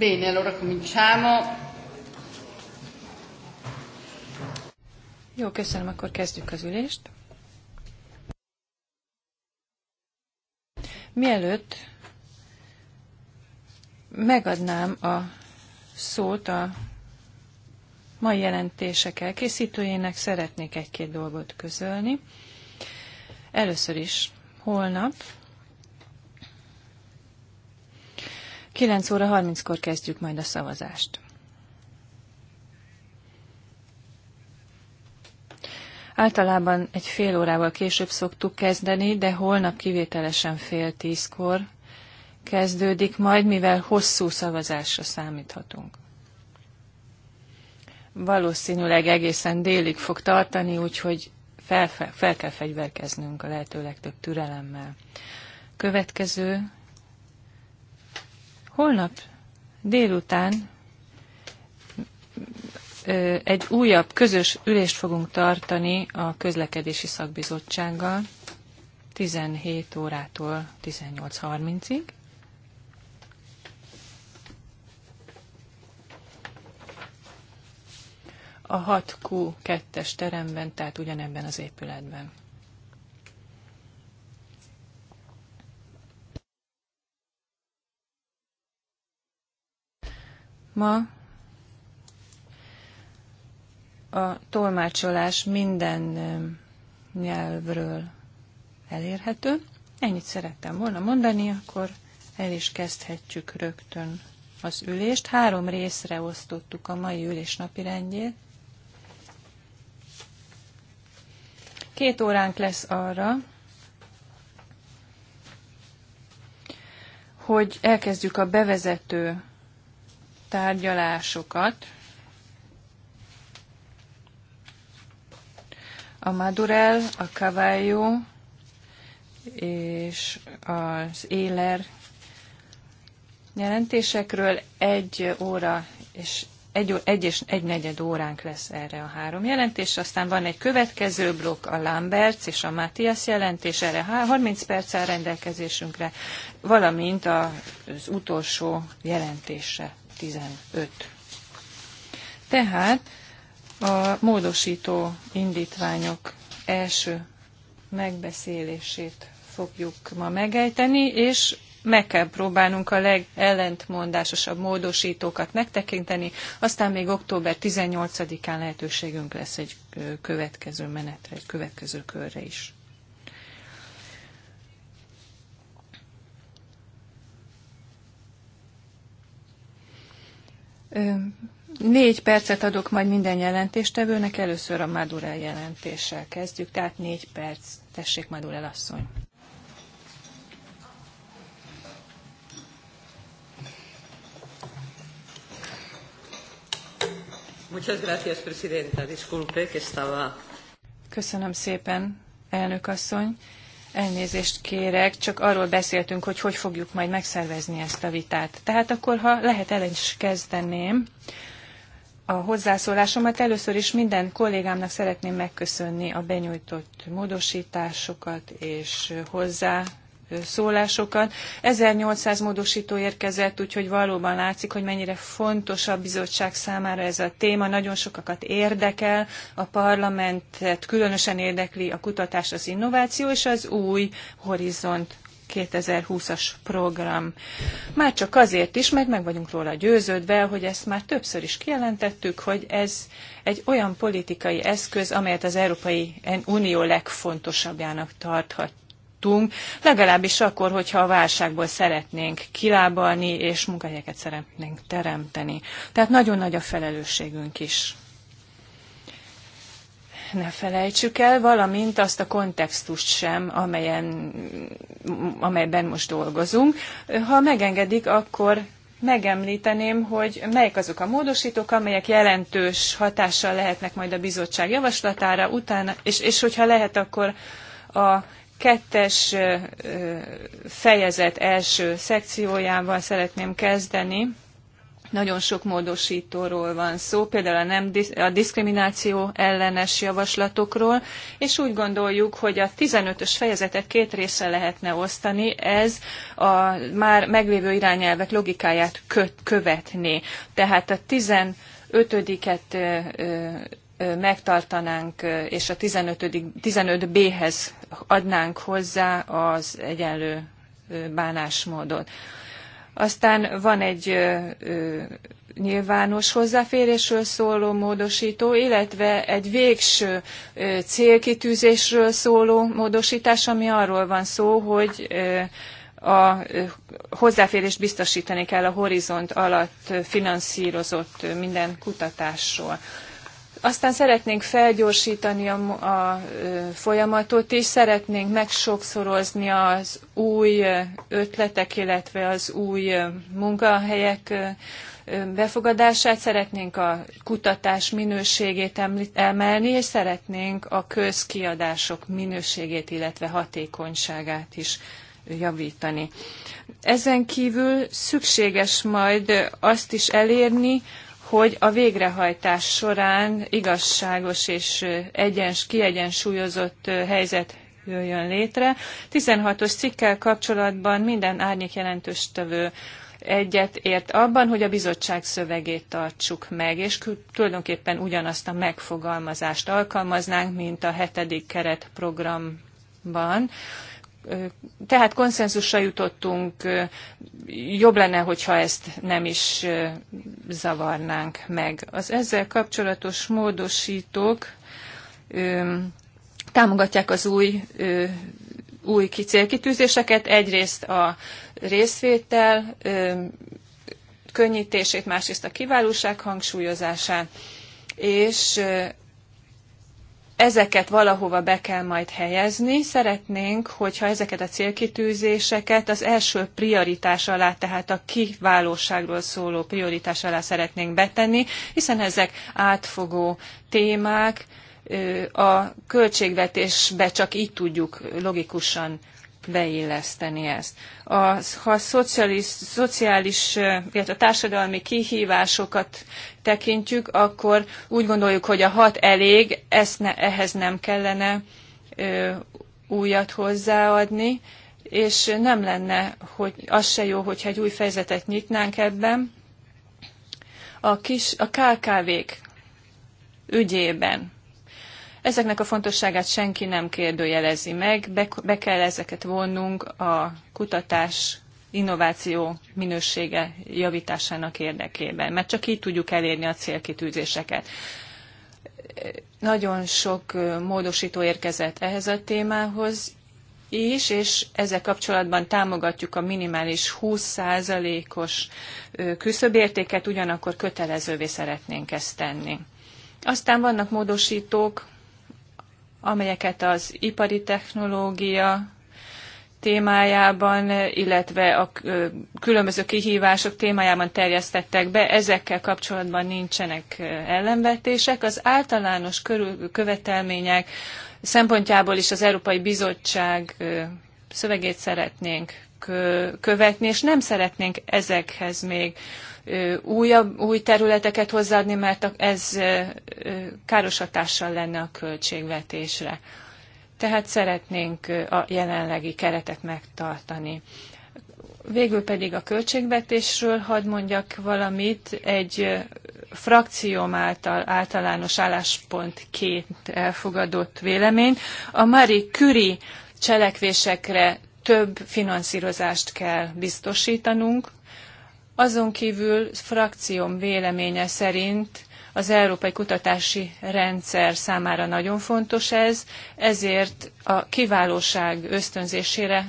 Bene, allora cominciamo. Jó, köszönöm, akkor kezdjük az ülést. Mielőtt megadnám a szót a mai jelentések elkészítőjének, szeretnék egy-két dolgot közölni. Először is holnap 9 óra 30-kor kezdjük majd a szavazást. Általában egy fél órával később szoktuk kezdeni, de holnap kivételesen fél tízkor kezdődik majd, mivel hosszú szavazásra számíthatunk. Valószínűleg egészen délig fog tartani, úgyhogy fel, fel, kell fegyverkeznünk a lehető legtöbb türelemmel. Következő Holnap délután egy újabb közös ülést fogunk tartani a közlekedési szakbizottsággal 17 órától 18.30-ig. A 6Q2-es teremben, tehát ugyanebben az épületben. Ma a tolmácsolás minden nyelvről elérhető. Ennyit szerettem volna mondani, akkor el is kezdhetjük rögtön az ülést. Három részre osztottuk a mai ülés napirendjét. Két óránk lesz arra, hogy elkezdjük a bevezető tárgyalásokat a Madurel, a Cavallo és az Éler jelentésekről egy óra és egy, egy és egy negyed óránk lesz erre a három jelentés, aztán van egy következő blokk, a Lamberts és a Matthias jelentés, erre 30 perc áll rendelkezésünkre, valamint az utolsó jelentése 15. Tehát a módosító indítványok első megbeszélését fogjuk ma megejteni, és meg kell próbálnunk a legellentmondásosabb módosítókat megtekinteni, aztán még október 18-án lehetőségünk lesz egy következő menetre, egy következő körre is. Négy percet adok majd minden jelentéstevőnek, először a Madurell jelentéssel kezdjük, tehát négy perc. Tessék, Madurell asszony. Muchas gracias, Presidenta. Disculpe que estaba... Köszönöm szépen, elnök asszony. Elnézést kérek, csak arról beszéltünk, hogy hogy fogjuk majd megszervezni ezt a vitát. Tehát akkor, ha lehet, el is kezdeném a hozzászólásomat. Először is minden kollégámnak szeretném megköszönni a benyújtott módosításokat és hozzá szólásokat. 1800 módosító érkezett, úgyhogy valóban látszik, hogy mennyire fontos a bizottság számára ez a téma. Nagyon sokakat érdekel, a parlamentet különösen érdekli a kutatás, az innováció és az új horizont 2020-as program. Már csak azért is, mert meg vagyunk róla győződve, hogy ezt már többször is kijelentettük, hogy ez egy olyan politikai eszköz, amelyet az Európai Unió legfontosabbjának tarthat, tudtunk, legalábbis akkor, hogyha a válságból szeretnénk kilábalni, és munkahelyeket szeretnénk teremteni. Tehát nagyon nagy a felelősségünk is. Ne felejtsük el, valamint azt a kontextust sem, amelyen, amelyben most dolgozunk. Ha megengedik, akkor megemlíteném, hogy melyek azok a módosítók, amelyek jelentős hatással lehetnek majd a bizottság javaslatára, utána, és, és hogyha lehet, akkor a kettes fejezet első szekciójával szeretném kezdeni. Nagyon sok módosítóról van szó, például a, nem, a diszkrimináció ellenes javaslatokról, és úgy gondoljuk, hogy a 15-ös fejezetet két részre lehetne osztani, ez a már meglévő irányelvek logikáját kö, követni. Tehát a 15-et megtartanánk, és a 15. 15B-hez adnánk hozzá az egyenlő bánásmódot. Aztán van egy nyilvános hozzáférésről szóló módosító, illetve egy végső célkitűzésről szóló módosítás, ami arról van szó, hogy a hozzáférést biztosítani kell a horizont alatt finanszírozott minden kutatásról. Aztán szeretnénk felgyorsítani a, a folyamatot is, szeretnénk megsokszorozni az új ötletek, illetve az új munkahelyek befogadását, szeretnénk a kutatás minőségét emelni, és szeretnénk a közkiadások minőségét, illetve hatékonyságát is javítani. Ezen kívül szükséges majd azt is elérni, hogy a végrehajtás során igazságos és egyens, kiegyensúlyozott helyzet jöjjön létre. 16-os cikkel kapcsolatban minden árnyék jelentős tövő egyet ért abban, hogy a bizottság szövegét tartsuk meg, és tulajdonképpen ugyanazt a megfogalmazást alkalmaznánk, mint a hetedik keretprogramban tehát konszenzusra jutottunk, jobb lenne, hogyha ezt nem is zavarnánk meg. Az ezzel kapcsolatos módosítók támogatják az új, új célkitűzéseket. Egyrészt a részvétel könnyítését, másrészt a kiválóság hangsúlyozását, és ezeket valahova be kell majd helyezni. Szeretnénk, hogyha ezeket a célkitűzéseket az első prioritás alá, tehát a kiválóságról szóló prioritás alá szeretnénk betenni, hiszen ezek átfogó témák, a költségvetésbe csak így tudjuk logikusan beilleszteni ezt. A, ha a szociális, szociális, illetve a társadalmi kihívásokat tekintjük, akkor úgy gondoljuk, hogy a hat elég, ezt ne, ehhez nem kellene ö, újat hozzáadni, és nem lenne, hogy az se jó, hogyha egy új fejezetet nyitnánk ebben. A, kis, a KKV-k ügyében Ezeknek a fontosságát senki nem kérdőjelezi meg, be, be kell ezeket vonnunk a kutatás innováció minősége javításának érdekében, mert csak így tudjuk elérni a célkitűzéseket. Nagyon sok módosító érkezett ehhez a témához is, és ezzel kapcsolatban támogatjuk a minimális 20%-os küszöbértéket, ugyanakkor kötelezővé szeretnénk ezt tenni. Aztán vannak módosítók, amelyeket az ipari technológia témájában, illetve a különböző kihívások témájában terjesztettek be, ezekkel kapcsolatban nincsenek ellenvetések. Az általános körül követelmények szempontjából is az Európai Bizottság szövegét szeretnénk követni, és nem szeretnénk ezekhez még újabb, új területeket hozzáadni, mert ez káros hatással lenne a költségvetésre. Tehát szeretnénk a jelenlegi keretet megtartani. Végül pedig a költségvetésről hadd mondjak valamit. Egy frakcióm által általános álláspontként elfogadott vélemény. A Mari küri cselekvésekre több finanszírozást kell biztosítanunk, azon kívül frakcióm véleménye szerint az európai kutatási rendszer számára nagyon fontos ez, ezért a kiválóság ösztönzésére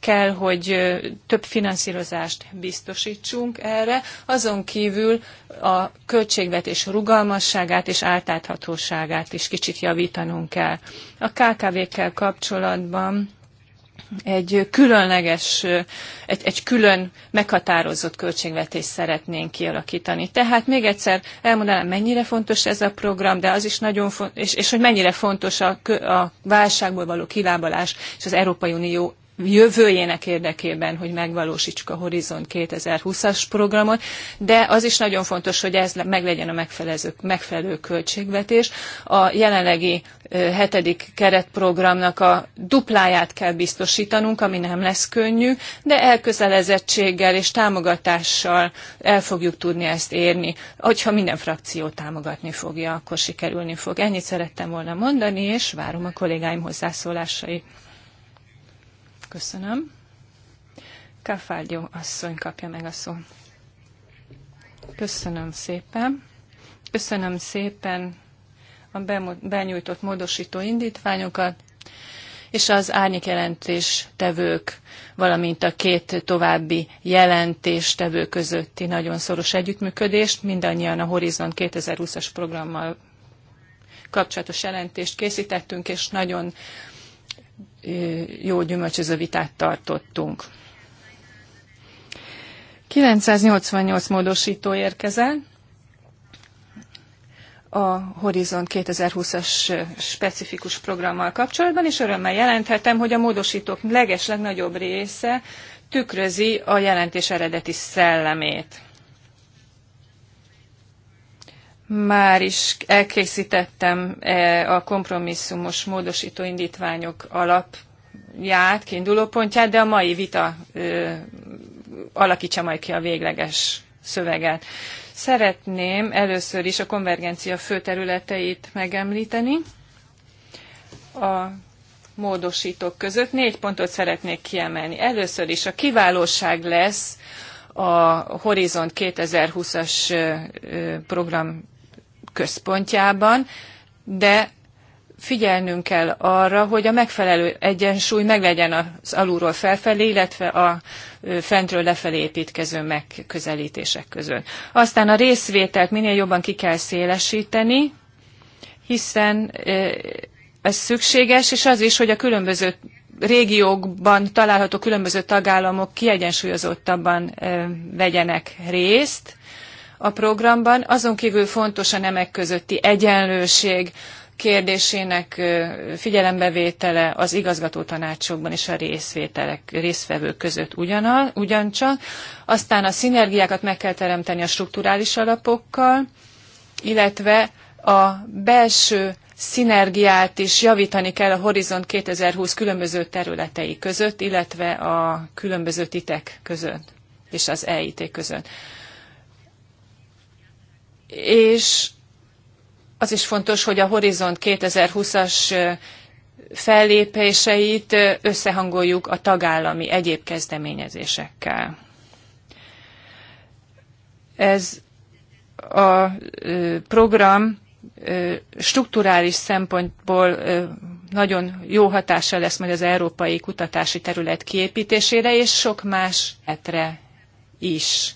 kell, hogy több finanszírozást biztosítsunk erre. Azon kívül a költségvetés rugalmasságát és átláthatóságát is kicsit javítanunk kell. A KKV-kkel kapcsolatban egy különleges, egy, egy külön meghatározott költségvetést szeretnénk kialakítani. Tehát még egyszer elmondanám, mennyire fontos ez a program, de az is nagyon fontos, és, és hogy mennyire fontos a, a válságból való kilábalás és az Európai Unió jövőjének érdekében, hogy megvalósítsuk a Horizon 2020-as programot, de az is nagyon fontos, hogy ez meglegyen a megfelelő, megfelelő költségvetés. A jelenlegi hetedik keretprogramnak a dupláját kell biztosítanunk, ami nem lesz könnyű, de elközelezettséggel és támogatással el fogjuk tudni ezt érni. Hogyha minden frakció támogatni fogja, akkor sikerülni fog. Ennyit szerettem volna mondani, és várom a kollégáim hozzászólásait. Köszönöm. Kafárgyó asszony kapja meg a szót. Köszönöm szépen. Köszönöm szépen a benyújtott módosító indítványokat, és az árnyékjelentés tevők, valamint a két további jelentéstevő közötti nagyon szoros együttműködést. Mindannyian a Horizon 2020-as programmal kapcsolatos jelentést készítettünk, és nagyon jó gyümölcsöző vitát tartottunk. 988 módosító érkezett, a Horizont 2020-as specifikus programmal kapcsolatban, és örömmel jelenthetem, hogy a módosítók legesleg nagyobb része tükrözi a jelentés eredeti szellemét már is elkészítettem e, a kompromisszumos módosító indítványok alapját, kiindulópontját, de a mai vita ö, alakítsa majd ki a végleges szöveget. Szeretném először is a konvergencia főterületeit megemlíteni. A módosítók között négy pontot szeretnék kiemelni. Először is a kiválóság lesz a Horizont 2020-as program központjában, de figyelnünk kell arra, hogy a megfelelő egyensúly meglegyen az alulról felfelé, illetve a fentről lefelé építkező megközelítések között. Aztán a részvételt minél jobban ki kell szélesíteni, hiszen ez szükséges, és az is, hogy a különböző régiókban található különböző tagállamok kiegyensúlyozottabban vegyenek részt, a programban. Azon kívül fontos a nemek közötti egyenlőség kérdésének figyelembevétele az igazgató tanácsokban és a részvételek, részvevők között ugyanal, ugyancsak. Aztán a szinergiákat meg kell teremteni a strukturális alapokkal, illetve a belső szinergiát is javítani kell a Horizont 2020 különböző területei között, illetve a különböző titek között és az EIT között és az is fontos, hogy a Horizont 2020-as fellépéseit összehangoljuk a tagállami egyéb kezdeményezésekkel. Ez a program strukturális szempontból nagyon jó hatása lesz majd az európai kutatási terület kiépítésére és sok más etre is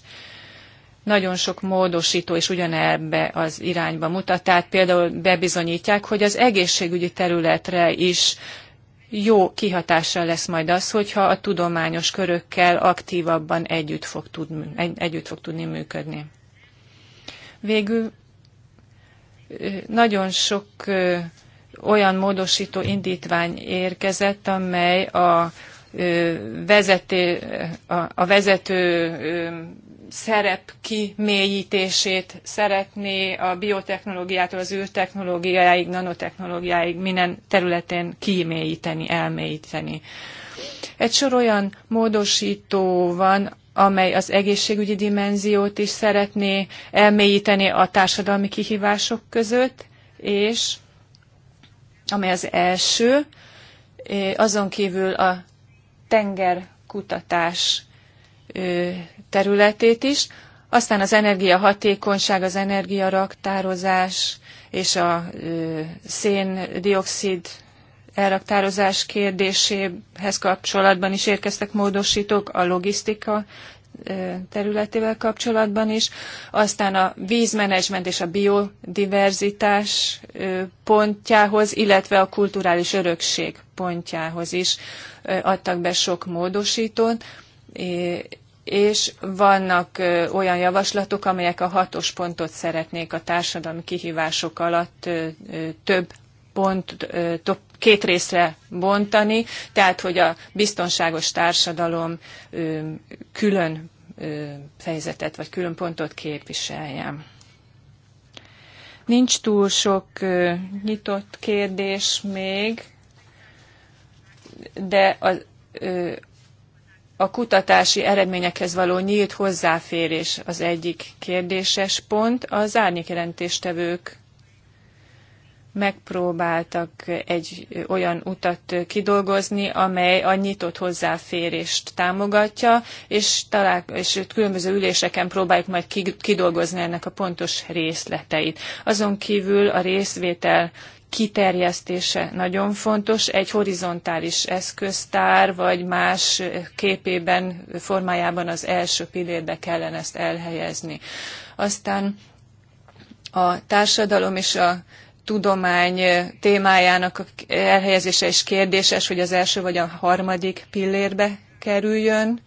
nagyon sok módosító is ugyanebbe az irányba mutat. Tehát például bebizonyítják, hogy az egészségügyi területre is jó kihatással lesz majd az, hogyha a tudományos körökkel aktívabban együtt fog tudni, egy, együtt fog tudni működni. Végül nagyon sok olyan módosító indítvány érkezett, amely a, vezeté, a, a vezető szerep kimélyítését szeretné a biotechnológiától az űrtechnológiáig, nanotechnológiáig minden területen kimélyíteni, elmélyíteni. Egy sor olyan módosító van, amely az egészségügyi dimenziót is szeretné elmélyíteni a társadalmi kihívások között, és amely az első, eh, azon kívül a tengerkutatás területét is, aztán az energiahatékonyság, az energiaraktározás és a széndiokszid elraktározás kérdéséhez kapcsolatban is érkeztek módosítók, a logisztika területével kapcsolatban is, aztán a vízmenedzsment és a biodiverzitás pontjához, illetve a kulturális örökség pontjához is adtak be sok módosítót és vannak olyan javaslatok, amelyek a hatos pontot szeretnék a társadalmi kihívások alatt több pont, több, két részre bontani, tehát hogy a biztonságos társadalom külön fejezetet vagy külön pontot képviseljem. Nincs túl sok nyitott kérdés még, de az, a kutatási eredményekhez való nyílt hozzáférés az egyik kérdéses pont. Az árnyékjelentéstevők megpróbáltak egy olyan utat kidolgozni, amely a nyitott hozzáférést támogatja, és, talál, és különböző üléseken próbáljuk majd kidolgozni ennek a pontos részleteit. Azon kívül a részvétel kiterjesztése nagyon fontos. Egy horizontális eszköztár, vagy más képében, formájában az első pillérbe kellene ezt elhelyezni. Aztán a társadalom és a tudomány témájának elhelyezése is kérdéses, hogy az első vagy a harmadik pillérbe kerüljön.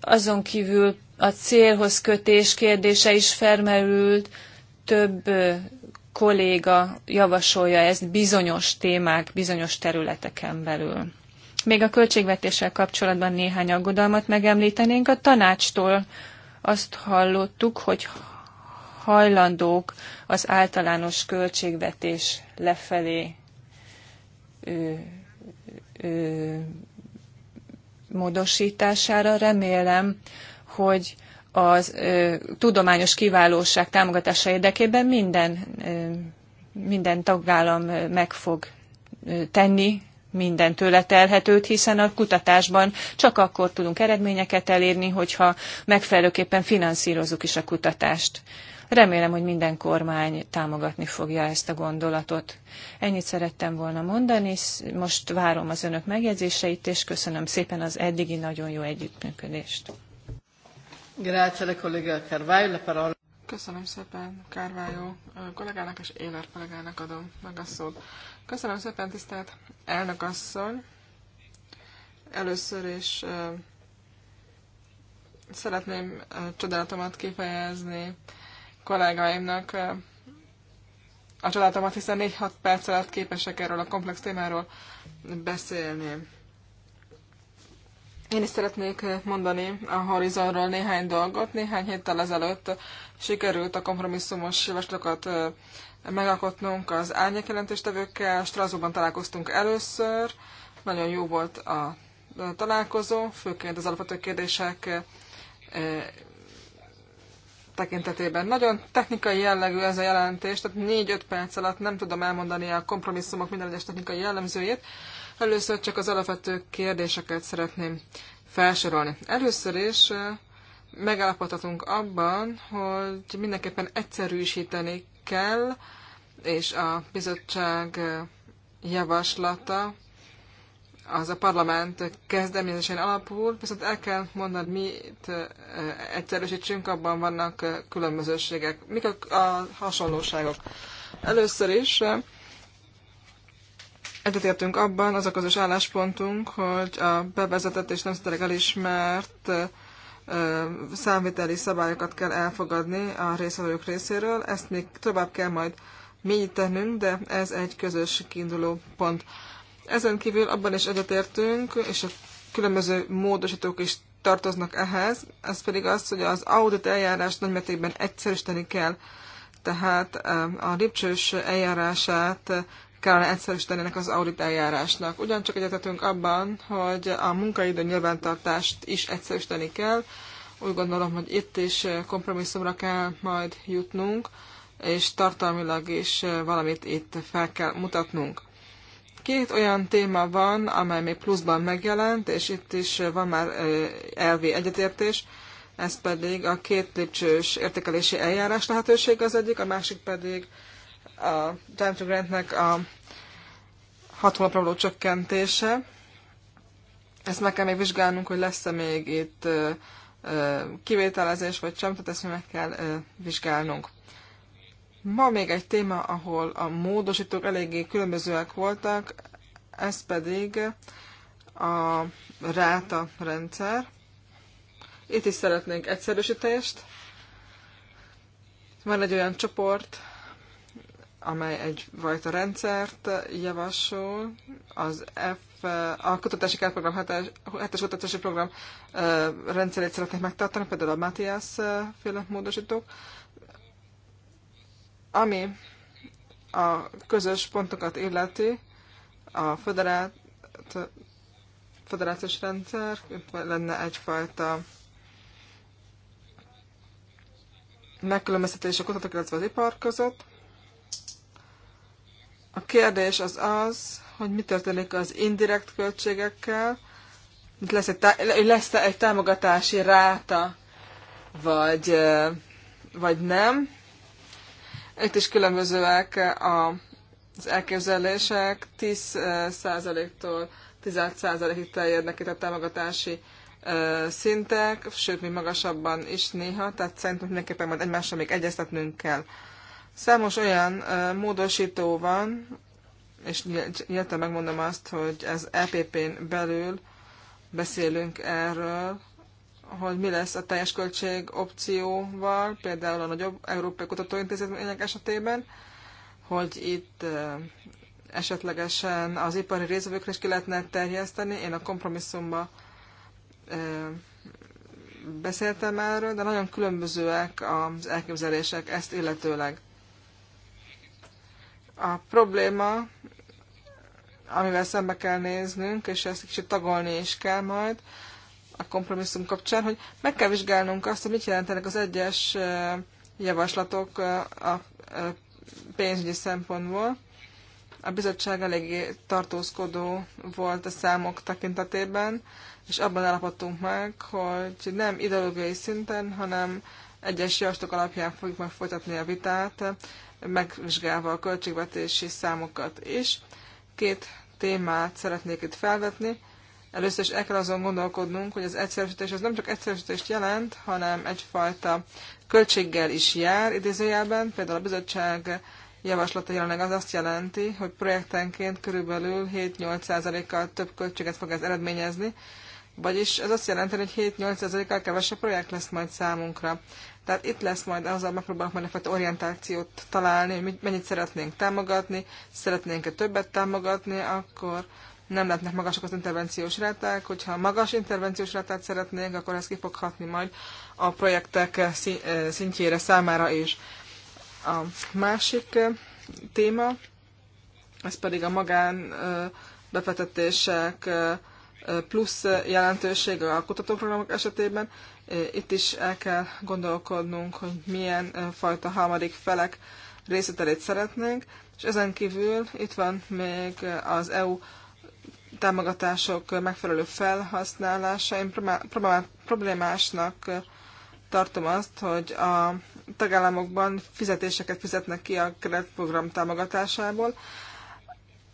Azon kívül a célhoz kötés kérdése is felmerült, több kolléga javasolja ezt bizonyos témák, bizonyos területeken belül. Még a költségvetéssel kapcsolatban néhány aggodalmat megemlítenénk. A tanácstól azt hallottuk, hogy hajlandók az általános költségvetés lefelé ö, ö, módosítására. Remélem, hogy a tudományos kiválóság támogatása érdekében minden, minden tagállam meg fog tenni minden tőle telhetőt, hiszen a kutatásban csak akkor tudunk eredményeket elérni, hogyha megfelelőképpen finanszírozunk is a kutatást. Remélem, hogy minden kormány támogatni fogja ezt a gondolatot. Ennyit szerettem volna mondani, most várom az önök megjegyzéseit, és köszönöm szépen az eddigi nagyon jó együttműködést. Köszönöm szépen Kárvályó kollégának és Éler kollégának adom meg a szót. Köszönöm szépen, tisztelt elnök asszony. Először is uh, szeretném uh, csodálatomat kifejezni kollégáimnak uh, a csodálatomat, hiszen 4-6 perc alatt képesek erről a komplex témáról beszélni. Én is szeretnék mondani a Horizonról néhány dolgot. Néhány héttel ezelőtt sikerült a kompromisszumos javaslatokat megalkotnunk az árnyékjelentéstevőkkel. Strasbourgban találkoztunk először, nagyon jó volt a találkozó, főként az alapvető kérdések tekintetében. Nagyon technikai jellegű ez a jelentés, tehát 4-5 perc alatt nem tudom elmondani a kompromisszumok minden egyes technikai jellemzőjét, Először csak az alapvető kérdéseket szeretném felsorolni. Először is megállapodhatunk abban, hogy mindenképpen egyszerűsíteni kell, és a bizottság javaslata az a parlament kezdeményezésén alapul, viszont el kell mondani, mit egyszerűsítsünk, abban vannak különbözőségek. Mik a hasonlóságok? Először is Egyetértünk abban, az a közös álláspontunk, hogy a bevezetett és nemzetileg elismert számviteli szabályokat kell elfogadni a részvevők részéről. Ezt még tovább kell majd mélyítenünk, de ez egy közös kiinduló pont. Ezen kívül abban is egyetértünk, és a különböző módosítók is tartoznak ehhez, ez pedig az, hogy az audit eljárást nagymértékben egyszerűsíteni kell, tehát a lépcsős eljárását kellene egyszerűsíteni ennek az audit eljárásnak. Ugyancsak egyetetünk abban, hogy a munkaidő nyilvántartást is egyszerűsíteni kell. Úgy gondolom, hogy itt is kompromisszumra kell majd jutnunk, és tartalmilag is valamit itt fel kell mutatnunk. Két olyan téma van, amely még pluszban megjelent, és itt is van már elvi egyetértés, ez pedig a két lépcsős értékelési eljárás lehetőség az egyik, a másik pedig a time to grantnek a hat hónapra való csökkentése. Ezt meg kell még vizsgálnunk, hogy lesz-e még itt kivételezés, vagy sem, tehát ezt meg kell vizsgálnunk. Ma még egy téma, ahol a módosítók eléggé különbözőek voltak, ez pedig a ráta rendszer. Itt is szeretnénk egyszerűsítést. Van egy olyan csoport, amely egyfajta rendszert javasol, az F, a kutatási kárprogram, hetes kutatási program rendszerét szeretnék megtartani, például a Matthias féle módosítók, ami a közös pontokat illeti, a föderát, föderációs rendszer, itt lenne egyfajta megkülönböztetés a kutatók, illetve az ipar között, kérdés az az, hogy mi történik az indirekt költségekkel, lesz egy, lesz egy támogatási ráta, vagy, vagy nem. Itt is különbözőek a, az elképzelések, 10%-tól 15 ig terjednek itt a támogatási szintek, sőt, még magasabban is néha, tehát szerintem mindenképpen majd egymással még egyeztetnünk kell. Számos olyan módosító van, és nyíltan megmondom azt, hogy ez EPP-n belül beszélünk erről, hogy mi lesz a teljes költség opcióval, például a nagyobb Európai Kutatóintézetmények esetében, hogy itt esetlegesen az ipari részvevőkre is ki lehetne terjeszteni. Én a kompromisszumba beszéltem erről, de nagyon különbözőek az elképzelések ezt illetőleg. A probléma amivel szembe kell néznünk, és ezt kicsit tagolni is kell majd a kompromisszum kapcsán, hogy meg kell vizsgálnunk azt, hogy mit jelentenek az egyes javaslatok a pénzügyi szempontból. A bizottság eléggé tartózkodó volt a számok tekintetében, és abban állapodtunk meg, hogy nem ideológiai szinten, hanem egyes javaslatok alapján fogjuk meg folytatni a vitát, megvizsgálva a költségvetési számokat is. Két témát szeretnék itt felvetni. Először is el kell azon gondolkodnunk, hogy az egyszerűsítés az nem csak egyszerűsítést jelent, hanem egyfajta költséggel is jár idézőjelben. Például a bizottság javaslata jelenleg az azt jelenti, hogy projektenként körülbelül 7-8%-kal több költséget fog ez eredményezni, vagyis ez azt jelenti, hogy 7-8%-kal kevesebb projekt lesz majd számunkra. Tehát itt lesz majd hogy megpróbálok majd egyfajta orientációt találni, hogy mennyit szeretnénk támogatni, szeretnénk-e többet támogatni, akkor nem lehetnek magasak az intervenciós ráták, hogyha magas intervenciós rátát szeretnénk, akkor ez ki fog hatni majd a projektek szintjére számára is. A másik téma, ez pedig a magán befektetések plusz jelentőség a kutatóprogramok esetében. Itt is el kell gondolkodnunk, hogy milyen fajta harmadik felek részletelét szeretnénk, és ezen kívül itt van még az EU támogatások megfelelő felhasználása. Én problémásnak tartom azt, hogy a tagállamokban fizetéseket fizetnek ki a keretprogram támogatásából.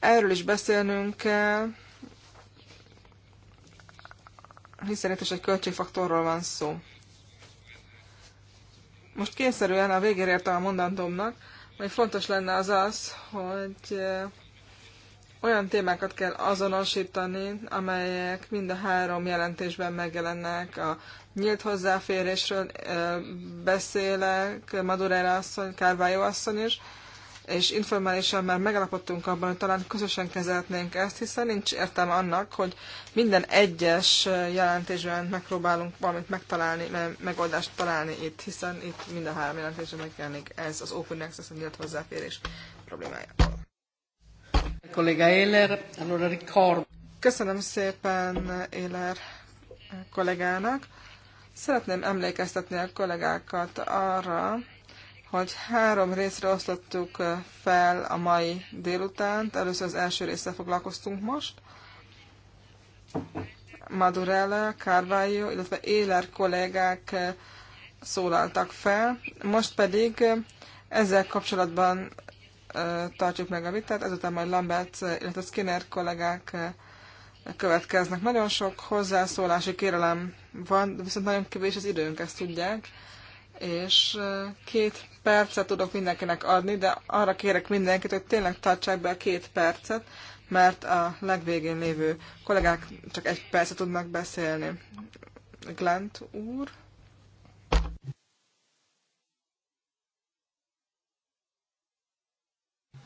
Erről is beszélnünk kell, hiszen is egy költségfaktorról van szó. Most kényszerűen a végére értem a mondandómnak, hogy fontos lenne az az, hogy olyan témákat kell azonosítani, amelyek mind a három jelentésben megjelennek. A nyílt hozzáférésről beszélek, Madureira asszony, Kárvályó asszony is, és informálisan már megalapodtunk abban, hogy talán közösen kezelhetnénk ezt, hiszen nincs értelme annak, hogy minden egyes jelentésben megpróbálunk valamit megtalálni, megoldást találni itt, hiszen itt mind a három jelentésben megjelenik ez az Open Access, a nyílt hozzáférés problémája. allora Köszönöm szépen Éler kollégának. Szeretném emlékeztetni a kollégákat arra, hogy három részre osztottuk fel a mai délutánt. Először az első részre foglalkoztunk most. Madurella, Carvalho, illetve Éler kollégák szólaltak fel. Most pedig ezzel kapcsolatban tartjuk meg a vitát, ezután majd Lambert, illetve Skinner kollégák következnek. Nagyon sok hozzászólási kérelem van, viszont nagyon kevés az időnk, ezt tudják, és két percet tudok mindenkinek adni, de arra kérek mindenkit, hogy tényleg tartsák be a két percet, mert a legvégén lévő kollégák csak egy percet tudnak beszélni. Glent úr.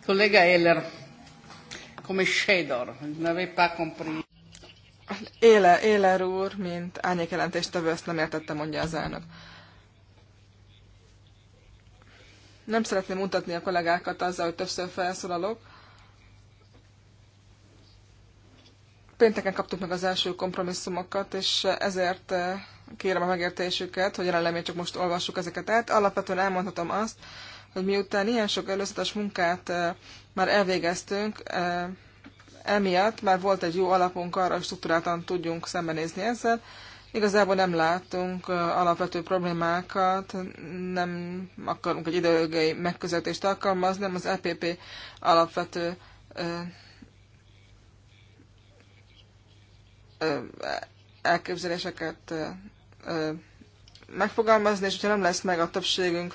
Kollega Eller, come Shader, non avevo pas compreso. Éler, Éler úr, mint tevő, ezt nem értettem, mondja az elnök. Nem szeretném mutatni a kollégákat azzal, hogy többször felszólalok. Pénteken kaptuk meg az első kompromisszumokat, és ezért eh, kérem a megértésüket, hogy jelenleg még csak most olvassuk ezeket át. Alapvetően elmondhatom azt, hogy miután ilyen sok előzetes munkát eh, már elvégeztünk, eh, emiatt már volt egy jó alapunk arra, hogy struktúráltan tudjunk szembenézni ezzel, Igazából nem látunk alapvető problémákat, nem akarunk egy ideológiai megközelítést alkalmazni, nem az EPP alapvető elképzeléseket megfogalmazni, és hogyha nem lesz meg a többségünk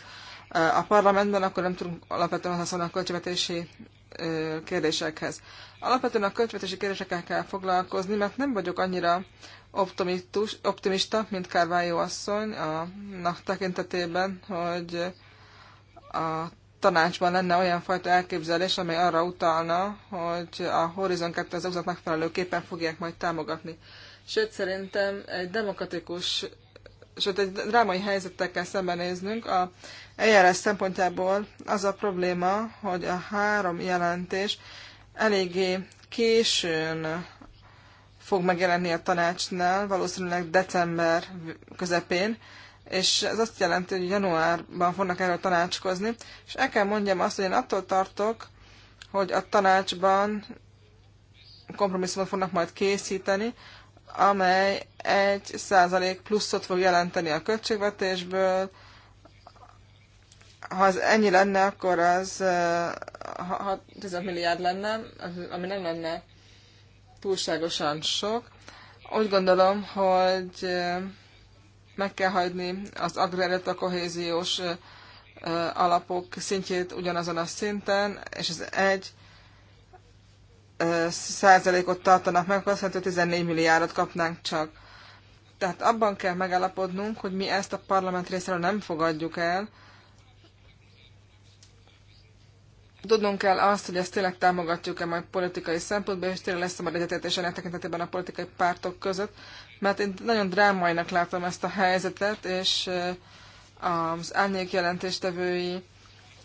a parlamentben, akkor nem tudunk alapvetően használni a költségvetési kérdésekhez. Alapvetően a költvetési kérdésekkel kell foglalkozni, mert nem vagyok annyira optimista, mint Kárvályó asszony annak tekintetében, hogy a tanácsban lenne olyan fajta elképzelés, amely arra utalna, hogy a Horizon 2020 megfelelő képen fogják majd támogatni. Sőt, szerintem egy demokratikus sőt, egy drámai kell szembenéznünk. A eljárás szempontjából az a probléma, hogy a három jelentés eléggé későn fog megjelenni a tanácsnál, valószínűleg december közepén, és ez azt jelenti, hogy januárban fognak erről tanácskozni, és el kell mondjam azt, hogy én attól tartok, hogy a tanácsban kompromisszumot fognak majd készíteni, amely egy százalék pluszot fog jelenteni a költségvetésből. Ha ez ennyi lenne, akkor az ha, ha 10 milliárd lenne, az, ami nem lenne túlságosan sok. Úgy gondolom, hogy meg kell hagyni az agrárt a kohéziós alapok szintjét ugyanazon a szinten, és ez egy százalékot tartanak meg, akkor azt jelenti, hogy 14 milliárdot kapnánk csak. Tehát abban kell megállapodnunk, hogy mi ezt a parlament részéről nem fogadjuk el. Tudnunk kell azt, hogy ezt tényleg támogatjuk-e majd politikai szempontból, és tényleg lesz a egyetértés ennek tekintetében a politikai pártok között, mert én nagyon drámainak látom ezt a helyzetet, és az árnyék jelentéstevői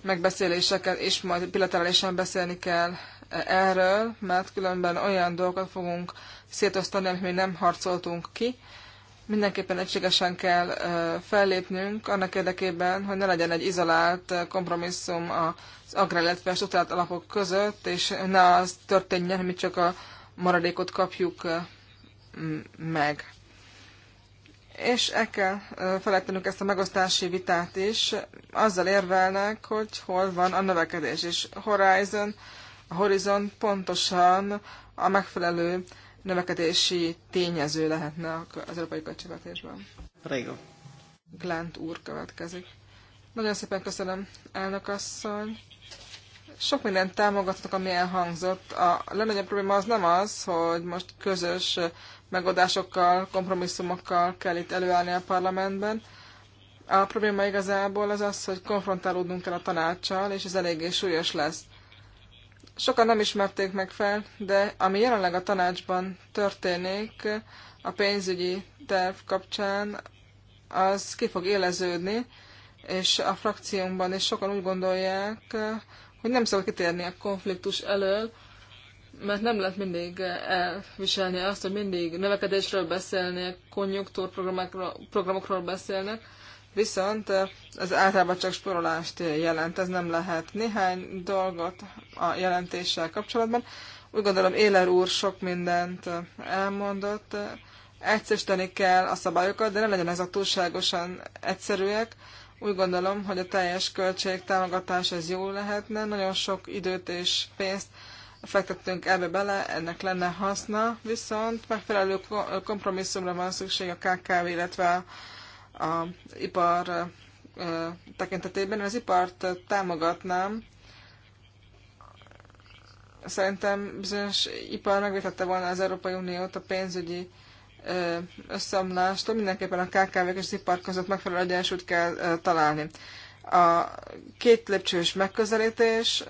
megbeszéléseket, is majd bilaterálisan beszélni kell erről, mert különben olyan dolgokat fogunk szétosztani, amit még nem harcoltunk ki. Mindenképpen egységesen kell fellépnünk annak érdekében, hogy ne legyen egy izolált kompromisszum az agrár, illetve a alapok között, és ne az történjen, hogy mi csak a maradékot kapjuk meg. És el kell felejtenünk ezt a megosztási vitát is, azzal érvelnek, hogy hol van a növekedés, és Horizon a horizont pontosan a megfelelő növekedési tényező lehetne az európai költségvetésben. Régó. Glent úr következik. Nagyon szépen köszönöm, elnök asszony. Sok mindent támogatnak, ami elhangzott. A legnagyobb probléma az nem az, hogy most közös megoldásokkal, kompromisszumokkal kell itt előállni a parlamentben. A probléma igazából az az, hogy konfrontálódnunk kell a tanácssal, és ez eléggé súlyos lesz. Sokan nem ismerték meg fel, de ami jelenleg a tanácsban történik a pénzügyi terv kapcsán, az ki fog éleződni, és a frakciónkban is sokan úgy gondolják, hogy nem szabad kitérni a konfliktus elől, mert nem lehet mindig elviselni azt, hogy mindig növekedésről beszélnek, konjunktúrprogramokról beszélnek, viszont ez általában csak sporolást jelent, ez nem lehet. Néhány dolgot a jelentéssel kapcsolatban. Úgy gondolom, Éler úr sok mindent elmondott. Egyszerűsíteni kell a szabályokat, de ne legyen ezek túlságosan egyszerűek. Úgy gondolom, hogy a teljes költség támogatás ez jó lehetne. Nagyon sok időt és pénzt fektettünk ebbe bele, ennek lenne haszna, viszont megfelelő kompromisszumra van szükség a KKV, illetve a a ipar tekintetében. az ipart támogatnám. Szerintem bizonyos ipar megvédhette volna az Európai Uniót a pénzügyi összeomlástól. Mindenképpen a kkv és az ipar között megfelelő egyensúlyt kell találni. A két lépcsős megközelítés,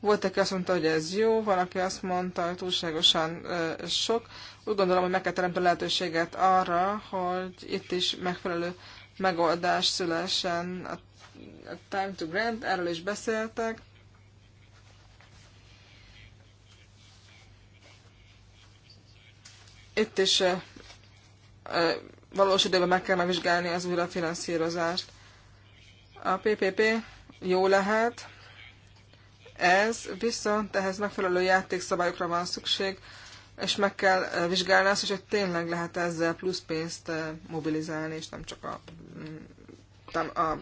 volt, aki azt mondta, hogy ez jó, valaki azt mondta, hogy túlságosan sok, úgy gondolom, hogy meg kell teremteni lehetőséget arra, hogy itt is megfelelő megoldás szülessen. A Time to Grant, erről is beszéltek. Itt is valós időben meg kell megvizsgálni az újrafinanszírozást. A PPP jó lehet, ez viszont ehhez megfelelő játékszabályokra van szükség, és meg kell eh, vizsgálni azt, hogy tényleg lehet ezzel plusz pénzt eh, mobilizálni, és nem csak a, mm, a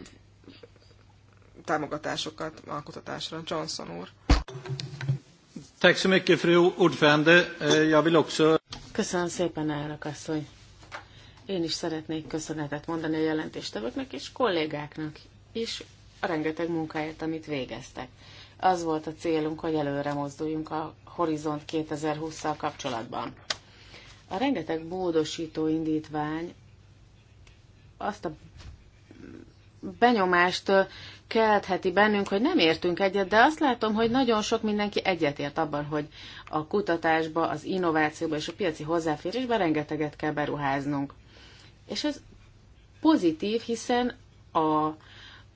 támogatásokat a kutatásra. Johnson úr. fru eh, Köszönöm szépen, elnök asszony. Én is szeretnék köszönetet mondani a jelentéstevőknek és kollégáknak is a rengeteg munkáért, amit végeztek. Az volt a célunk, hogy előre mozduljunk a Horizont 2020-szal kapcsolatban. A rengeteg módosító indítvány azt a benyomást keltheti bennünk, hogy nem értünk egyet, de azt látom, hogy nagyon sok mindenki egyetért abban, hogy a kutatásba, az innovációba és a piaci hozzáférésbe rengeteget kell beruháznunk. És ez pozitív, hiszen a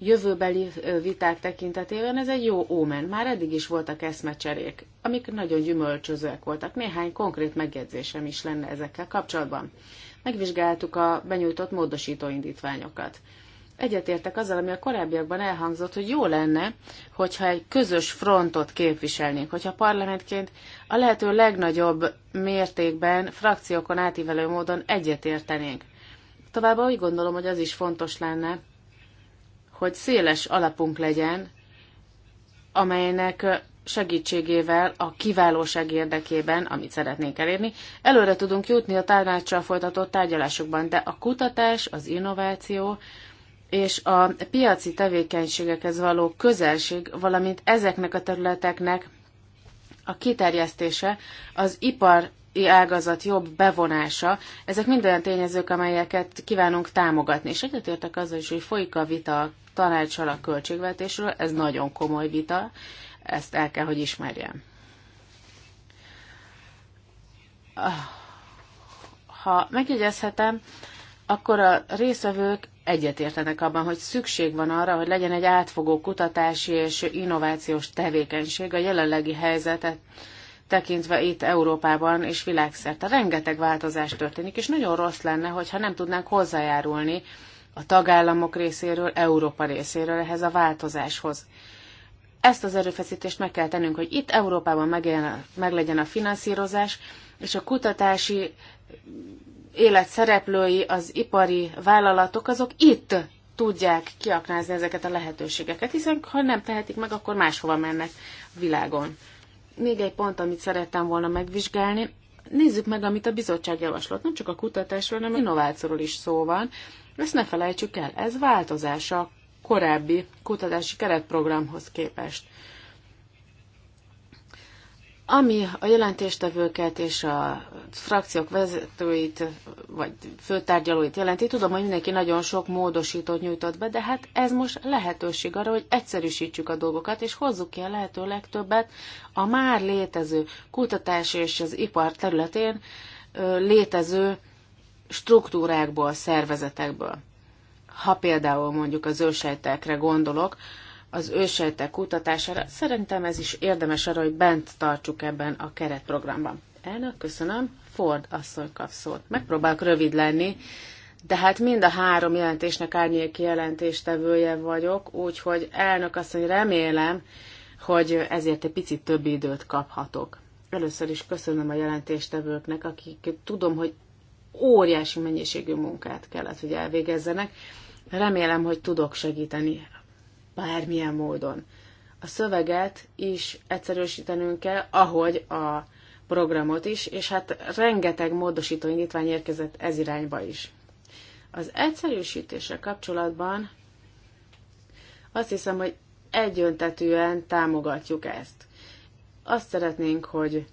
jövőbeli viták tekintetében ez egy jó ómen. Már eddig is voltak eszmecserék, amik nagyon gyümölcsözőek voltak. Néhány konkrét megjegyzésem is lenne ezekkel kapcsolatban. Megvizsgáltuk a benyújtott módosító indítványokat. Egyetértek azzal, ami a korábbiakban elhangzott, hogy jó lenne, hogyha egy közös frontot képviselnénk, hogyha parlamentként a lehető legnagyobb mértékben, frakciókon átívelő módon egyetértenénk. Továbbá úgy gondolom, hogy az is fontos lenne, hogy széles alapunk legyen, amelynek segítségével a kiválóság érdekében, amit szeretnénk elérni, előre tudunk jutni a tanácssal folytatott tárgyalásokban, de a kutatás, az innováció és a piaci tevékenységekhez való közelség, valamint ezeknek a területeknek a kiterjesztése, az ipar ágazat jobb bevonása, ezek mind olyan tényezők, amelyeket kívánunk támogatni. És egyetértek azzal is, hogy folyik a vita a tanácssal a költségvetésről, ez nagyon komoly vita, ezt el kell, hogy ismerjem. Ha megjegyezhetem, akkor a részvevők egyetértenek abban, hogy szükség van arra, hogy legyen egy átfogó kutatási és innovációs tevékenység a jelenlegi helyzetet tekintve itt Európában és világszerte. Rengeteg változás történik, és nagyon rossz lenne, hogyha nem tudnánk hozzájárulni a tagállamok részéről, Európa részéről ehhez a változáshoz. Ezt az erőfeszítést meg kell tennünk, hogy itt Európában meglegyen a finanszírozás, és a kutatási élet szereplői, az ipari vállalatok, azok itt tudják kiaknázni ezeket a lehetőségeket, hiszen ha nem tehetik meg, akkor máshova mennek a világon. Még egy pont, amit szerettem volna megvizsgálni, nézzük meg, amit a bizottság javaslott. Nem csak a kutatásról, hanem innovációról is szó van, ezt ne felejtsük el, ez változás a korábbi kutatási keretprogramhoz képest. Ami a jelentéstevőket és a frakciók vezetőit, vagy főtárgyalóit jelenti, tudom, hogy mindenki nagyon sok módosítót nyújtott be, de hát ez most lehetőség arra, hogy egyszerűsítsük a dolgokat, és hozzuk ki a lehető legtöbbet a már létező kutatás és az ipar területén létező struktúrákból, szervezetekből. Ha például mondjuk az ősejtekre gondolok, az ősejtek kutatására, szerintem ez is érdemes arra, hogy bent tartsuk ebben a keretprogramban. Elnök, köszönöm. Ford asszony kap szót. Megpróbálok rövid lenni, de hát mind a három jelentésnek árnyéki jelentéstevője vagyok, úgyhogy elnök asszony remélem, hogy ezért egy picit több időt kaphatok. Először is köszönöm a jelentéstevőknek, akik tudom, hogy óriási mennyiségű munkát kellett, hogy elvégezzenek. Remélem, hogy tudok segíteni bármilyen módon. A szöveget is egyszerűsítenünk kell, ahogy a programot is, és hát rengeteg módosító indítvány érkezett ez irányba is. Az egyszerűsítéssel kapcsolatban azt hiszem, hogy egyöntetűen támogatjuk ezt. Azt szeretnénk, hogy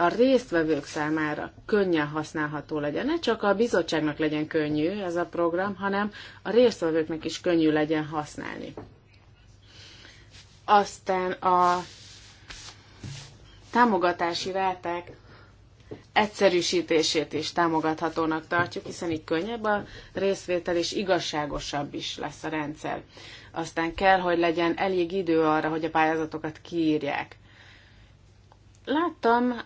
a résztvevők számára könnyen használható legyen. Ne csak a bizottságnak legyen könnyű ez a program, hanem a résztvevőknek is könnyű legyen használni. Aztán a támogatási ráták egyszerűsítését is támogathatónak tartjuk, hiszen így könnyebb a részvétel, és igazságosabb is lesz a rendszer. Aztán kell, hogy legyen elég idő arra, hogy a pályázatokat kiírják. Láttam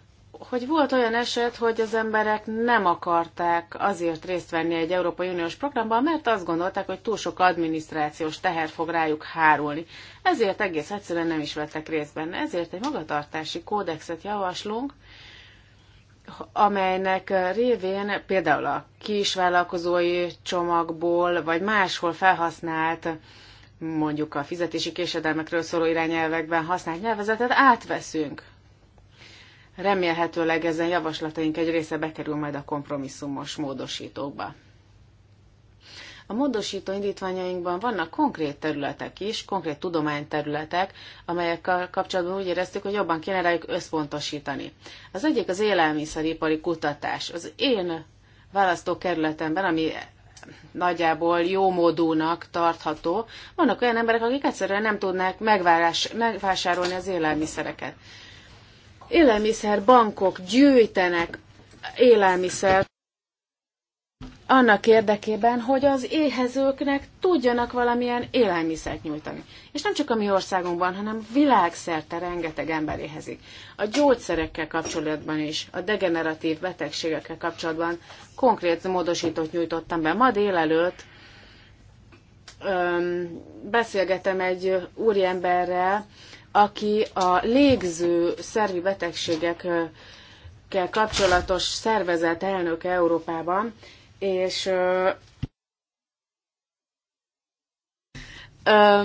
hogy volt olyan eset, hogy az emberek nem akarták azért részt venni egy Európai Uniós programban, mert azt gondolták, hogy túl sok adminisztrációs teher fog rájuk hárulni. Ezért egész egyszerűen nem is vettek részt benne. Ezért egy magatartási kódexet javaslunk, amelynek révén például a kisvállalkozói csomagból, vagy máshol felhasznált mondjuk a fizetési késedelmekről szóló irányelvekben használt nyelvezetet átveszünk Remélhetőleg ezen javaslataink egy része bekerül majd a kompromisszumos módosítókba. A módosító indítványainkban vannak konkrét területek is, konkrét tudományterületek, amelyekkel kapcsolatban úgy éreztük, hogy jobban kéne rájuk összpontosítani. Az egyik az élelmiszeripari kutatás. Az én választókerületemben, ami nagyjából jó módúnak tartható, vannak olyan emberek, akik egyszerűen nem tudnák megvásárolni az élelmiszereket élelmiszerbankok gyűjtenek élelmiszer annak érdekében, hogy az éhezőknek tudjanak valamilyen élelmiszert nyújtani. És nem csak a mi országunkban, hanem világszerte rengeteg ember éhezik. A gyógyszerekkel kapcsolatban is, a degeneratív betegségekkel kapcsolatban konkrét módosítót nyújtottam be. Ma délelőtt öm, beszélgetem egy úriemberrel, aki a légző szervi betegségekkel kapcsolatos szervezet elnöke Európában, és ö, ö,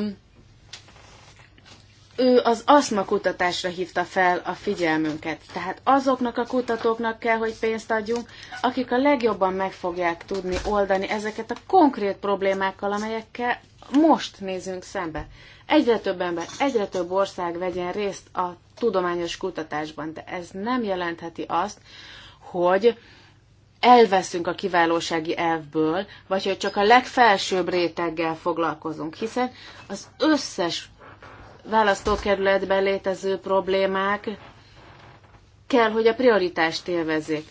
ő az aszma kutatásra hívta fel a figyelmünket. Tehát azoknak a kutatóknak kell, hogy pénzt adjunk, akik a legjobban meg fogják tudni oldani ezeket a konkrét problémákkal, amelyekkel most nézünk szembe egyre több ember, egyre több ország vegyen részt a tudományos kutatásban, de ez nem jelentheti azt, hogy elveszünk a kiválósági elvből, vagy hogy csak a legfelsőbb réteggel foglalkozunk, hiszen az összes választókerületben létező problémák kell, hogy a prioritást élvezzék.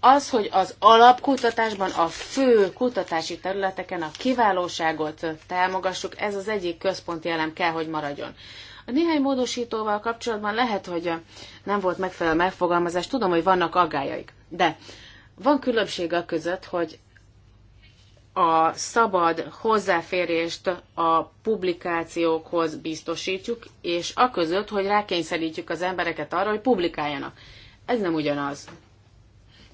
az, hogy az alapkutatásban, a fő kutatási területeken a kiválóságot támogassuk, ez az egyik központi elem kell, hogy maradjon. A néhány módosítóval kapcsolatban lehet, hogy nem volt megfelelő megfogalmazás, tudom, hogy vannak aggájaik, de van különbség a között, hogy a szabad hozzáférést a publikációkhoz biztosítjuk, és a között, hogy rákényszerítjük az embereket arra, hogy publikáljanak. Ez nem ugyanaz.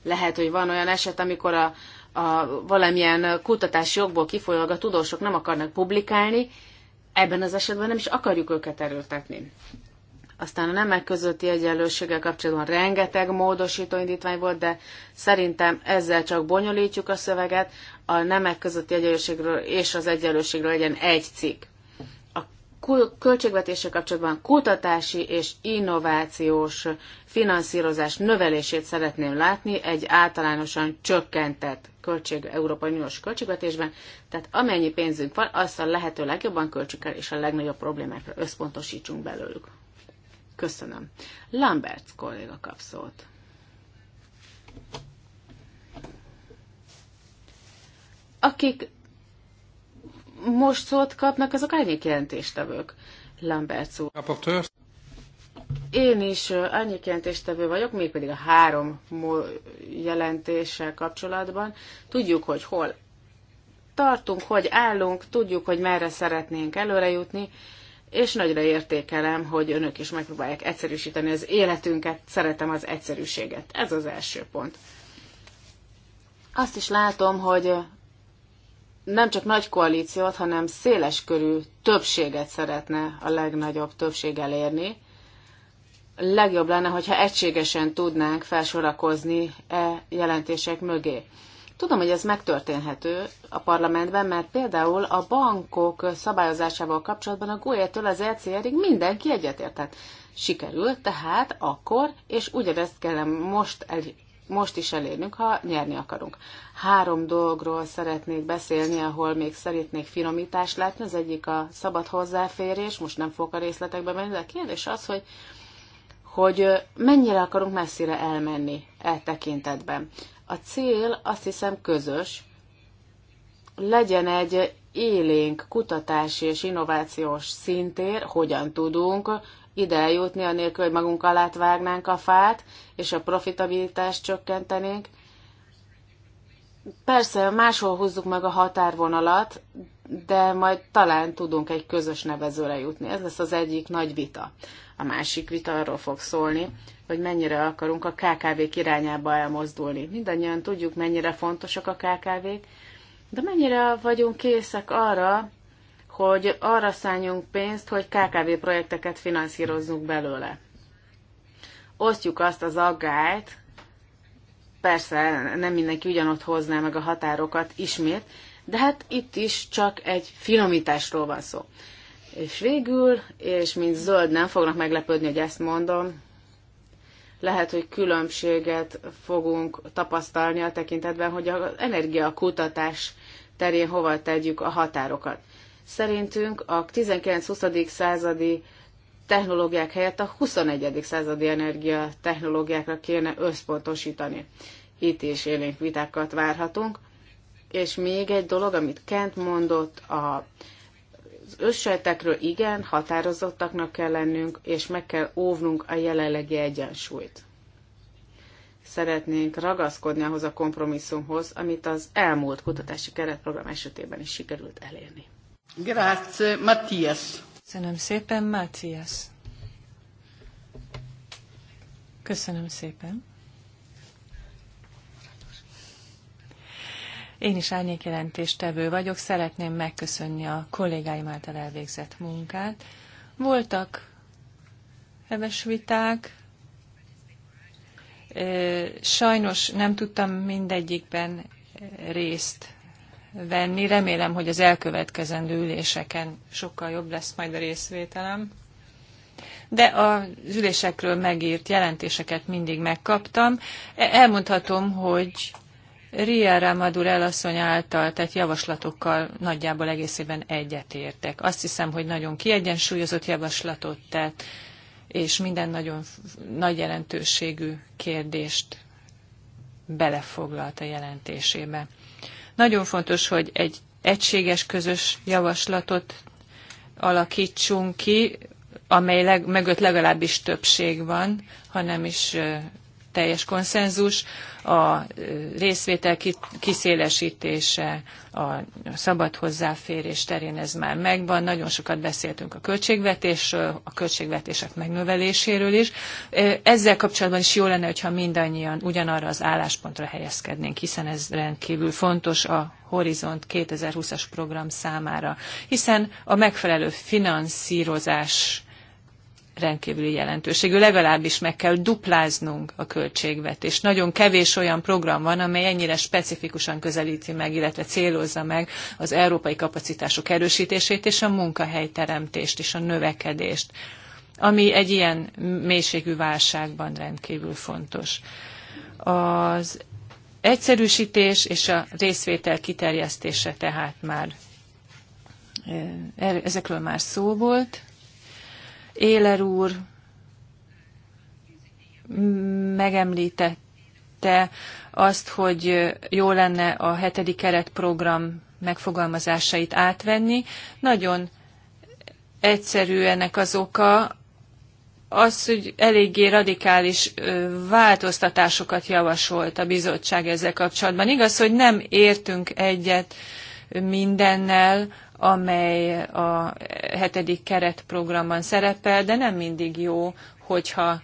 Lehet, hogy van olyan eset, amikor a, a valamilyen kutatási jogból kifolyólag a tudósok nem akarnak publikálni, ebben az esetben nem is akarjuk őket erőltetni. Aztán a nemek közötti egyenlőséggel kapcsolatban rengeteg módosító indítvány volt, de szerintem ezzel csak bonyolítjuk a szöveget. A nemek közötti egyenlőségről és az egyenlőségről legyen egy cikk költségvetése kapcsolatban kutatási és innovációs finanszírozás növelését szeretném látni egy általánosan csökkentett költség, Európai Uniós költségvetésben, tehát amennyi pénzünk van, azt a lehető legjobban költsük el, és a legnagyobb problémákra összpontosítsunk belőlük. Köszönöm. Lambert kolléga kap szót. Akik most szót kapnak azok jelentéstevők. Lambert szó. Én is annyi jelentéstevő vagyok, mégpedig a három jelentéssel kapcsolatban. Tudjuk, hogy hol tartunk, hogy állunk, tudjuk, hogy merre szeretnénk előre jutni, és nagyra értékelem, hogy önök is megpróbálják egyszerűsíteni az életünket, szeretem az egyszerűséget. Ez az első pont. Azt is látom, hogy nem csak nagy koalíciót, hanem széles körű többséget szeretne a legnagyobb többség elérni. Legjobb lenne, hogyha egységesen tudnánk felsorakozni e jelentések mögé. Tudom, hogy ez megtörténhető a parlamentben, mert például a bankok szabályozásával kapcsolatban a GUE-től az ECR-ig mindenki egyetértett. Sikerült tehát akkor, és ugyanezt kellene most most is elérnünk, ha nyerni akarunk. Három dolgról szeretnék beszélni, ahol még szeretnék finomítást látni. Az egyik a szabad hozzáférés, most nem fogok a részletekbe menni, de a kérdés az, hogy hogy mennyire akarunk messzire elmenni e tekintetben. A cél azt hiszem közös, legyen egy élénk kutatási és innovációs szintér, hogyan tudunk ide eljutni, anélkül, hogy magunk alá vágnánk a fát, és a profitabilitást csökkentenénk. Persze, máshol húzzuk meg a határvonalat, de majd talán tudunk egy közös nevezőre jutni. Ez lesz az egyik nagy vita. A másik vita arról fog szólni, hogy mennyire akarunk a KKV-k irányába elmozdulni. Mindannyian tudjuk, mennyire fontosak a KKV-k, de mennyire vagyunk készek arra, hogy arra szálljunk pénzt, hogy KKV projekteket finanszírozzunk belőle. Osztjuk azt az aggályt, persze nem mindenki ugyanott hozná meg a határokat ismét, de hát itt is csak egy finomításról van szó. És végül, és mint zöld nem fognak meglepődni, hogy ezt mondom, lehet, hogy különbséget fogunk tapasztalni a tekintetben, hogy az energiakutatás terén hova tegyük a határokat. Szerintünk a 19-20. századi technológiák helyett a 21. századi energia technológiákra kéne összpontosítani. Itt is élénk vitákat várhatunk. És még egy dolog, amit Kent mondott, a az összsejtekről igen, határozottaknak kell lennünk, és meg kell óvnunk a jelenlegi egyensúlyt. Szeretnénk ragaszkodni ahhoz a kompromisszumhoz, amit az elmúlt kutatási keretprogram esetében is sikerült elérni. Grazie, Köszönöm szépen, Matthias. Köszönöm szépen. Én is árnyékjelentéstevő vagyok, szeretném megköszönni a kollégáim által elvégzett munkát. Voltak heves viták, sajnos nem tudtam mindegyikben részt venni. Remélem, hogy az elkövetkezendő üléseken sokkal jobb lesz majd a részvételem. De az ülésekről megírt jelentéseket mindig megkaptam. E- elmondhatom, hogy Ria Ramadur elasszony által tett javaslatokkal nagyjából egészében egyetértek. Azt hiszem, hogy nagyon kiegyensúlyozott javaslatot tett, és minden nagyon nagy jelentőségű kérdést belefoglalt a jelentésébe. Nagyon fontos, hogy egy egységes, közös javaslatot alakítsunk ki, amely leg, mögött legalábbis többség van, hanem is teljes konszenzus, a részvétel kiszélesítése, a szabad hozzáférés terén ez már megvan. Nagyon sokat beszéltünk a költségvetésről, a költségvetések megnöveléséről is. Ezzel kapcsolatban is jó lenne, hogyha mindannyian ugyanarra az álláspontra helyezkednénk, hiszen ez rendkívül fontos a Horizont 2020-as program számára, hiszen a megfelelő finanszírozás rendkívüli jelentőségű. Legalábbis meg kell dupláznunk a költségvetést. Nagyon kevés olyan program van, amely ennyire specifikusan közelíti meg, illetve célozza meg az európai kapacitások erősítését és a munkahelyteremtést és a növekedést, ami egy ilyen mélységű válságban rendkívül fontos. Az egyszerűsítés és a részvétel kiterjesztése tehát már eh, er- ezekről már szó volt Éler úr megemlítette azt, hogy jó lenne a hetedik keretprogram megfogalmazásait átvenni. Nagyon egyszerű ennek az oka, az, hogy eléggé radikális változtatásokat javasolt a bizottság ezzel kapcsolatban. Igaz, hogy nem értünk egyet mindennel, amely a hetedik keretprogramban szerepel, de nem mindig jó, hogyha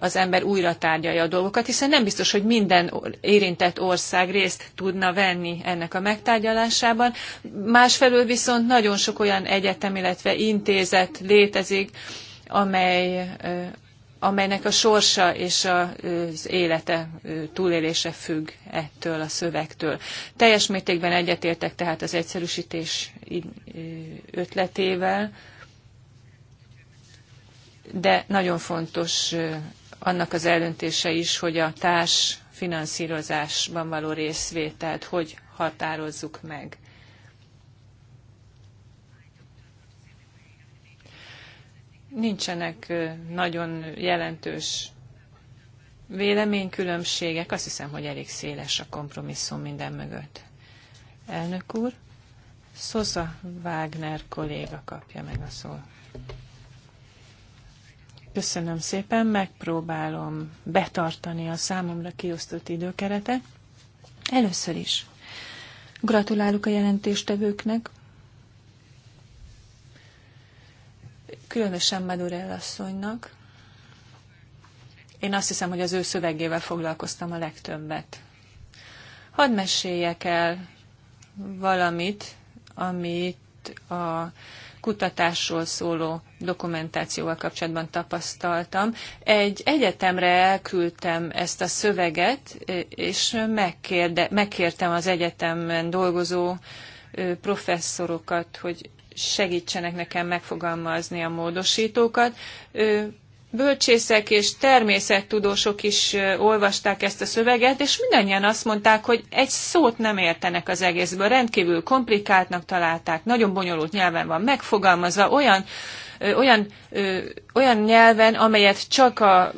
az ember újra tárgyalja a dolgokat, hiszen nem biztos, hogy minden érintett ország részt tudna venni ennek a megtárgyalásában. Másfelől viszont nagyon sok olyan egyetem, illetve intézet létezik, amely amelynek a sorsa és az élete túlélése függ ettől a szövegtől. Teljes mértékben egyetértek tehát az egyszerűsítés ötletével, de nagyon fontos annak az eldöntése is, hogy a társ finanszírozásban való részvételt hogy határozzuk meg. nincsenek nagyon jelentős véleménykülönbségek. Azt hiszem, hogy elég széles a kompromisszum minden mögött. Elnök úr, Sosa Wagner kolléga kapja meg a szót. Köszönöm szépen, megpróbálom betartani a számomra kiosztott időkeretet. Először is gratulálok a jelentéstevőknek, különösen Madurell asszonynak. Én azt hiszem, hogy az ő szövegével foglalkoztam a legtöbbet. Hadd meséljek el valamit, amit a kutatásról szóló dokumentációval kapcsolatban tapasztaltam. Egy egyetemre elküldtem ezt a szöveget, és megkérde, megkértem az egyetemen dolgozó professzorokat, hogy segítsenek nekem megfogalmazni a módosítókat. Bölcsészek és természettudósok is olvasták ezt a szöveget, és mindannyian azt mondták, hogy egy szót nem értenek az egészből. Rendkívül komplikáltnak találták, nagyon bonyolult nyelven van megfogalmazva, olyan, olyan, olyan nyelven, amelyet csak a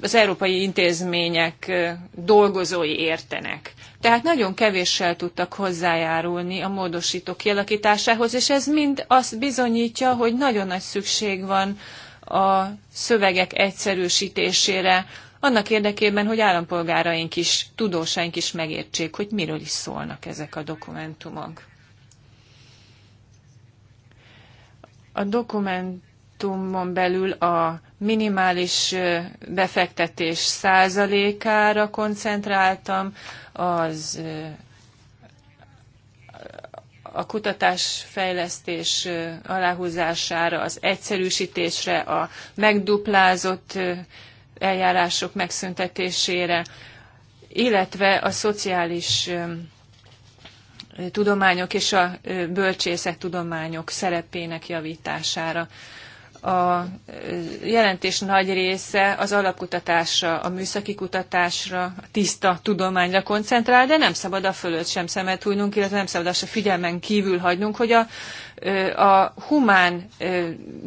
az európai intézmények dolgozói értenek. Tehát nagyon kevéssel tudtak hozzájárulni a módosító kialakításához, és ez mind azt bizonyítja, hogy nagyon nagy szükség van a szövegek egyszerűsítésére, annak érdekében, hogy állampolgáraink is, tudósaink is megértsék, hogy miről is szólnak ezek a dokumentumok. A dokument mandátumon belül a minimális befektetés százalékára koncentráltam, az a kutatásfejlesztés aláhúzására, az egyszerűsítésre, a megduplázott eljárások megszüntetésére, illetve a szociális tudományok és a bölcsészettudományok szerepének javítására a jelentés nagy része az alapkutatásra, a műszaki kutatásra, a tiszta tudományra koncentrál, de nem szabad a fölött sem szemet hújnunk, illetve nem szabad azt a figyelmen kívül hagynunk, hogy a, a humán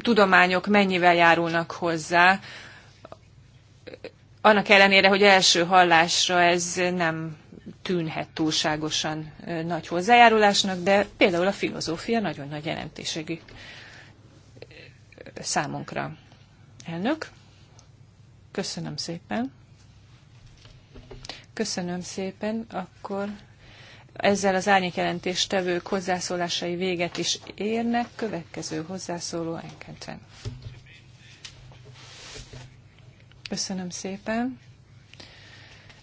tudományok mennyivel járulnak hozzá, annak ellenére, hogy első hallásra ez nem tűnhet túlságosan nagy hozzájárulásnak, de például a filozófia nagyon nagy jelentőségű számunkra. Elnök, köszönöm szépen. Köszönöm szépen, akkor ezzel az tevők hozzászólásai véget is érnek. Következő hozzászóló Enkenten. Köszönöm szépen.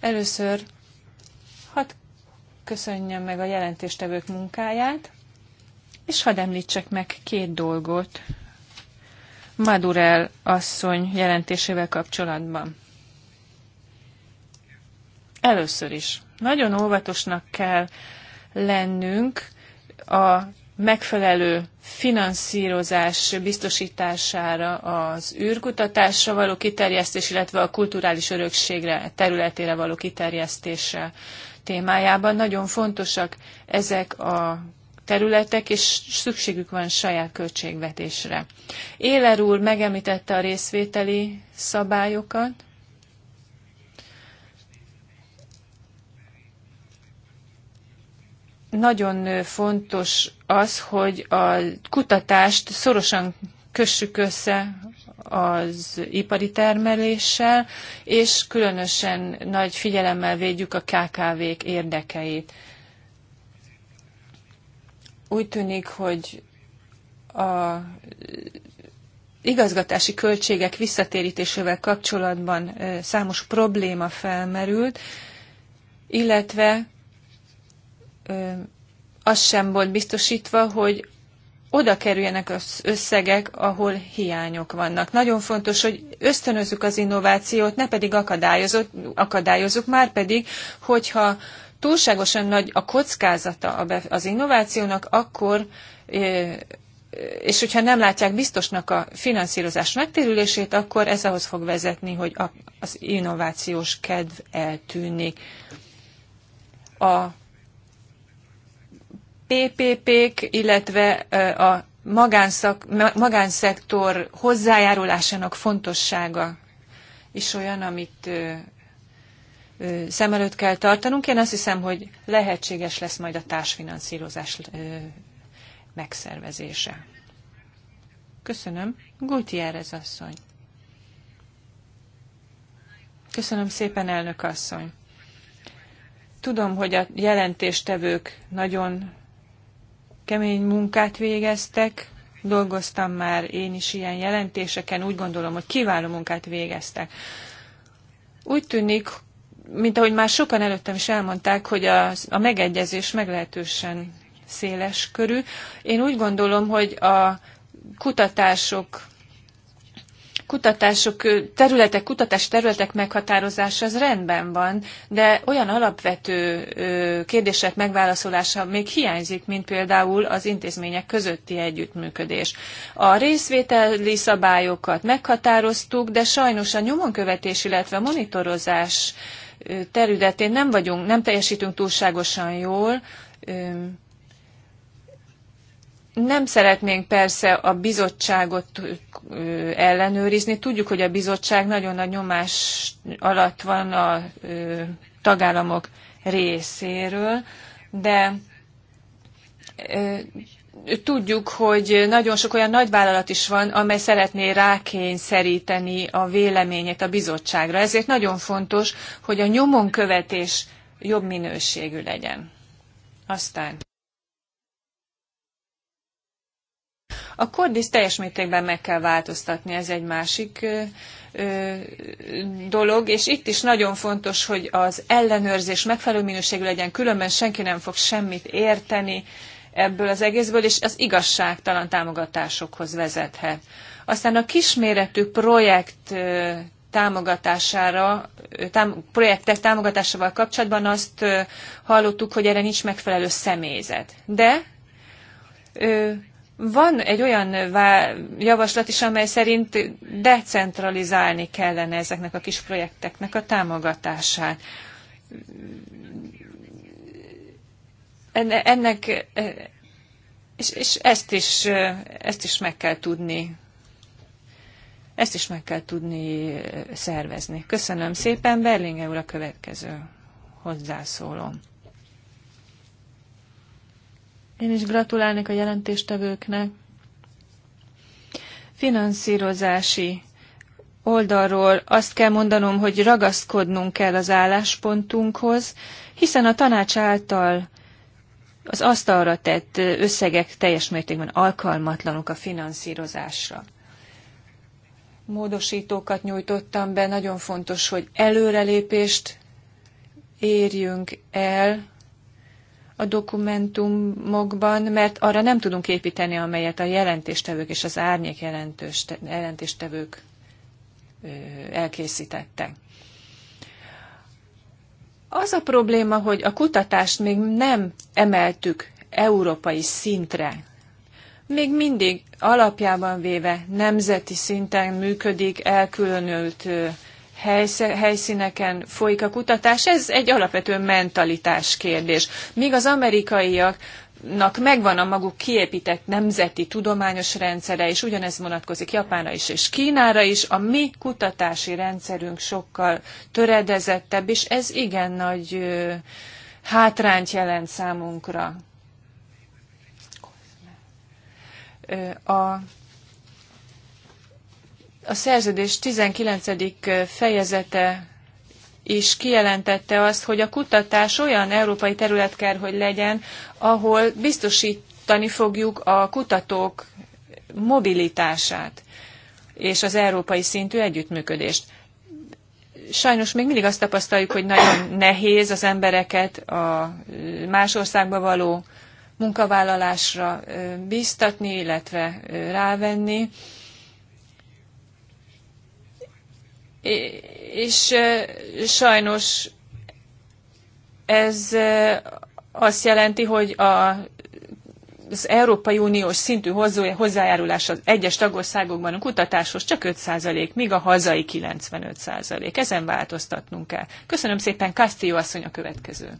Először hadd köszönjem meg a jelentéstevők munkáját, és hadd említsek meg két dolgot, Madurel asszony jelentésével kapcsolatban. Először is nagyon óvatosnak kell lennünk a megfelelő finanszírozás biztosítására az űrkutatásra való kiterjesztés, illetve a kulturális örökségre, területére való kiterjesztése témájában. Nagyon fontosak ezek a területek, és szükségük van saját költségvetésre. Éler úr megemlítette a részvételi szabályokat, nagyon fontos az, hogy a kutatást szorosan kössük össze az ipari termeléssel, és különösen nagy figyelemmel védjük a KKV-k érdekeit. Úgy tűnik, hogy a igazgatási költségek visszatérítésével kapcsolatban számos probléma felmerült, illetve az sem volt biztosítva, hogy oda kerüljenek az összegek, ahol hiányok vannak. Nagyon fontos, hogy ösztönözzük az innovációt, ne pedig akadályozzuk, akadályozzuk már pedig, hogyha túlságosan nagy a kockázata az innovációnak, akkor és hogyha nem látják biztosnak a finanszírozás megtérülését, akkor ez ahhoz fog vezetni, hogy az innovációs kedv eltűnik. A PPP-k, illetve a magánszak, magánszektor hozzájárulásának fontossága is olyan, amit szem előtt kell tartanunk. Én azt hiszem, hogy lehetséges lesz majd a társfinanszírozás megszervezése. Köszönöm. Gutierrez asszony. Köszönöm szépen, elnök asszony. Tudom, hogy a jelentéstevők nagyon kemény munkát végeztek, dolgoztam már én is ilyen jelentéseken, úgy gondolom, hogy kiváló munkát végeztek. Úgy tűnik, mint ahogy már sokan előttem is elmondták, hogy a, a megegyezés meglehetősen széles körű. Én úgy gondolom, hogy a kutatások kutatások, területek, kutatás területek meghatározása az rendben van, de olyan alapvető kérdések megválaszolása még hiányzik, mint például az intézmények közötti együttműködés. A részvételi szabályokat meghatároztuk, de sajnos a nyomonkövetés, illetve a monitorozás területén nem vagyunk, nem teljesítünk túlságosan jól. Nem szeretnénk persze a bizottságot ellenőrizni. Tudjuk, hogy a bizottság nagyon nagy nyomás alatt van a tagállamok részéről, de tudjuk, hogy nagyon sok olyan nagyvállalat is van, amely szeretné rákényszeríteni a véleményét a bizottságra. Ezért nagyon fontos, hogy a nyomon követés jobb minőségű legyen. Aztán. A kordiszt teljes mértékben meg kell változtatni, ez egy másik ö, dolog, és itt is nagyon fontos, hogy az ellenőrzés megfelelő minőségű legyen, különben senki nem fog semmit érteni, ebből az egészből, és az igazságtalan támogatásokhoz vezethet. Aztán a kisméretű projekt támogatására, tám, projektek támogatásával kapcsolatban azt hallottuk, hogy erre nincs megfelelő személyzet. De van egy olyan javaslat is, amely szerint decentralizálni kellene ezeknek a kis projekteknek a támogatását ennek, e, és, és ezt, is, e, ezt is meg kell tudni ezt is meg kell tudni e, szervezni. Köszönöm szépen, Berlinge úr a következő hozzászólom. Én is gratulálnék a jelentéstevőknek. Finanszírozási oldalról azt kell mondanom, hogy ragaszkodnunk kell az álláspontunkhoz, hiszen a tanács által az asztalra tett összegek teljes mértékben alkalmatlanok a finanszírozásra. Módosítókat nyújtottam be, nagyon fontos, hogy előrelépést érjünk el a dokumentumokban, mert arra nem tudunk építeni, amelyet a jelentéstevők és az árnyék jelentéstevők elkészítettek. Az a probléma, hogy a kutatást még nem emeltük európai szintre. Még mindig alapjában véve nemzeti szinten működik, elkülönült helyszíneken folyik a kutatás, ez egy alapvető mentalitás kérdés. Míg az amerikaiak Nak megvan a maguk kiépített nemzeti tudományos rendszere, és ugyanez vonatkozik Japánra is és Kínára is. A mi kutatási rendszerünk sokkal töredezettebb, és ez igen nagy hátrányt jelent számunkra. A a szerződés 19. fejezete is kijelentette azt, hogy a kutatás olyan európai terület kell, hogy legyen, ahol biztosítani fogjuk a kutatók mobilitását és az európai szintű együttműködést. Sajnos még mindig azt tapasztaljuk, hogy nagyon nehéz az embereket a más országba való munkavállalásra biztatni, illetve rávenni és sajnos ez azt jelenti, hogy a az Európai Uniós szintű hozzájárulás az egyes tagországokban a kutatáshoz csak 5%, míg a hazai 95%. Ezen változtatnunk kell. Köszönöm szépen, Castillo asszony a következő.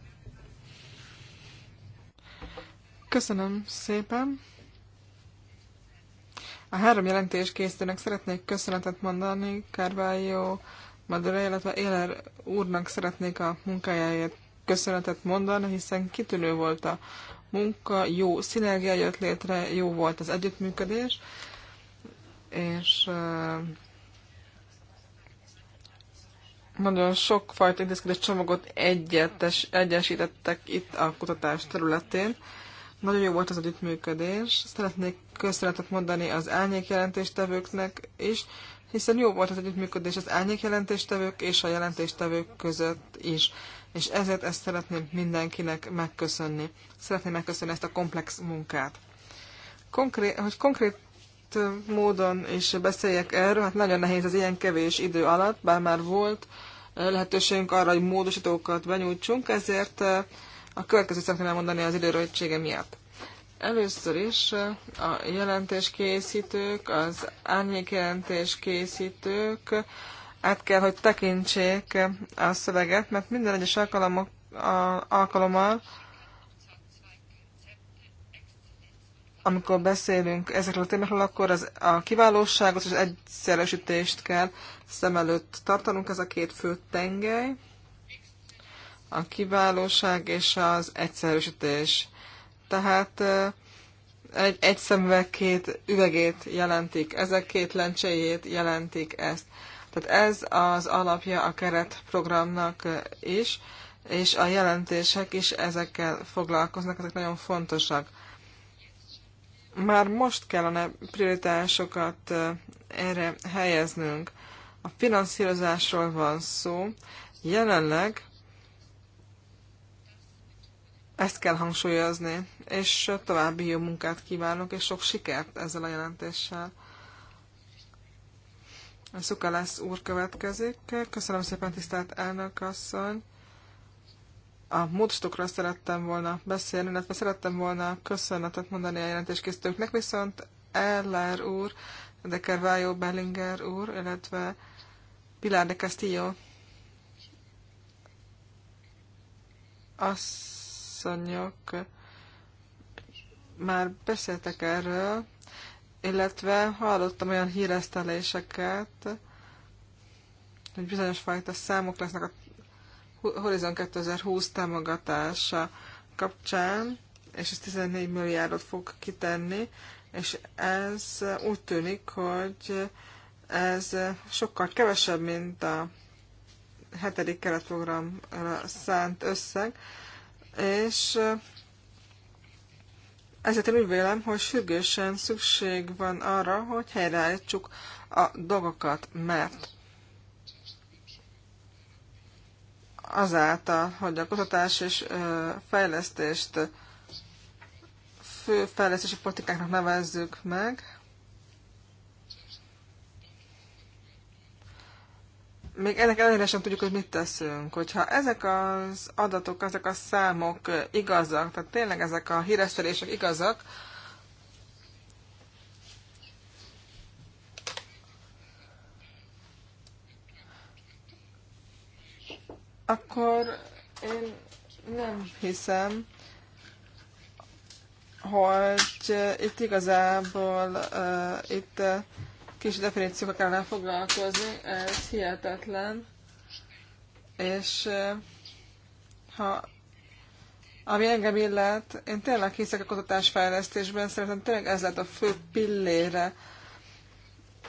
Köszönöm szépen. A három jelentés készítőnek szeretnék köszönetet mondani, Carvalho, Madura, illetve Éler úrnak szeretnék a munkájáért köszönetet mondani, hiszen kitűnő volt a munka, jó szinergia jött létre, jó volt az együttműködés, és eh, nagyon sokfajta intézkedés csomagot egyetes, egyesítettek itt a kutatás területén. Nagyon jó volt az együttműködés. Szeretnék köszönetet mondani az elnyékjelentéstevőknek is, hiszen jó volt az együttműködés az elnyékjelentéstevők és a jelentéstevők között is. És ezért ezt szeretném mindenkinek megköszönni. Szeretném megköszönni ezt a komplex munkát. Konkré- hogy konkrét módon is beszéljek erről, hát nagyon nehéz az ilyen kevés idő alatt, bár már volt lehetőségünk arra, hogy módosítókat benyújtsunk, ezért a következőt kell mondani az időröltsége miatt. Először is a jelentéskészítők, az árnyékjelentéskészítők át kell, hogy tekintsék a szöveget, mert minden egyes alkalommal, alkalommal amikor beszélünk ezekről a témákról, akkor az, a kiválóságot és az egyszerűsítést kell szem előtt tartanunk, ez a két fő tengely a kiválóság és az egyszerűsítés. Tehát egy, egy szemüveg két üvegét jelentik, ezek két lencséjét jelentik ezt. Tehát ez az alapja a keretprogramnak is, és a jelentések is ezekkel foglalkoznak, ezek nagyon fontosak. Már most kellene prioritásokat erre helyeznünk. A finanszírozásról van szó. Jelenleg ezt kell hangsúlyozni, és további jó munkát kívánok, és sok sikert ezzel a jelentéssel. A Szukalász úr következik. Köszönöm szépen, tisztelt elnök asszony. A módosítókra szerettem volna beszélni, illetve szerettem volna köszönetet mondani a jelentéskészítőknek, viszont Eller úr, de Carvalho Bellinger úr, illetve Pilar de Castillo azt asszonyok már beszéltek erről, illetve hallottam olyan híreszteléseket, hogy bizonyos fajta számok lesznek a Horizon 2020 támogatása kapcsán, és ez 14 milliárdot fog kitenni, és ez úgy tűnik, hogy ez sokkal kevesebb, mint a hetedik keretprogramra szánt összeg, és ezért én úgy vélem, hogy sürgősen szükség van arra, hogy helyreállítsuk a dolgokat, mert azáltal, hogy a kutatás és fejlesztést fő fejlesztési politikáknak nevezzük meg, még ennek ellenére sem tudjuk, hogy mit teszünk. Hogyha ezek az adatok, ezek a számok igazak, tehát tényleg ezek a híresztelések igazak, akkor én nem hiszem, hogy itt igazából uh, itt uh, kis definíciókkal kellene foglalkozni, ez hihetetlen. És eh, ha ami engem illet, én tényleg hiszek a kutatásfejlesztésben, szerintem tényleg ez lett a fő pillére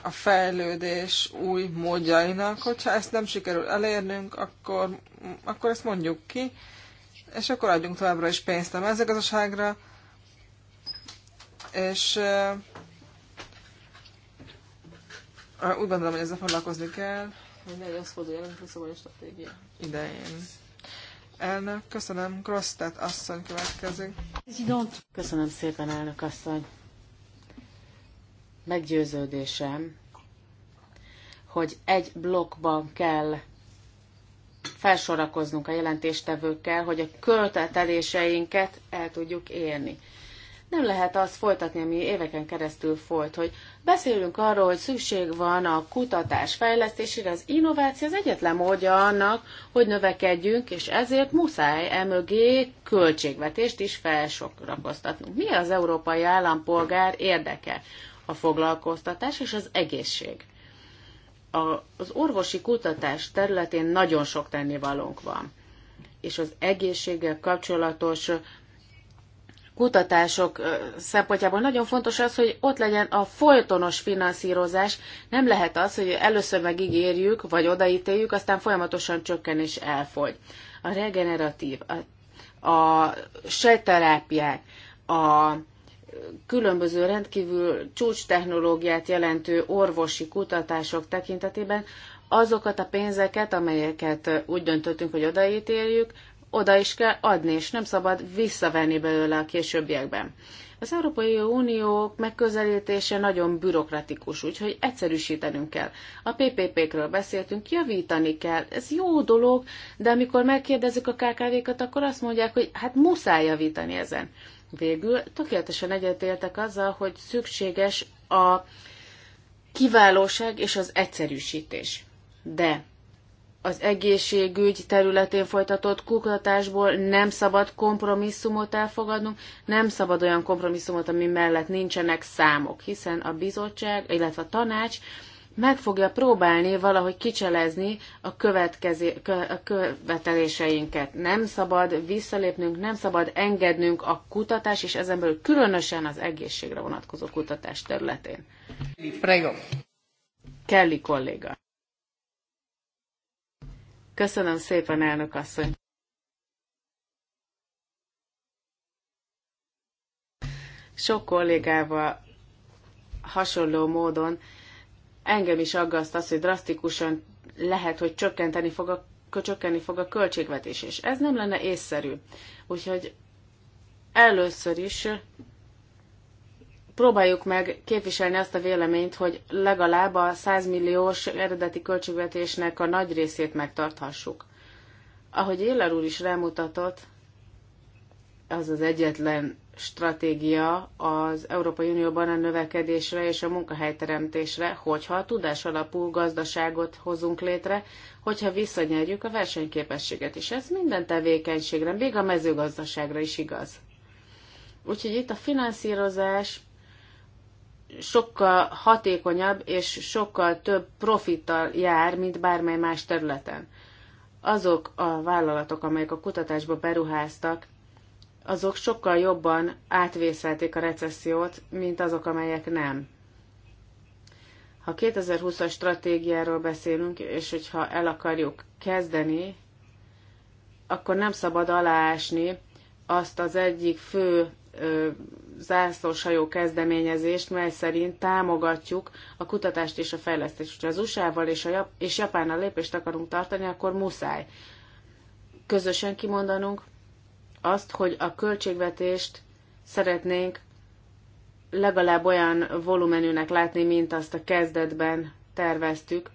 a fejlődés új módjainak, hogyha ezt nem sikerül elérnünk, akkor, akkor ezt mondjuk ki, és akkor adjunk továbbra is pénzt a mezőgazdaságra, és eh, úgy gondolom, hogy ezzel foglalkozni kell. Mindegy, az forduljon, hogy a szóval stratégia. Idején. Elnök, köszönöm. Grosztet asszony következik. Köszönöm szépen, elnök asszony. Meggyőződésem, hogy egy blokkban kell felsorakoznunk a jelentéstevőkkel, hogy a költeteléseinket el tudjuk élni. Nem lehet azt folytatni, ami éveken keresztül folyt, hogy beszélünk arról, hogy szükség van a kutatás fejlesztésére, az innováció az egyetlen módja annak, hogy növekedjünk, és ezért muszáj emögé költségvetést is felsorakoztatnunk. Mi az európai állampolgár érdeke? A foglalkoztatás és az egészség. A, az orvosi kutatás területén nagyon sok tennivalónk van és az egészséggel kapcsolatos kutatások szempontjából nagyon fontos az, hogy ott legyen a folytonos finanszírozás. Nem lehet az, hogy először megígérjük, vagy odaítéljük, aztán folyamatosan csökken és elfogy. A regeneratív, a, a sejterápiák, a különböző rendkívül csúcs technológiát jelentő orvosi kutatások tekintetében azokat a pénzeket, amelyeket úgy döntöttünk, hogy odaítéljük, oda is kell adni, és nem szabad visszavenni belőle a későbbiekben. Az Európai Unió megközelítése nagyon bürokratikus, úgyhogy egyszerűsítenünk kell. A PPP-kről beszéltünk, javítani kell. Ez jó dolog, de amikor megkérdezzük a KKV-kat, akkor azt mondják, hogy hát muszáj javítani ezen. Végül tökéletesen egyetértek azzal, hogy szükséges a kiválóság és az egyszerűsítés. De az egészségügy területén folytatott kutatásból nem szabad kompromisszumot elfogadnunk, nem szabad olyan kompromisszumot, ami mellett nincsenek számok, hiszen a bizottság, illetve a tanács meg fogja próbálni valahogy kicselezni a, következő, a követeléseinket. Nem szabad visszalépnünk, nem szabad engednünk a kutatás, és ezen belül különösen az egészségre vonatkozó kutatás területén. Prego. Kelly kolléga. Köszönöm szépen, elnök asszony. Sok kollégával hasonló módon engem is aggaszt az, hogy drasztikusan lehet, hogy csökkenteni fog a, csökkenni fog a költségvetés, és ez nem lenne észszerű. Úgyhogy először is próbáljuk meg képviselni azt a véleményt, hogy legalább a 100 milliós eredeti költségvetésnek a nagy részét megtarthassuk. Ahogy Éler úr is rámutatott, az az egyetlen stratégia az Európai Unióban a növekedésre és a munkahelyteremtésre, hogyha a tudás alapú gazdaságot hozunk létre, hogyha visszanyerjük a versenyképességet, és ez minden tevékenységre, még a mezőgazdaságra is igaz. Úgyhogy itt a finanszírozás sokkal hatékonyabb és sokkal több profittal jár, mint bármely más területen. Azok a vállalatok, amelyek a kutatásba beruháztak, azok sokkal jobban átvészelték a recessziót, mint azok, amelyek nem. Ha 2020-as stratégiáról beszélünk, és hogyha el akarjuk kezdeni, akkor nem szabad aláásni azt az egyik fő zászlóshajó kezdeményezést, mely szerint támogatjuk a kutatást és a fejlesztést. Ha az USA-val és, a Jap- és Japánnal lépést akarunk tartani, akkor muszáj közösen kimondanunk azt, hogy a költségvetést szeretnénk legalább olyan volumenűnek látni, mint azt a kezdetben terveztük,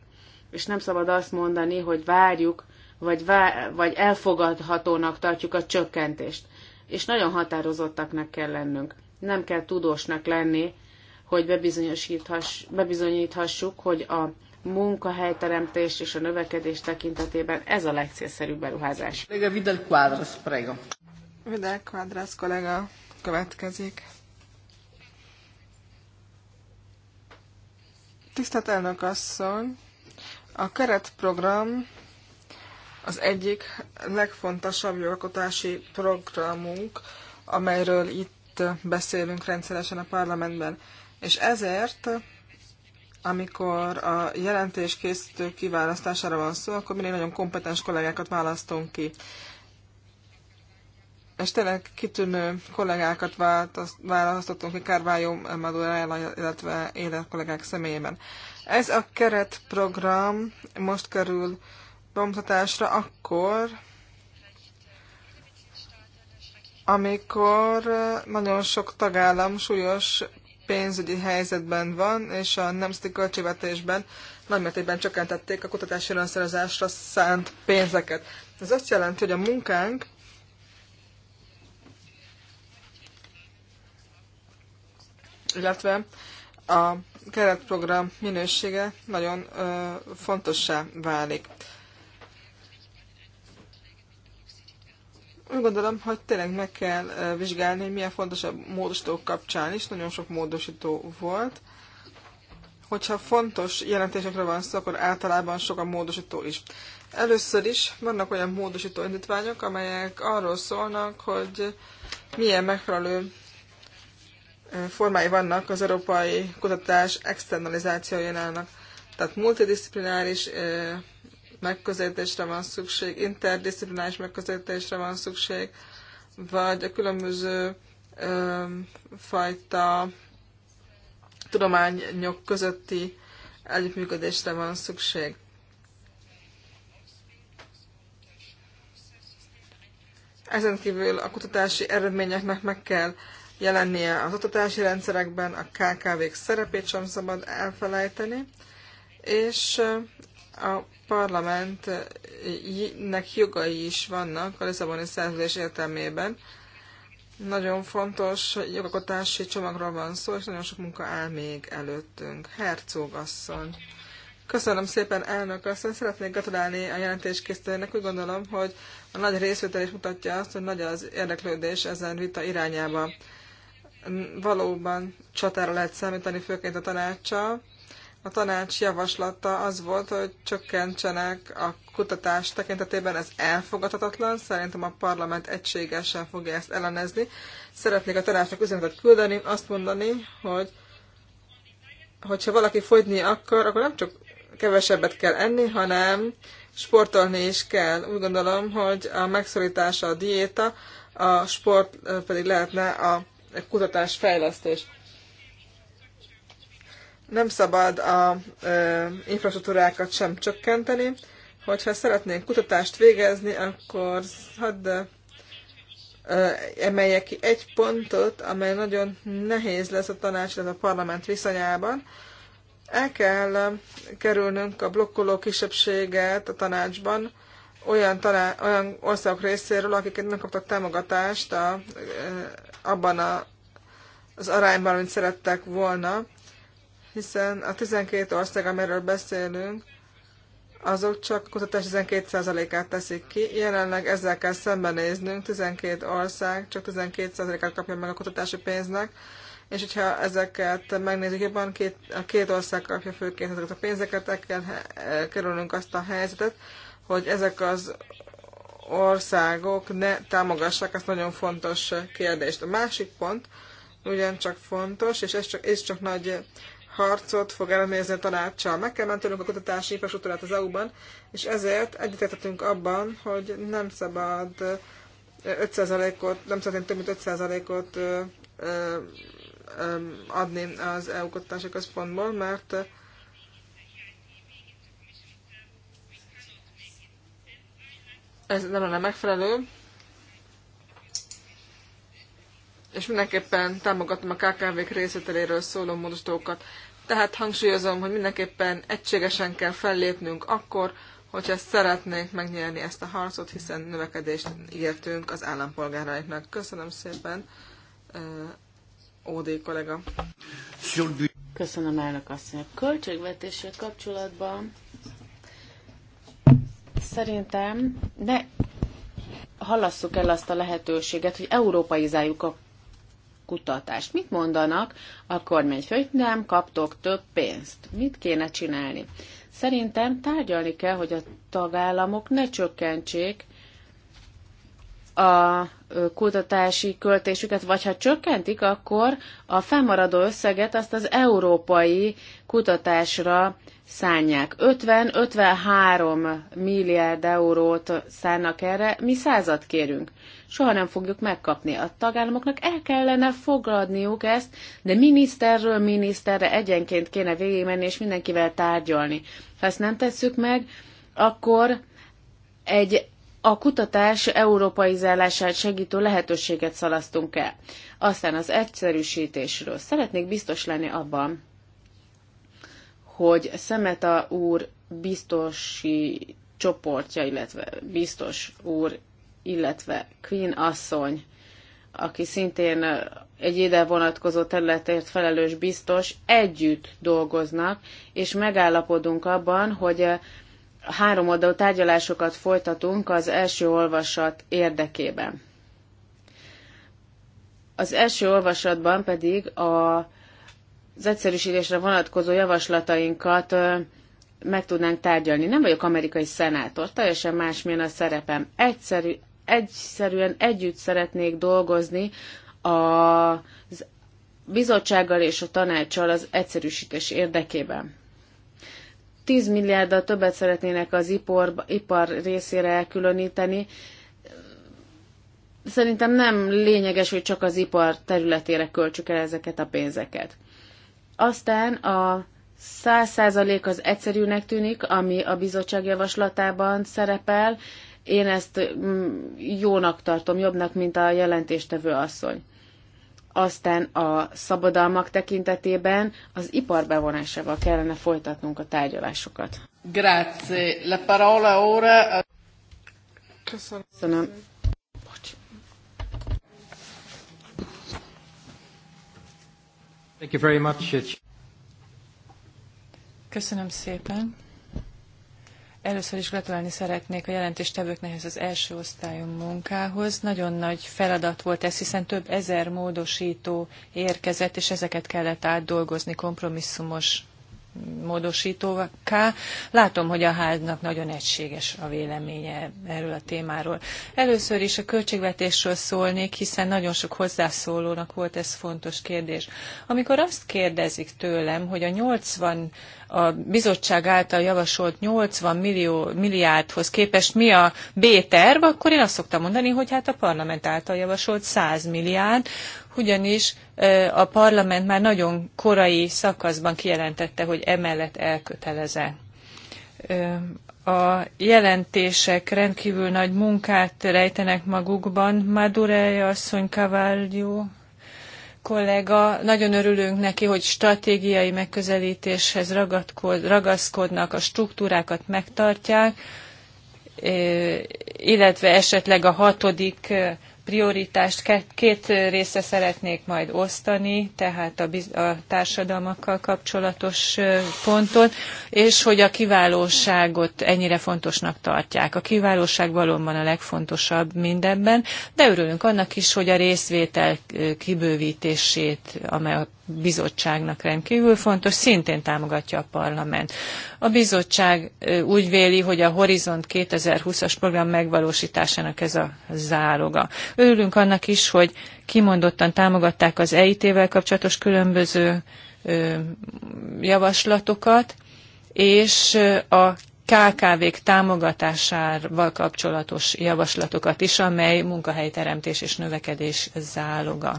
és nem szabad azt mondani, hogy várjuk, vagy, vá- vagy elfogadhatónak tartjuk a csökkentést és nagyon határozottaknak kell lennünk. Nem kell tudósnak lenni, hogy bebizonyíthassuk, hogy a munkahelyteremtés és a növekedés tekintetében ez a legcélszerűbb beruházás. Kollega Vidal Quadras, prego. Vidal Quadras kollega következik. Tisztelt elnök asszony, a keretprogram az egyik legfontosabb jogalkotási programunk, amelyről itt ezért beszélünk rendszeresen a parlamentben. És ezért, amikor a jelentés készítő kiválasztására van szó, akkor mindig nagyon kompetens kollégákat választunk ki. És tényleg kitűnő kollégákat választottunk ki Carvalho Madurella, illetve élet kollégák személyében. Ez a keretprogram most kerül bemutatásra akkor, amikor eh, nagyon sok tagállam súlyos pénzügyi helyzetben van, és a nemzeti költségvetésben nagymértékben csökkentették a kutatási finanszírozásra szánt pénzeket. Ez azt jelenti, hogy a munkánk illetve a keretprogram minősége nagyon ö, fontossá válik. Úgy gondolom, hogy tényleg meg kell vizsgálni, hogy milyen fontosabb módosítók kapcsán is, nagyon sok módosító volt. Hogyha fontos jelentésekre van szó, akkor általában sok a módosító is. Először is vannak olyan módosító indítványok, amelyek arról szólnak, hogy milyen megfelelő formái vannak az európai kutatás externalizációjának. Tehát multidisziplináris megközelítésre van szükség, interdisziplinális megközelítésre van szükség, vagy a különböző ö, fajta tudományok közötti együttműködésre van szükség. Ezen kívül a kutatási eredményeknek meg kell jelennie az oktatási rendszerekben, a KKV-k szerepét sem szabad elfelejteni, és a parlamentnek jogai is vannak a Lisszaboni szerződés értelmében. Nagyon fontos jogalkotási csomagról van szó, és nagyon sok munka áll még előttünk. Herzog asszony. Köszönöm szépen, elnök asszony. Szeretnék gratulálni a jelentéskészítőnek. Úgy gondolom, hogy a nagy részvétel is mutatja azt, hogy nagy az érdeklődés ezen vita irányába. Valóban csatára lehet számítani, főként a tanácsa a tanács javaslata az volt, hogy csökkentsenek a kutatás tekintetében, ez elfogadhatatlan, szerintem a parlament egységesen fogja ezt ellenezni. Szeretnék a tanácsnak üzenetet küldeni, azt mondani, hogy hogyha valaki fogyni akar, akkor nem csak kevesebbet kell enni, hanem sportolni is kell. Úgy gondolom, hogy a megszorítása a diéta, a sport pedig lehetne a kutatás fejlesztés nem szabad a ö, infrastruktúrákat sem csökkenteni. Hogyha szeretnénk kutatást végezni, akkor hadd ö, emeljek ki egy pontot, amely nagyon nehéz lesz a tanács, a parlament viszonyában. El kell kerülnünk a blokkoló kisebbséget a tanácsban olyan, taná- olyan országok részéről, akik nem kaptak támogatást a, abban a, az arányban, amit szerettek volna hiszen a 12 ország, amiről beszélünk, azok csak a kutatás 12%-át teszik ki. Jelenleg ezzel kell szembenéznünk, 12 ország csak 12%-át kapja meg a kutatási pénznek, és hogyha ezeket megnézzük jobban, két, a két ország kapja főként ezeket a pénzeket, el kell eh, kerülnünk azt a helyzetet, hogy ezek az országok ne támogassák ezt nagyon fontos kérdést. A másik pont ugyancsak fontos, és ez csak, ez csak nagy harcot fog elemézni a tanácssal. Meg kell mentenünk a kutatási infrastruktúrát az EU-ban, és ezért egyetértettünk abban, hogy nem szabad 5%-ot, nem szeretném több mint 5%-ot adni az EU kutatási központból, mert ez nem lenne megfelelő, és mindenképpen támogatom a KKV-k részvételéről szóló módosítókat. Tehát hangsúlyozom, hogy mindenképpen egységesen kell fellépnünk akkor, hogyha szeretnénk megnyerni ezt a harcot, hiszen növekedést ígértünk az állampolgárainknak. Köszönöm szépen, eh, Ódé kollega. Köszönöm elnök asszony. A költségvetéssel kapcsolatban szerintem ne halasszuk el azt a lehetőséget, hogy európai zájuk a kutatást. Mit mondanak a hogy nem kaptok több pénzt. Mit kéne csinálni? Szerintem tárgyalni kell, hogy a tagállamok ne csökkentsék a kutatási költésüket, vagy ha csökkentik, akkor a fennmaradó összeget azt az európai kutatásra szánják. 50-53 milliárd eurót szánnak erre, mi százat kérünk soha nem fogjuk megkapni. A tagállamoknak el kellene fogadniuk ezt, de miniszterről miniszterre egyenként kéne végigmenni és mindenkivel tárgyalni. Ha ezt nem tesszük meg, akkor egy a kutatás európai zárását segítő lehetőséget szalasztunk el. Aztán az egyszerűsítésről. Szeretnék biztos lenni abban, hogy Szemeta úr biztosi csoportja, illetve biztos úr illetve Queen asszony, aki szintén egy ide vonatkozó területért felelős biztos, együtt dolgoznak, és megállapodunk abban, hogy három oldalú tárgyalásokat folytatunk az első olvasat érdekében. Az első olvasatban pedig a, az egyszerűsítésre vonatkozó javaslatainkat meg tudnánk tárgyalni. Nem vagyok amerikai szenátor, teljesen másmilyen a szerepem. Egyszerű, egyszerűen együtt szeretnék dolgozni az bizottsággal és a tanácssal az egyszerűsítés érdekében. 10 milliárddal többet szeretnének az ipar, ipar részére elkülöníteni. Szerintem nem lényeges, hogy csak az ipar területére költsük el ezeket a pénzeket. Aztán a 100% az egyszerűnek tűnik, ami a bizottság javaslatában szerepel, én ezt mm, jónak tartom, jobbnak, mint a jelentéstevő asszony. Aztán a szabadalmak tekintetében az ipar bevonásával kellene folytatnunk a tárgyalásokat. Grazie. La parola ora... Köszönöm. Thank you very much. Köszönöm szépen. Először is gratulálni szeretnék a jelentéstevőknek ez az első osztályom munkához. Nagyon nagy feladat volt ez, hiszen több ezer módosító érkezett, és ezeket kellett átdolgozni kompromisszumos módosítókká. Látom, hogy a háznak nagyon egységes a véleménye erről a témáról. Először is a költségvetésről szólnék, hiszen nagyon sok hozzászólónak volt ez fontos kérdés. Amikor azt kérdezik tőlem, hogy a 80 a bizottság által javasolt 80 millió, milliárdhoz képest mi a B-terv, akkor én azt szoktam mondani, hogy hát a parlament által javasolt 100 milliárd, ugyanis a parlament már nagyon korai szakaszban kijelentette, hogy emellett elkötelezett. A jelentések rendkívül nagy munkát rejtenek magukban. Madureja asszony Cavaglio kollega, nagyon örülünk neki, hogy stratégiai megközelítéshez ragaszkodnak, a struktúrákat megtartják, illetve esetleg a hatodik prioritást két része szeretnék majd osztani, tehát a, a társadalmakkal kapcsolatos pontot, és hogy a kiválóságot ennyire fontosnak tartják. A kiválóság valóban a legfontosabb mindenben, de örülünk annak is, hogy a részvétel kibővítését, amely a bizottságnak rendkívül fontos, szintén támogatja a parlament. A bizottság úgy véli, hogy a Horizont 2020-as program megvalósításának ez a záloga. Örülünk annak is, hogy kimondottan támogatták az EIT-vel kapcsolatos különböző javaslatokat, és a KKV-k támogatásával kapcsolatos javaslatokat is, amely munkahelyteremtés és növekedés záloga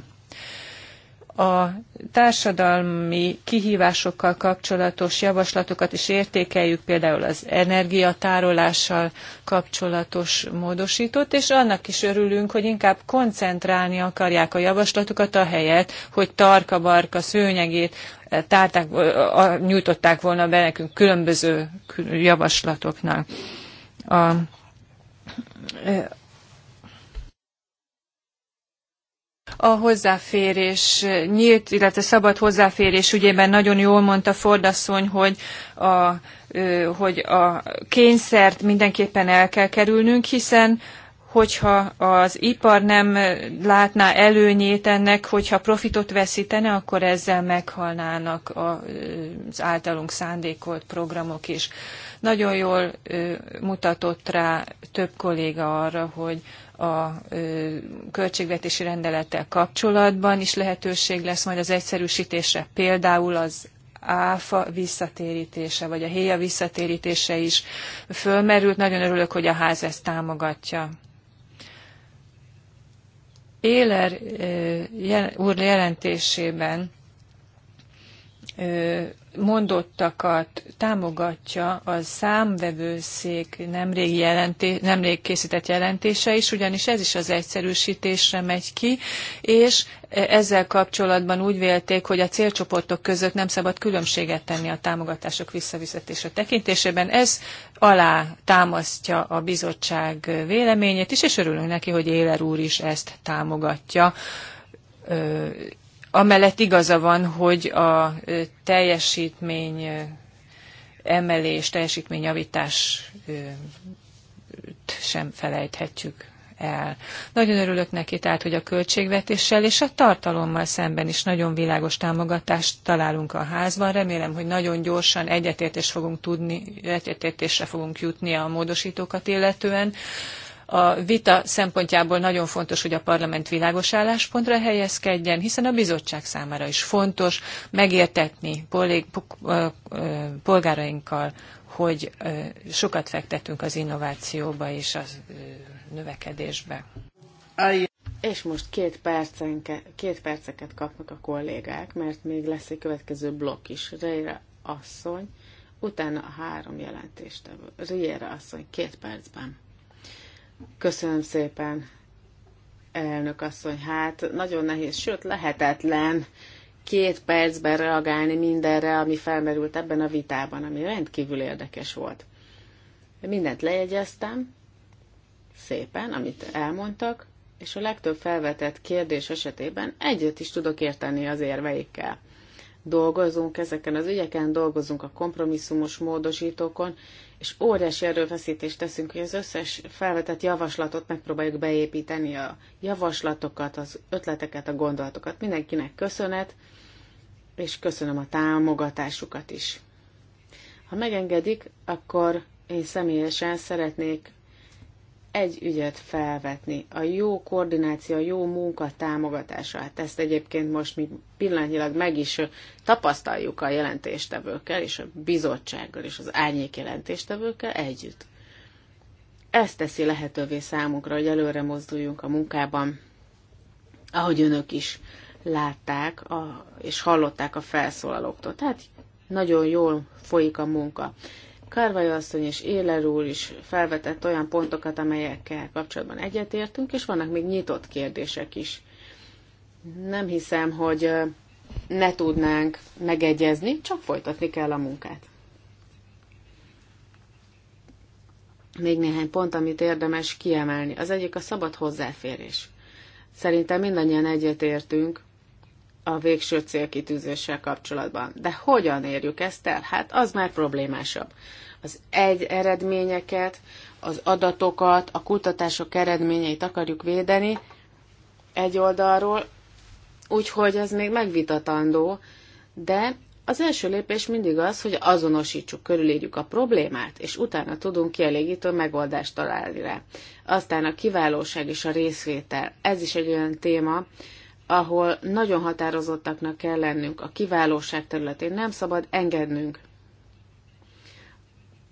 a társadalmi kihívásokkal kapcsolatos javaslatokat is értékeljük, például az energiatárolással kapcsolatos módosítót, és annak is örülünk, hogy inkább koncentrálni akarják a javaslatokat a helyet, hogy tarka-barka szőnyegét eh, tárták, eh, nyújtották volna be nekünk különböző javaslatoknál. A, eh, A hozzáférés nyílt, illetve szabad hozzáférés ügyében nagyon jól mondta Fordasszony, hogy a, hogy a kényszert mindenképpen el kell kerülnünk, hiszen hogyha az ipar nem látná előnyét ennek, hogyha profitot veszítene, akkor ezzel meghalnának az általunk szándékolt programok is. Nagyon jól mutatott rá több kolléga arra, hogy a költségvetési rendelettel kapcsolatban is lehetőség lesz majd az egyszerűsítésre, például az áfa visszatérítése, vagy a héja visszatérítése is fölmerült. Nagyon örülök, hogy a ház ezt támogatja. Éler úr jelentésében mondottakat támogatja a számvevőszék nemrég, jelenté, nemrég készített jelentése is, ugyanis ez is az egyszerűsítésre megy ki, és ezzel kapcsolatban úgy vélték, hogy a célcsoportok között nem szabad különbséget tenni a támogatások visszavizetése tekintésében. Ez alá támasztja a bizottság véleményét is, és örülünk neki, hogy Éler úr is ezt támogatja amellett igaza van, hogy a teljesítmény emelés, teljesítményjavítás sem felejthetjük el. Nagyon örülök neki, tehát, hogy a költségvetéssel és a tartalommal szemben is nagyon világos támogatást találunk a házban. Remélem, hogy nagyon gyorsan egyetértés fogunk tudni, egyetértésre fogunk jutni a módosítókat illetően a vita szempontjából nagyon fontos, hogy a parlament világos álláspontra helyezkedjen, hiszen a bizottság számára is fontos megértetni polgárainkkal, hogy sokat fektetünk az innovációba és a növekedésbe. És most két, percenke, két perceket kapnak a kollégák, mert még lesz egy következő blokk is. Reira asszony, utána a három jelentéstevő. Riera asszony, két percben. Köszönöm szépen, elnök asszony. Hát nagyon nehéz, sőt lehetetlen két percben reagálni mindenre, ami felmerült ebben a vitában, ami rendkívül érdekes volt. Mindent lejegyeztem, szépen, amit elmondtak, és a legtöbb felvetett kérdés esetében egyet is tudok érteni az érveikkel dolgozunk, ezeken az ügyeken dolgozunk a kompromisszumos módosítókon, és óriási erőfeszítést teszünk, hogy az összes felvetett javaslatot megpróbáljuk beépíteni, a javaslatokat, az ötleteket, a gondolatokat. Mindenkinek köszönet, és köszönöm a támogatásukat is. Ha megengedik, akkor én személyesen szeretnék egy ügyet felvetni, a jó koordináció, a jó munka támogatása. Hát ezt egyébként most mi pillanatnyilag meg is tapasztaljuk a jelentéstevőkkel és a bizottsággal és az árnyék jelentéstevőkkel együtt. ezt teszi lehetővé számunkra, hogy előre mozduljunk a munkában, ahogy önök is látták a, és hallották a felszólalóktól. Tehát nagyon jól folyik a munka. Kárvai asszony és Éler úr is felvetett olyan pontokat, amelyekkel kapcsolatban egyetértünk, és vannak még nyitott kérdések is. Nem hiszem, hogy ne tudnánk megegyezni, csak folytatni kell a munkát. Még néhány pont, amit érdemes kiemelni. Az egyik a szabad hozzáférés. Szerintem mindannyian egyetértünk a végső célkitűzéssel kapcsolatban. De hogyan érjük ezt el? Hát az már problémásabb. Az egy eredményeket, az adatokat, a kutatások eredményeit akarjuk védeni egy oldalról, úgyhogy ez még megvitatandó, de az első lépés mindig az, hogy azonosítsuk, körülírjuk a problémát, és utána tudunk kielégítő megoldást találni rá. Aztán a kiválóság és a részvétel. Ez is egy olyan téma, ahol nagyon határozottaknak kell lennünk. A kiválóság területén nem szabad engednünk.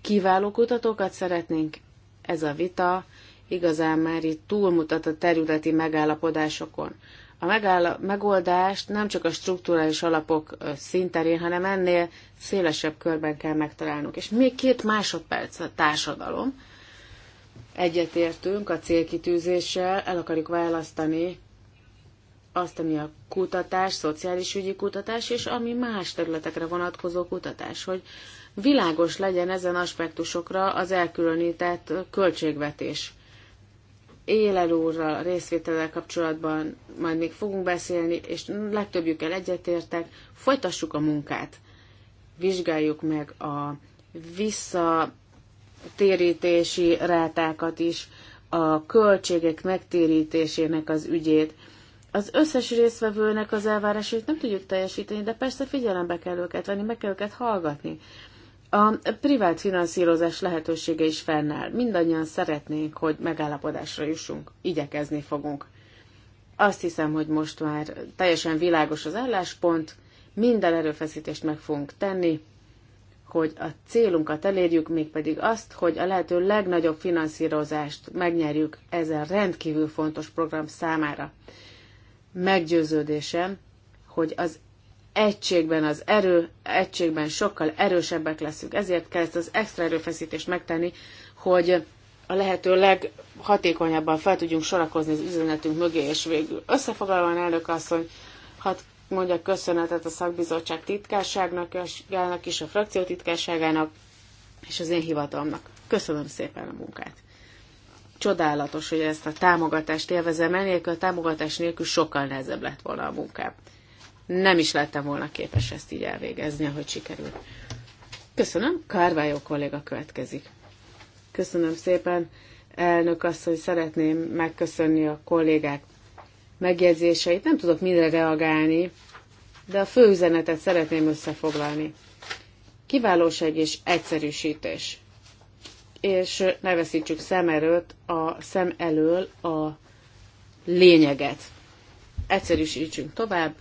Kiváló kutatókat szeretnénk? Ez a vita igazán már itt túlmutat a területi megállapodásokon. A megáll- megoldást nem csak a strukturális alapok szinterén, hanem ennél szélesebb körben kell megtalálnunk. És még két másodperc a társadalom. Egyetértünk a célkitűzéssel, el akarjuk választani azt, ami a kutatás, szociális ügyi kutatás, és ami más területekre vonatkozó kutatás, hogy világos legyen ezen aspektusokra az elkülönített költségvetés. Élel úrral részvétellel kapcsolatban majd még fogunk beszélni, és legtöbbjükkel egyetértek, folytassuk a munkát. Vizsgáljuk meg a visszatérítési rátákat is, a költségek megtérítésének az ügyét, az összes résztvevőnek az elvárásait nem tudjuk teljesíteni, de persze figyelembe kell őket venni, meg kell őket hallgatni. A privát finanszírozás lehetősége is fennáll. Mindannyian szeretnénk, hogy megállapodásra jussunk. Igyekezni fogunk. Azt hiszem, hogy most már teljesen világos az álláspont, minden erőfeszítést meg fogunk tenni, hogy a célunkat elérjük, mégpedig azt, hogy a lehető legnagyobb finanszírozást megnyerjük ezen rendkívül fontos program számára. Meggyőződésem, hogy az egységben az erő, egységben sokkal erősebbek leszünk. Ezért kell ezt az extra erőfeszítést megtenni, hogy a lehető leghatékonyabban fel tudjunk sorakozni az üzenetünk mögé, és végül összefoglalóan elnök asszony, hadd mondjak köszönetet a szakbizottság titkárságnak is, a frakció titkárságának, és az én hivatalomnak. Köszönöm szépen a munkát! csodálatos, hogy ezt a támogatást élvezem, enélkül a támogatás nélkül sokkal nehezebb lett volna a munkám. Nem is lettem volna képes ezt így elvégezni, ahogy sikerült. Köszönöm, Kárvályó kolléga következik. Köszönöm szépen, elnök hogy szeretném megköszönni a kollégák megjegyzéseit. Nem tudok mindre reagálni, de a fő üzenetet szeretném összefoglalni. Kiválóság és egyszerűsítés és ne veszítsük szem előtt, a szem elől a lényeget. Egyszerűsítsünk tovább,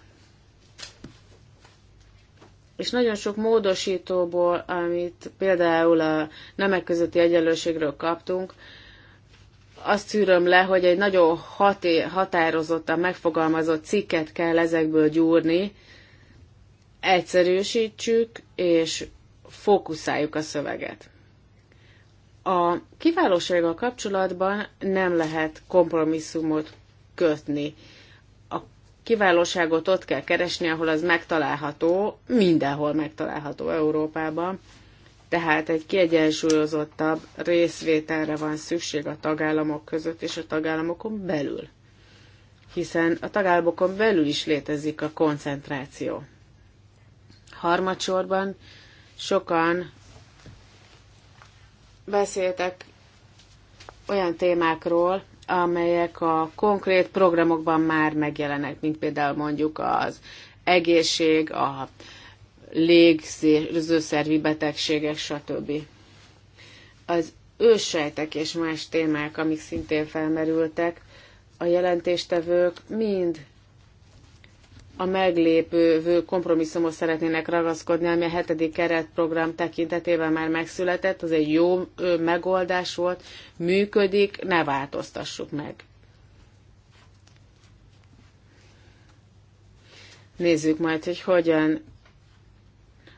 és nagyon sok módosítóból, amit például a nemek közötti egyenlőségről kaptunk, azt szűröm le, hogy egy nagyon haté, határozottan megfogalmazott cikket kell ezekből gyúrni, egyszerűsítsük és fókuszáljuk a szöveget. A kiválósággal kapcsolatban nem lehet kompromisszumot kötni. A kiválóságot ott kell keresni, ahol az megtalálható, mindenhol megtalálható Európában. Tehát egy kiegyensúlyozottabb részvételre van szükség a tagállamok között és a tagállamokon belül. Hiszen a tagállamokon belül is létezik a koncentráció. Harmadsorban sokan beszéltek olyan témákról, amelyek a konkrét programokban már megjelenek, mint például mondjuk az egészség, a légzőszervi betegségek, stb. Az ősejtek és más témák, amik szintén felmerültek, a jelentéstevők mind a meglépő kompromisszumot szeretnének ragaszkodni, ami a hetedik keretprogram tekintetében már megszületett, az egy jó megoldás volt, működik, ne változtassuk meg. Nézzük majd, hogy hogyan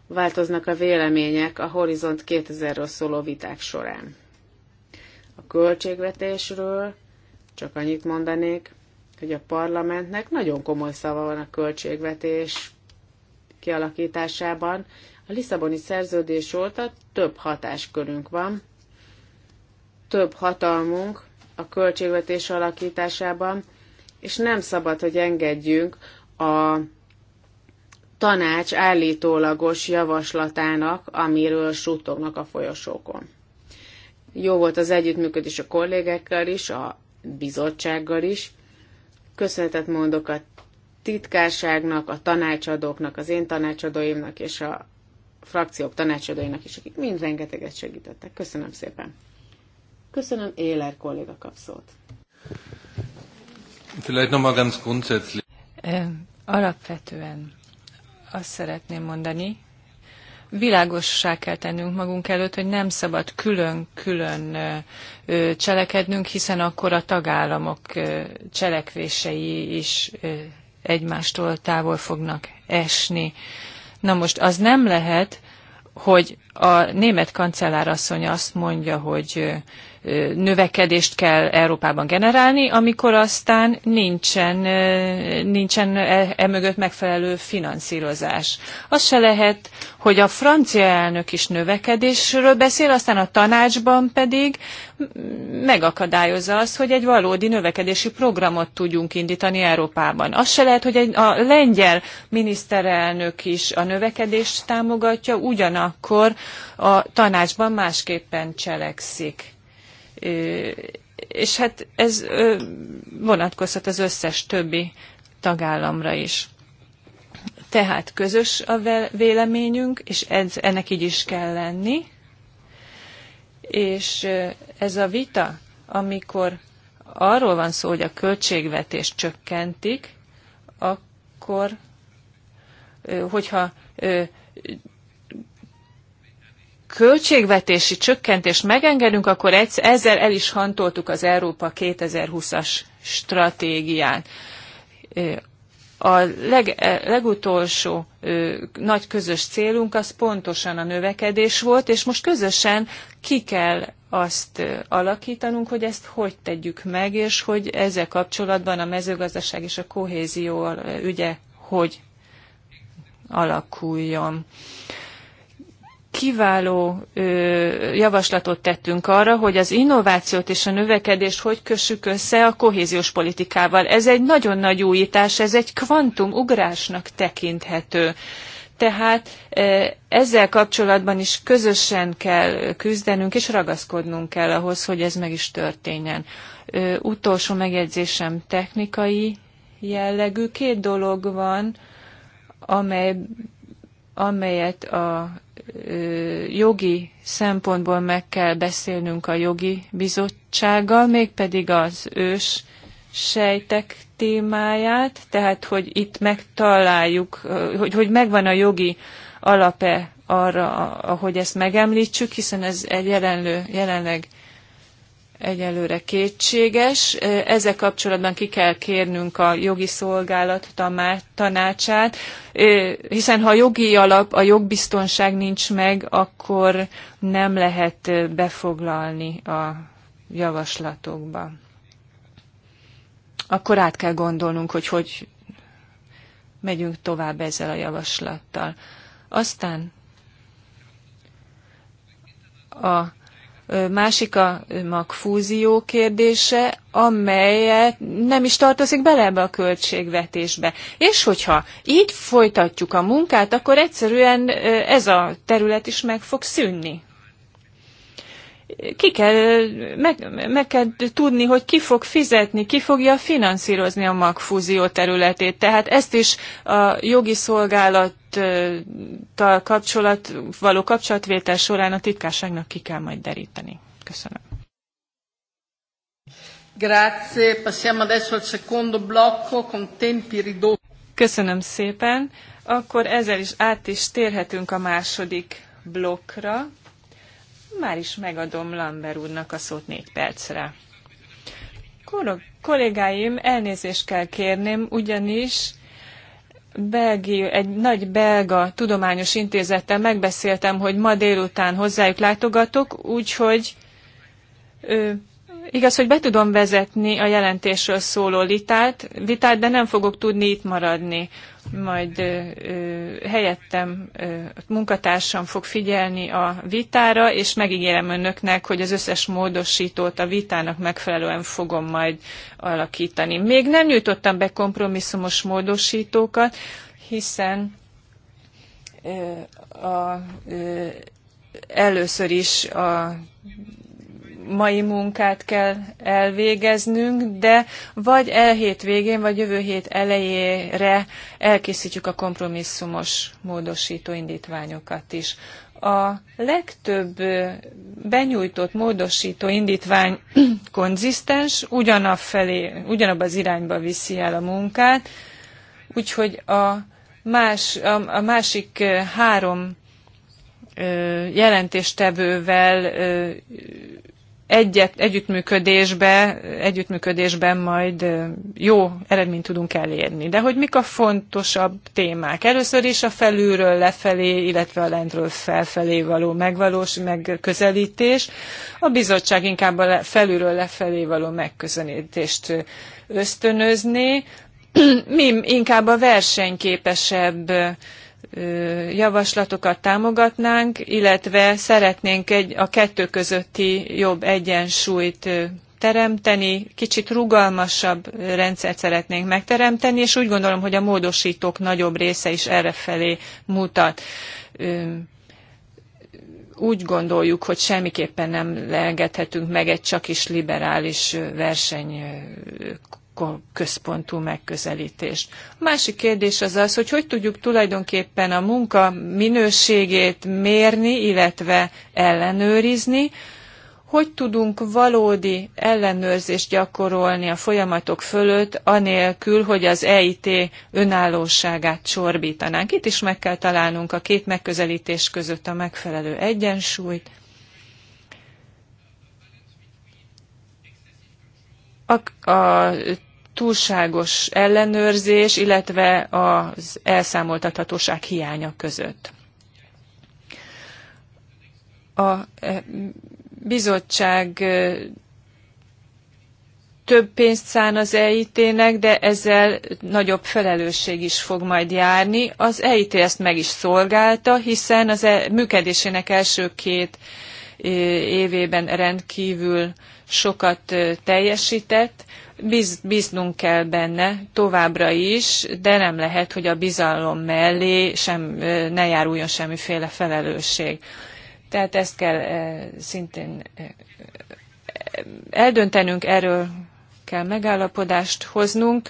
változnak a vélemények a Horizont 2000-ről szóló viták során. A költségvetésről csak annyit mondanék, hogy a parlamentnek nagyon komoly szava van a költségvetés kialakításában. A Lisszaboni szerződés óta több hatáskörünk van, több hatalmunk a költségvetés alakításában, és nem szabad, hogy engedjünk a tanács állítólagos javaslatának, amiről suttognak a folyosókon. Jó volt az együttműködés a kollégekkel is, a bizottsággal is, Köszönetet mondok a titkárságnak, a tanácsadóknak, az én tanácsadóimnak és a frakciók tanácsadóinak is, akik mind rengeteget segítettek. Köszönöm szépen. Köszönöm, Éler kolléga kapszót. Alapvetően azt szeretném mondani, világossá kell tennünk magunk előtt, hogy nem szabad külön-külön cselekednünk, hiszen akkor a tagállamok cselekvései is egymástól távol fognak esni. Na most az nem lehet, hogy a német kancellárasszony azt mondja, hogy növekedést kell Európában generálni, amikor aztán nincsen, nincsen emögött e megfelelő finanszírozás. Az se lehet, hogy a francia elnök is növekedésről beszél, aztán a tanácsban pedig megakadályozza azt, hogy egy valódi növekedési programot tudjunk indítani Európában. Az se lehet, hogy egy, a lengyel miniszterelnök is a növekedést támogatja, ugyanakkor a tanácsban másképpen cselekszik és hát ez vonatkozhat az összes többi tagállamra is. Tehát közös a véleményünk, és ez, ennek így is kell lenni. És ez a vita, amikor arról van szó, hogy a költségvetés csökkentik, akkor hogyha költségvetési csökkentést megengedünk, akkor ezzel el is hantoltuk az Európa 2020-as stratégián. A leg, e, legutolsó ö, nagy közös célunk az pontosan a növekedés volt, és most közösen ki kell azt alakítanunk, hogy ezt hogy tegyük meg, és hogy ezzel kapcsolatban a mezőgazdaság és a kohézió ügye hogy alakuljon kiváló javaslatot tettünk arra, hogy az innovációt és a növekedést hogy kössük össze a kohéziós politikával. Ez egy nagyon nagy újítás, ez egy kvantumugrásnak tekinthető. Tehát ezzel kapcsolatban is közösen kell küzdenünk, és ragaszkodnunk kell ahhoz, hogy ez meg is történjen. Utolsó megjegyzésem technikai jellegű. Két dolog van, amely amelyet a jogi szempontból meg kell beszélnünk a jogi bizottsággal, mégpedig az ős sejtek témáját, tehát hogy itt megtaláljuk, hogy, hogy megvan a jogi alape arra, ahogy ezt megemlítsük, hiszen ez egy jelenlő, jelenleg egyelőre kétséges. Ezzel kapcsolatban ki kell kérnünk a jogi szolgálat tanácsát, hiszen ha a jogi alap, a jogbiztonság nincs meg, akkor nem lehet befoglalni a javaslatokba. Akkor át kell gondolnunk, hogy hogy megyünk tovább ezzel a javaslattal. Aztán a másik a magfúzió kérdése, amelyet nem is tartozik bele ebbe a költségvetésbe. És hogyha így folytatjuk a munkát, akkor egyszerűen ez a terület is meg fog szűnni ki kell, meg, meg kell tudni, hogy ki fog fizetni, ki fogja finanszírozni a magfúzió területét. Tehát ezt is a jogi szolgálattal kapcsolat, való kapcsolatvétel során a titkárságnak ki kell majd deríteni. Köszönöm. Grazie. Passiamo adesso al secondo blocco con tempi ridotti. Köszönöm szépen. Akkor ezzel is át is térhetünk a második blokkra. Már is megadom Lambert úrnak a szót négy percre. Kor- kollégáim, elnézést kell kérnem, ugyanis belgi, egy nagy belga tudományos intézettel megbeszéltem, hogy ma délután hozzájuk látogatok, úgyhogy Igaz, hogy be tudom vezetni a jelentésről szóló litát, vitát, de nem fogok tudni itt maradni. Majd ö, helyettem ö, munkatársam fog figyelni a vitára, és megígérem önöknek, hogy az összes módosítót a vitának megfelelően fogom majd alakítani. Még nem nyújtottam be kompromisszumos módosítókat, hiszen ö, a, ö, először is a mai munkát kell elvégeznünk, de vagy el hét végén, vagy jövő hét elejére elkészítjük a kompromisszumos módosító indítványokat is. A legtöbb benyújtott módosító indítvány konzisztens, ugyanabb, ugyanabb az irányba viszi el a munkát, úgyhogy a, más, a, a másik három jelentéstevővel egyet, együttműködésbe, együttműködésben majd jó eredményt tudunk elérni. De hogy mik a fontosabb témák? Először is a felülről lefelé, illetve a lentről felfelé való megvalós megközelítés. A bizottság inkább a felülről lefelé való megközelítést ösztönözni. Mi inkább a versenyképesebb javaslatokat támogatnánk, illetve szeretnénk egy, a kettő közötti jobb egyensúlyt teremteni, kicsit rugalmasabb rendszert szeretnénk megteremteni, és úgy gondolom, hogy a módosítók nagyobb része is errefelé mutat. Úgy gondoljuk, hogy semmiképpen nem engedhetünk meg egy csakis liberális verseny központú megközelítést. A másik kérdés az az, hogy hogy tudjuk tulajdonképpen a munka minőségét mérni, illetve ellenőrizni, hogy tudunk valódi ellenőrzést gyakorolni a folyamatok fölött, anélkül, hogy az EIT önállóságát csorbítanánk. Itt is meg kell találnunk a két megközelítés között a megfelelő egyensúlyt. A, a túlságos ellenőrzés, illetve az elszámoltathatóság hiánya között. A e, bizottság e, több pénzt szán az EIT-nek, de ezzel nagyobb felelősség is fog majd járni. Az EIT ezt meg is szolgálta, hiszen az e működésének első két e, évében rendkívül sokat teljesített, Biz, bíznunk kell benne továbbra is, de nem lehet, hogy a bizalom mellé sem, ne járuljon semmiféle felelősség. Tehát ezt kell szintén eldöntenünk, erről kell megállapodást hoznunk.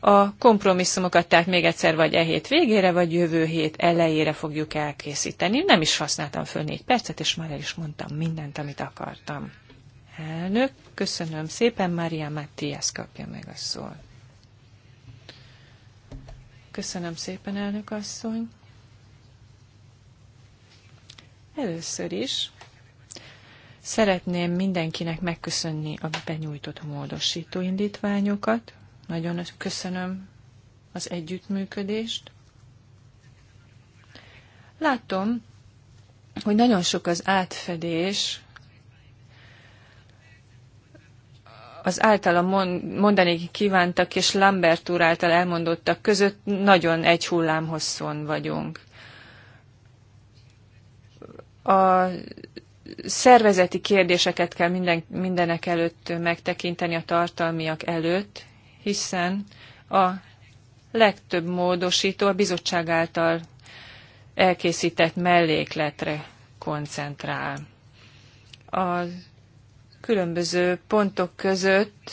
A kompromisszumokat tehát még egyszer vagy e hét végére, vagy jövő hét elejére fogjuk elkészíteni. Nem is használtam föl négy percet, és már el is mondtam mindent, amit akartam. Elnök, köszönöm szépen, Mária Mattias kapja meg a szót. Köszönöm szépen, elnök asszony. Először is szeretném mindenkinek megköszönni a benyújtott módosító indítványokat. Nagyon köszönöm az együttműködést. Látom, hogy nagyon sok az átfedés az általa mondani kívántak és Lambert úr által elmondottak között nagyon egy hullám hosszon vagyunk. A szervezeti kérdéseket kell minden, mindenek előtt megtekinteni a tartalmiak előtt, hiszen a legtöbb módosító a bizottság által elkészített mellékletre koncentrál. Az különböző pontok között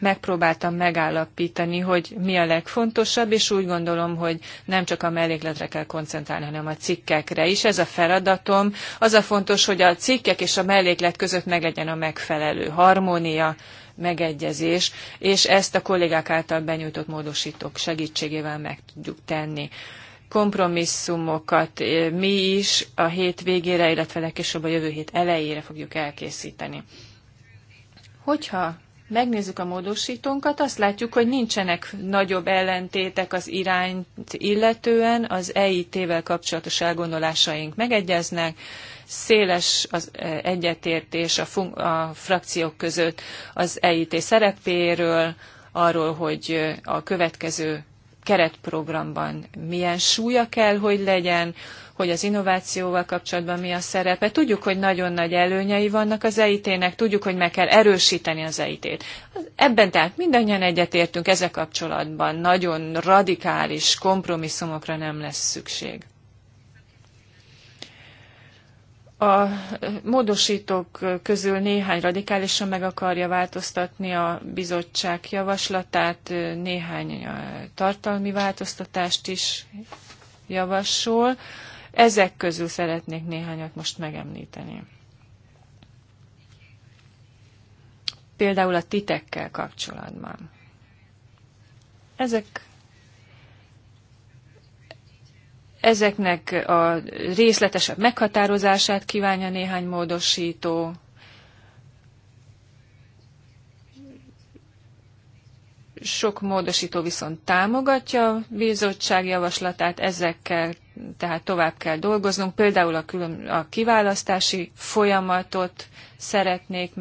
megpróbáltam megállapítani, hogy mi a legfontosabb, és úgy gondolom, hogy nem csak a mellékletre kell koncentrálni, hanem a cikkekre is. Ez a feladatom. Az a fontos, hogy a cikkek és a melléklet között meglegyen a megfelelő harmónia, megegyezés, és ezt a kollégák által benyújtott módosítók segítségével meg tudjuk tenni kompromisszumokat eh, mi is a hét végére, illetve legkésőbb a jövő hét elejére fogjuk elkészíteni. Hogyha megnézzük a módosítónkat, azt látjuk, hogy nincsenek nagyobb ellentétek az irányt illetően, az EIT-vel kapcsolatos elgondolásaink megegyeznek, széles az eh, egyetértés a, fun- a frakciók között az EIT szerepéről, arról, hogy eh, a következő keretprogramban milyen súlya kell, hogy legyen, hogy az innovációval kapcsolatban mi a szerepe. Tudjuk, hogy nagyon nagy előnyei vannak az EIT-nek, tudjuk, hogy meg kell erősíteni az EIT-t. Ebben tehát mindannyian egyetértünk, ezzel kapcsolatban nagyon radikális kompromisszumokra nem lesz szükség. A módosítók közül néhány radikálisan meg akarja változtatni a bizottság javaslatát, néhány tartalmi változtatást is javasol. Ezek közül szeretnék néhányat most megemlíteni. Például a titekkel kapcsolatban. Ezek Ezeknek a részletesebb meghatározását kívánja néhány módosító. Sok módosító viszont támogatja a bizottság javaslatát, ezekkel tehát tovább kell dolgoznunk. Például a, külön, a kiválasztási folyamatot szeretnék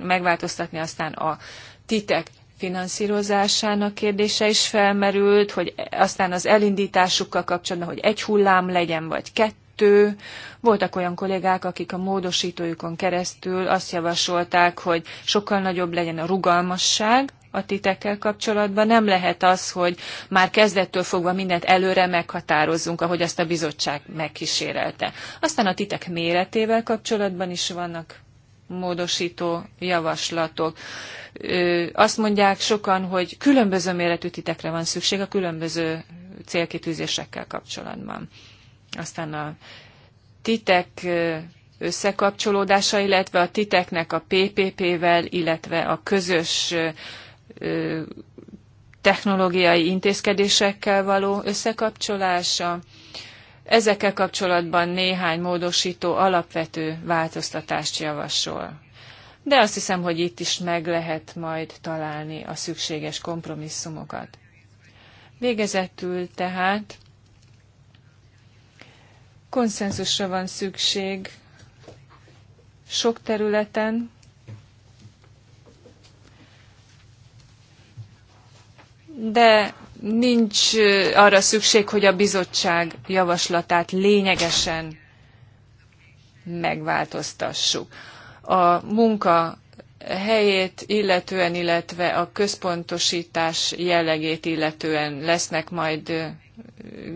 megváltoztatni, aztán a titek finanszírozásának kérdése is felmerült, hogy aztán az elindításukkal kapcsolatban, hogy egy hullám legyen, vagy kettő. Voltak olyan kollégák, akik a módosítójukon keresztül azt javasolták, hogy sokkal nagyobb legyen a rugalmasság, a titekkel kapcsolatban. Nem lehet az, hogy már kezdettől fogva mindent előre meghatározzunk, ahogy ezt a bizottság megkísérelte. Aztán a titek méretével kapcsolatban is vannak módosító javaslatok azt mondják sokan, hogy különböző méretű titekre van szükség a különböző célkitűzésekkel kapcsolatban. Aztán a titek összekapcsolódása, illetve a titeknek a PPP-vel, illetve a közös technológiai intézkedésekkel való összekapcsolása. Ezekkel kapcsolatban néhány módosító alapvető változtatást javasol de azt hiszem, hogy itt is meg lehet majd találni a szükséges kompromisszumokat. Végezetül tehát konszenzusra van szükség sok területen, de nincs arra szükség, hogy a bizottság javaslatát lényegesen megváltoztassuk a munka helyét illetően, illetve a központosítás jellegét illetően lesznek majd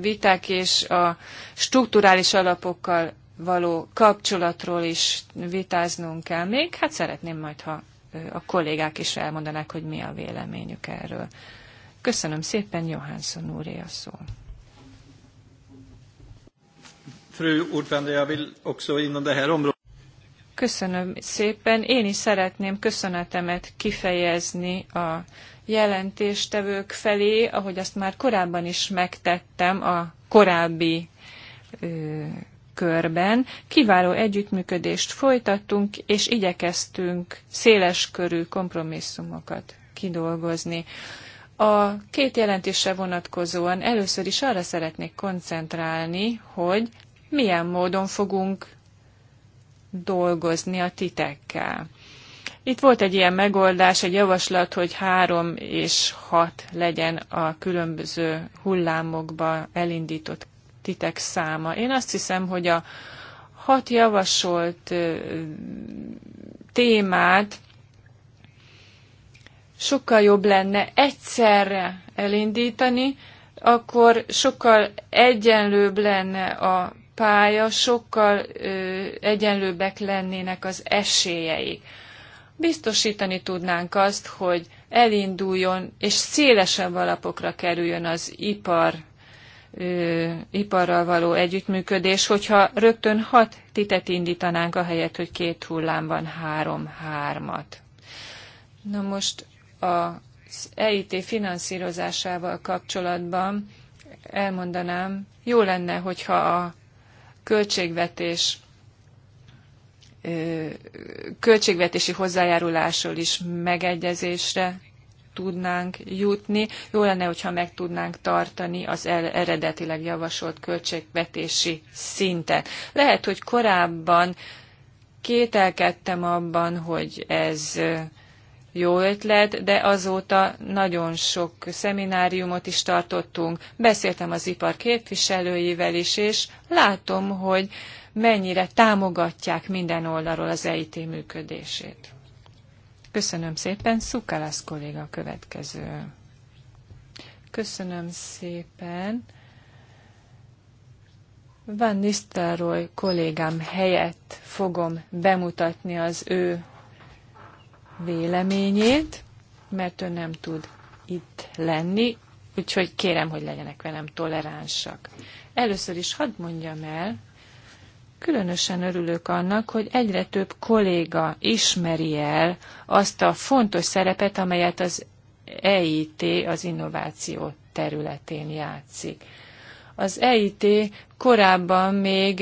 viták, és a strukturális alapokkal való kapcsolatról is vitáznunk kell még. Hát szeretném majd, ha a kollégák is elmondanák, hogy mi a véleményük erről. Köszönöm szépen, Johansson úré a szó. Fru ordförande, jag vill också inom det här området Köszönöm szépen. Én is szeretném köszönetemet kifejezni a jelentéstevők felé, ahogy azt már korábban is megtettem a korábbi ö, körben. Kiváló együttműködést folytattunk, és igyekeztünk körű kompromisszumokat kidolgozni. A két jelentése vonatkozóan először is arra szeretnék koncentrálni, hogy milyen módon fogunk dolgozni a titekkel. Itt volt egy ilyen megoldás, egy javaslat, hogy három és hat legyen a különböző hullámokba elindított titek száma. Én azt hiszem, hogy a hat javasolt témát sokkal jobb lenne egyszerre elindítani, akkor sokkal egyenlőbb lenne a pálya, sokkal ö, egyenlőbbek lennének az esélyeik. Biztosítani tudnánk azt, hogy elinduljon és szélesebb alapokra kerüljön az ipar ö, iparral való együttműködés, hogyha rögtön hat titet indítanánk, ahelyett, hogy két hullámban három-hármat. Na most az EIT finanszírozásával kapcsolatban elmondanám, jó lenne, hogyha a költségvetés költségvetési hozzájárulásról is megegyezésre tudnánk jutni. Jó lenne, hogyha meg tudnánk tartani az eredetileg javasolt költségvetési szintet. Lehet, hogy korábban kételkedtem abban, hogy ez jó ötlet, de azóta nagyon sok szemináriumot is tartottunk, beszéltem az ipar képviselőivel is, és látom, hogy mennyire támogatják minden oldalról az EIT működését. Köszönöm szépen, Szukalász kolléga a következő. Köszönöm szépen. Van Nisztelrooy kollégám helyett fogom bemutatni az ő véleményét, mert ő nem tud itt lenni, úgyhogy kérem, hogy legyenek velem toleránsak. Először is hadd mondjam el, Különösen örülök annak, hogy egyre több kolléga ismeri el azt a fontos szerepet, amelyet az EIT az innováció területén játszik. Az EIT korábban még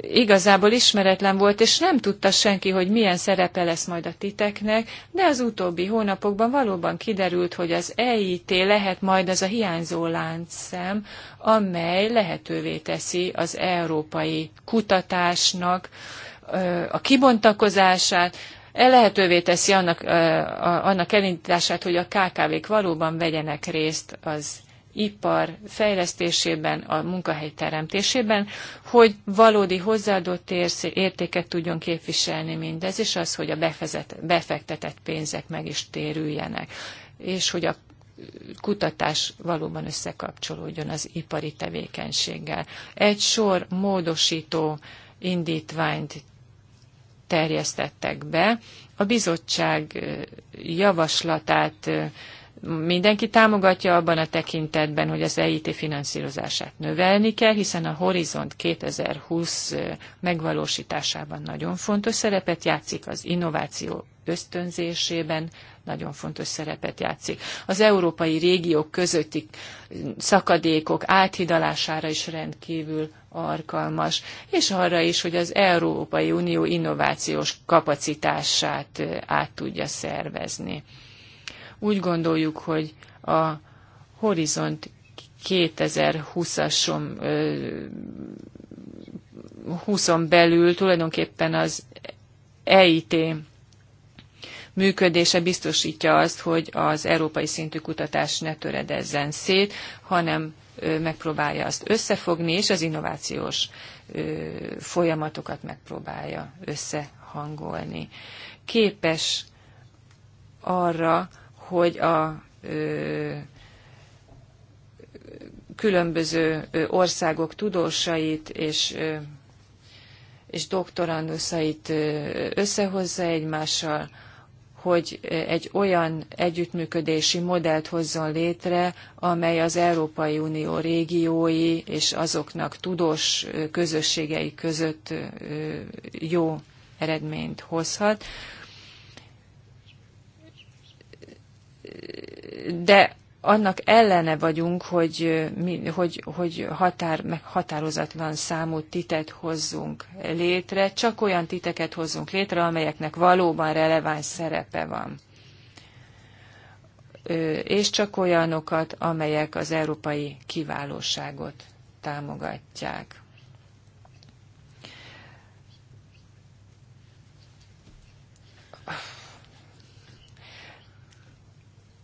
igazából ismeretlen volt, és nem tudta senki, hogy milyen szerepe lesz majd a titeknek, de az utóbbi hónapokban valóban kiderült, hogy az EIT lehet majd az a hiányzó láncszem, amely lehetővé teszi az európai kutatásnak a kibontakozását, e lehetővé teszi annak, annak elindítását, hogy a KKV-k valóban vegyenek részt az ipar fejlesztésében, a munkahely teremtésében, hogy valódi hozzáadott értéket tudjon képviselni mindez, és az, hogy a befektetett pénzek meg is térüljenek, és hogy a kutatás valóban összekapcsolódjon az ipari tevékenységgel. Egy sor módosító indítványt terjesztettek be. A bizottság javaslatát mindenki támogatja abban a tekintetben, hogy az EIT finanszírozását növelni kell, hiszen a Horizont 2020 megvalósításában nagyon fontos szerepet játszik az innováció ösztönzésében, nagyon fontos szerepet játszik. Az európai régiók közötti szakadékok áthidalására is rendkívül alkalmas, és arra is, hogy az Európai Unió innovációs kapacitását át tudja szervezni. Úgy gondoljuk, hogy a Horizont 2020-ason 20 belül tulajdonképpen az EIT működése biztosítja azt, hogy az európai szintű kutatás ne töredezzen szét, hanem megpróbálja azt összefogni, és az innovációs folyamatokat megpróbálja összehangolni. Képes arra, hogy a különböző országok tudósait és, és doktorandusait összehozza egymással, hogy egy olyan együttműködési modellt hozzon létre, amely az Európai Unió régiói és azoknak tudós közösségei között jó eredményt hozhat. de annak ellene vagyunk, hogy, hogy, hogy határ, meg határozatlan számú titet hozzunk létre, csak olyan titeket hozzunk létre, amelyeknek valóban releváns szerepe van. És csak olyanokat, amelyek az európai kiválóságot támogatják.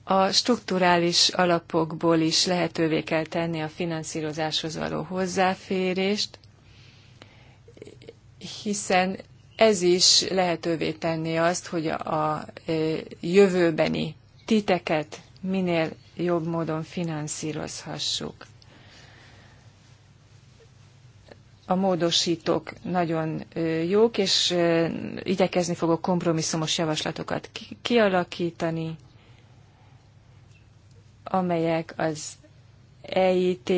a strukturális alapokból is lehetővé kell tenni a finanszírozáshoz való hozzáférést, hiszen ez is lehetővé tenni azt, hogy a e, jövőbeni titeket minél jobb módon finanszírozhassuk. A módosítók nagyon e, jók, és e, igyekezni fogok kompromisszumos javaslatokat kialakítani amelyek az EIT,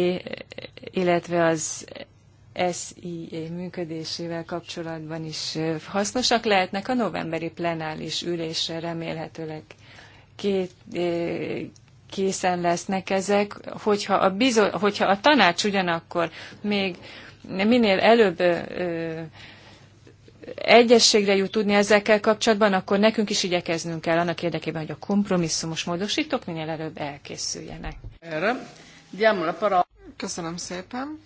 illetve az SIE működésével kapcsolatban is hasznosak lehetnek. A novemberi plenális ülésre remélhetőleg két, készen lesznek ezek, hogyha a, bizo- hogyha a tanács ugyanakkor még minél előbb egyességre jut tudni ezekkel kapcsolatban, akkor nekünk is igyekeznünk kell annak érdekében, hogy a kompromisszumos módosítók minél előbb elkészüljenek. Erre. Köszönöm szépen.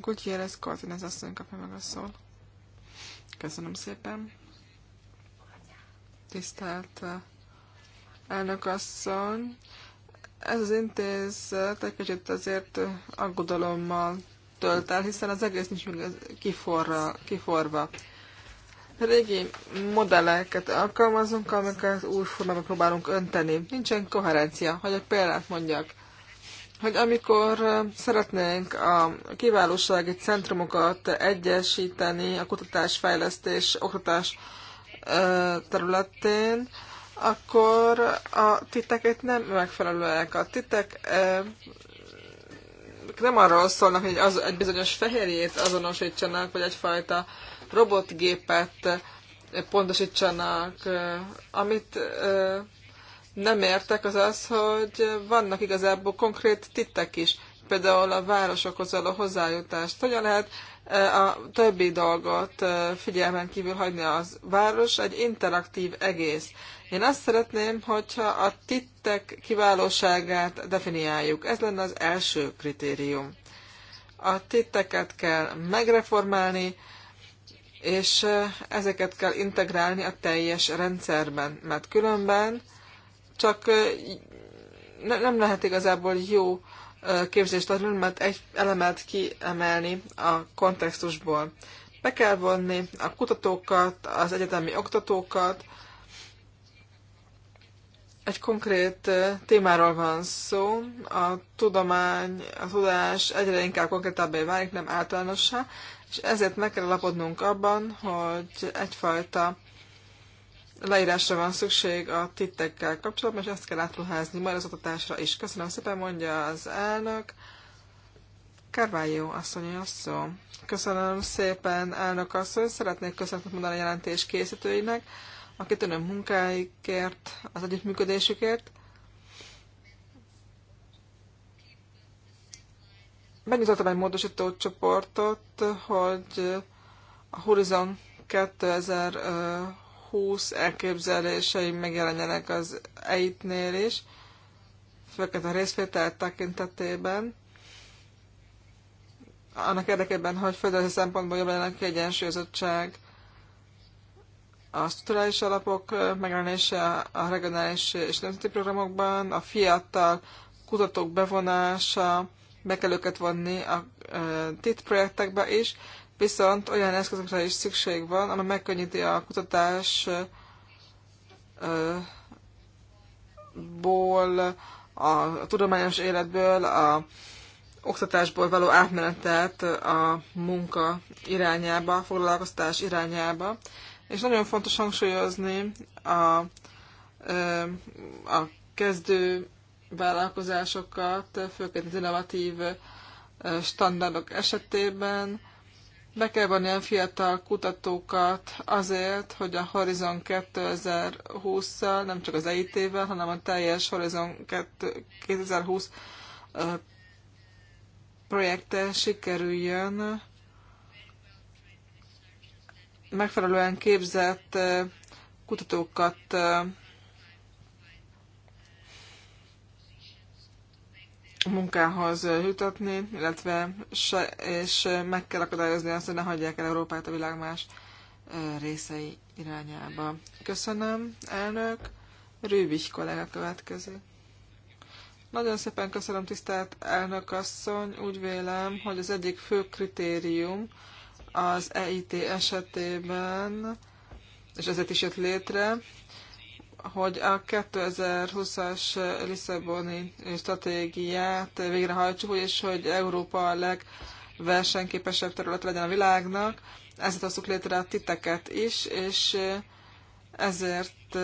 Gutierrez Cortinez asszony kapja meg a szót. Köszönöm szépen. Tisztelt eh, elnök asszony, ez az intézet egy kicsit azért eh, aggodalommal tölt el, hiszen az egész nincs még kiforra, kiforva. Régi modelleket alkalmazunk, amiket új formában próbálunk önteni. Nincsen koherencia. Hogy egy példát mondjak. Hogy amikor szeretnénk a kiválósági centrumokat egyesíteni a kutatás fejlesztés oktatás területén, akkor a titeket nem megfelelőek. A titek nem arról szólnak, hogy az, egy bizonyos fehérjét azonosítsanak, vagy egyfajta robotgépet pontosítsanak. Amit nem értek, az az, hogy vannak igazából konkrét titek is, például a városokhoz való hozzájutást. Hogyan lehet a többi dolgot figyelmen kívül hagyni az város, egy interaktív egész. Én azt szeretném, hogyha a tittek kiválóságát definiáljuk. Ez lenne az első kritérium. A titteket kell megreformálni, és ezeket kell integrálni a teljes rendszerben, mert különben csak nem lehet igazából jó képzést adni, mert egy elemet kiemelni a kontextusból. Be kell vonni a kutatókat, az egyetemi oktatókat, egy konkrét témáról van szó, a tudomány, a tudás egyre inkább konkrétabbé válik, nem általánossá, és ezért meg kell lapodnunk abban, hogy egyfajta leírásra van szükség a tittekkel kapcsolatban, és ezt kell átruházni majd az oktatásra is. Köszönöm szépen, mondja az elnök. Carvalho asszony szó. Köszönöm szépen, elnök asszony. Szeretnék köszönetet mondani a jelentés készítőinek a kitűnő munkáikért, az együttműködésükért. Megnyitottam egy módosító csoportot, hogy a Horizon 2020 elképzelései megjelenjenek az EIT-nél is, főként a részvétel tekintetében annak érdekében, hogy földrajzi szempontból jobb legyen a kiegyensúlyozottság a strukturális alapok megjelenése a regionális és nemzeti programokban, a fiatal kutatók bevonása, be kell őket vonni a TIT projektekbe is, viszont olyan eszközökre is szükség van, amely megkönnyíti a kutatásból, a tudományos életből, a oktatásból való átmenetet a munka irányába, a foglalkoztás irányába. És nagyon fontos hangsúlyozni a, a kezdő vállalkozásokat, főként az innovatív standardok esetében. Be kell vonni a fiatal kutatókat azért, hogy a Horizon 2020-szal, nem csak az EIT-vel, hanem a teljes Horizon 2020 projekte sikerüljön megfelelően képzett kutatókat munkához jutatni, illetve se, és meg kell akadályozni azt, hogy ne hagyják el Európát a világ más részei irányába. Köszönöm, elnök. Rűvig kollega következő. Nagyon szépen köszönöm, tisztelt elnök asszony. Úgy vélem, hogy az egyik fő kritérium, az EIT esetében, és ezért is jött létre, hogy a 2020-as Lisszaboni stratégiát végrehajtsuk, és hogy Európa a legversenyképesebb terület legyen a világnak. Ezért hoztuk létre a titeket is, és ezért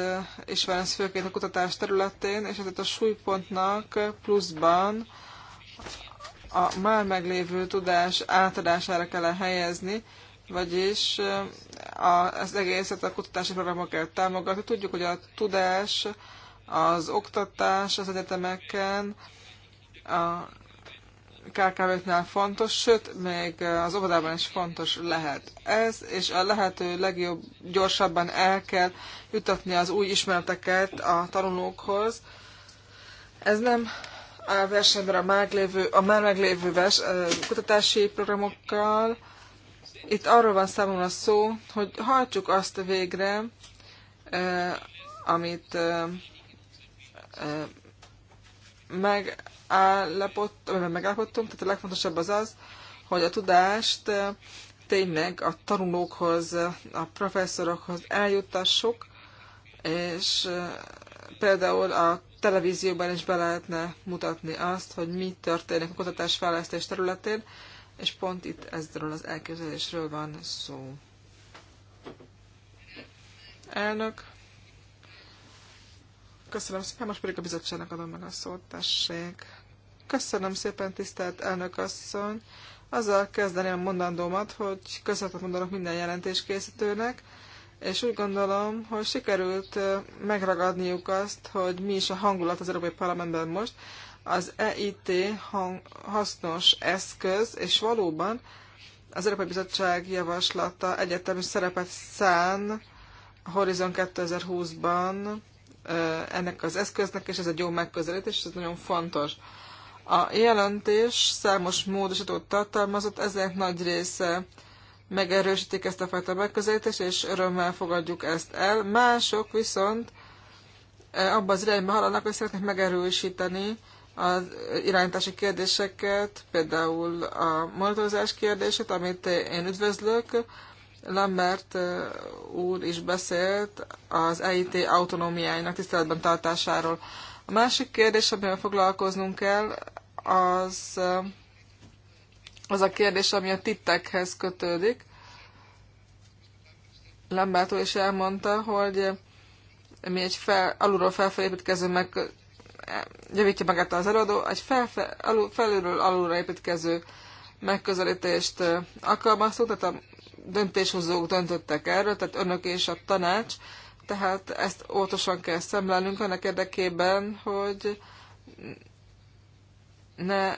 is van ez főként a kutatás területén, és ezért a súlypontnak pluszban a már meglévő tudás átadására kell helyezni, vagyis az egészet a kutatási programok kell támogatni. Tudjuk, hogy a tudás, az oktatás az egyetemeken, a kkv fontos, sőt, még az óvodában is fontos lehet ez, és a lehető legjobb, gyorsabban el kell jutatni az új ismereteket a tanulókhoz. Ez nem a versenyben a már, lévő, a már meglévő vers, kutatási programokkal. Itt arról van számomra szó, hogy hajtsuk azt végre, amit megállapodtunk, megállapodtunk, tehát a legfontosabb az az, hogy a tudást tényleg a tanulókhoz, a professzorokhoz eljuttassuk, és például a televízióban is be lehetne mutatni azt, hogy mi történik a kutatásfejlesztés területén, és pont itt ezről az elképzelésről van szó. Elnök. Köszönöm szépen, most pedig a bizottságnak adom meg a szót, tessék. Köszönöm szépen, tisztelt elnök asszony. Azzal kezdeném a mondandómat, hogy köszönetet mondanak minden jelentéskészítőnek, és úgy gondolom, hogy sikerült megragadniuk azt, hogy mi is a hangulat az Európai Parlamentben most. Az EIT hang, hasznos eszköz, és valóban az Európai Bizottság javaslata egyetemi szerepet szán a Horizon 2020-ban ennek az eszköznek, és ez egy jó megközelítés, és ez nagyon fontos. A jelentés számos módosítót tartalmazott, ezek nagy része megerősítik ezt a fajta megközelítést, és örömmel fogadjuk ezt el. Mások viszont e, abban az irányba haladnak, hogy szeretnék megerősíteni az irányítási kérdéseket, például a monitorozás kérdését, amit én üdvözlök. Lambert e, úr is beszélt az EIT autonómiájának tiszteletben tartásáról. A másik kérdés, amivel foglalkoznunk kell, az az a kérdés, ami a tittekhez kötődik. Lambától is elmondta, hogy mi egy fel, alulról felfelé építkező meg javítja magát az előadó, egy felfel, alul, felülről alulra építkező megközelítést alkalmaztunk, tehát a döntéshozók döntöttek erről, tehát önök és a tanács, tehát ezt óvatosan kell szemlelnünk annak érdekében, hogy ne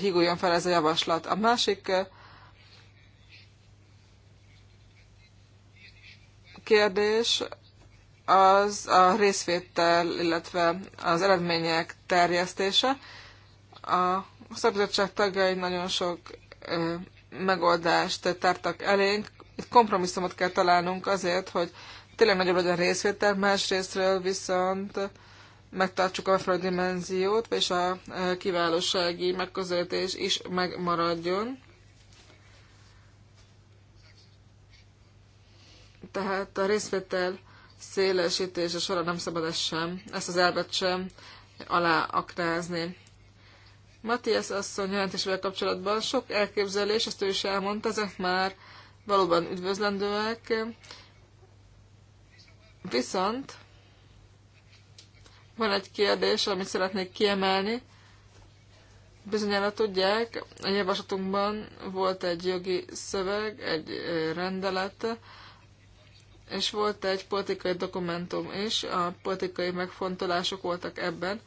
higuljon fel ez a javaslat. A másik eh, kérdés az a részvétel, illetve az eredmények terjesztése. A szakbizottság tagjai nagyon sok eh, megoldást tártak elénk. Itt kompromisszumot kell találnunk azért, hogy tényleg nagyobb legyen részvétel, másrésztről viszont megtartsuk a megfelelő dimenziót, a e, kiválósági megközelítés is megmaradjon. Tehát a részvétel szélesítése során nem szabad ezt sem, ezt az elvet sem aláaknázni. Matthias asszony jelentésével kapcsolatban sok elképzelés, ezt ő is elmondta, ezek már valóban üdvözlendőek. Viszont van egy kérdés, amit szeretnék kiemelni. Bizonyára tudják, a javaslatunkban volt egy jogi szöveg, egy rendelet, és volt egy politikai dokumentum is, a politikai megfontolások voltak ebben.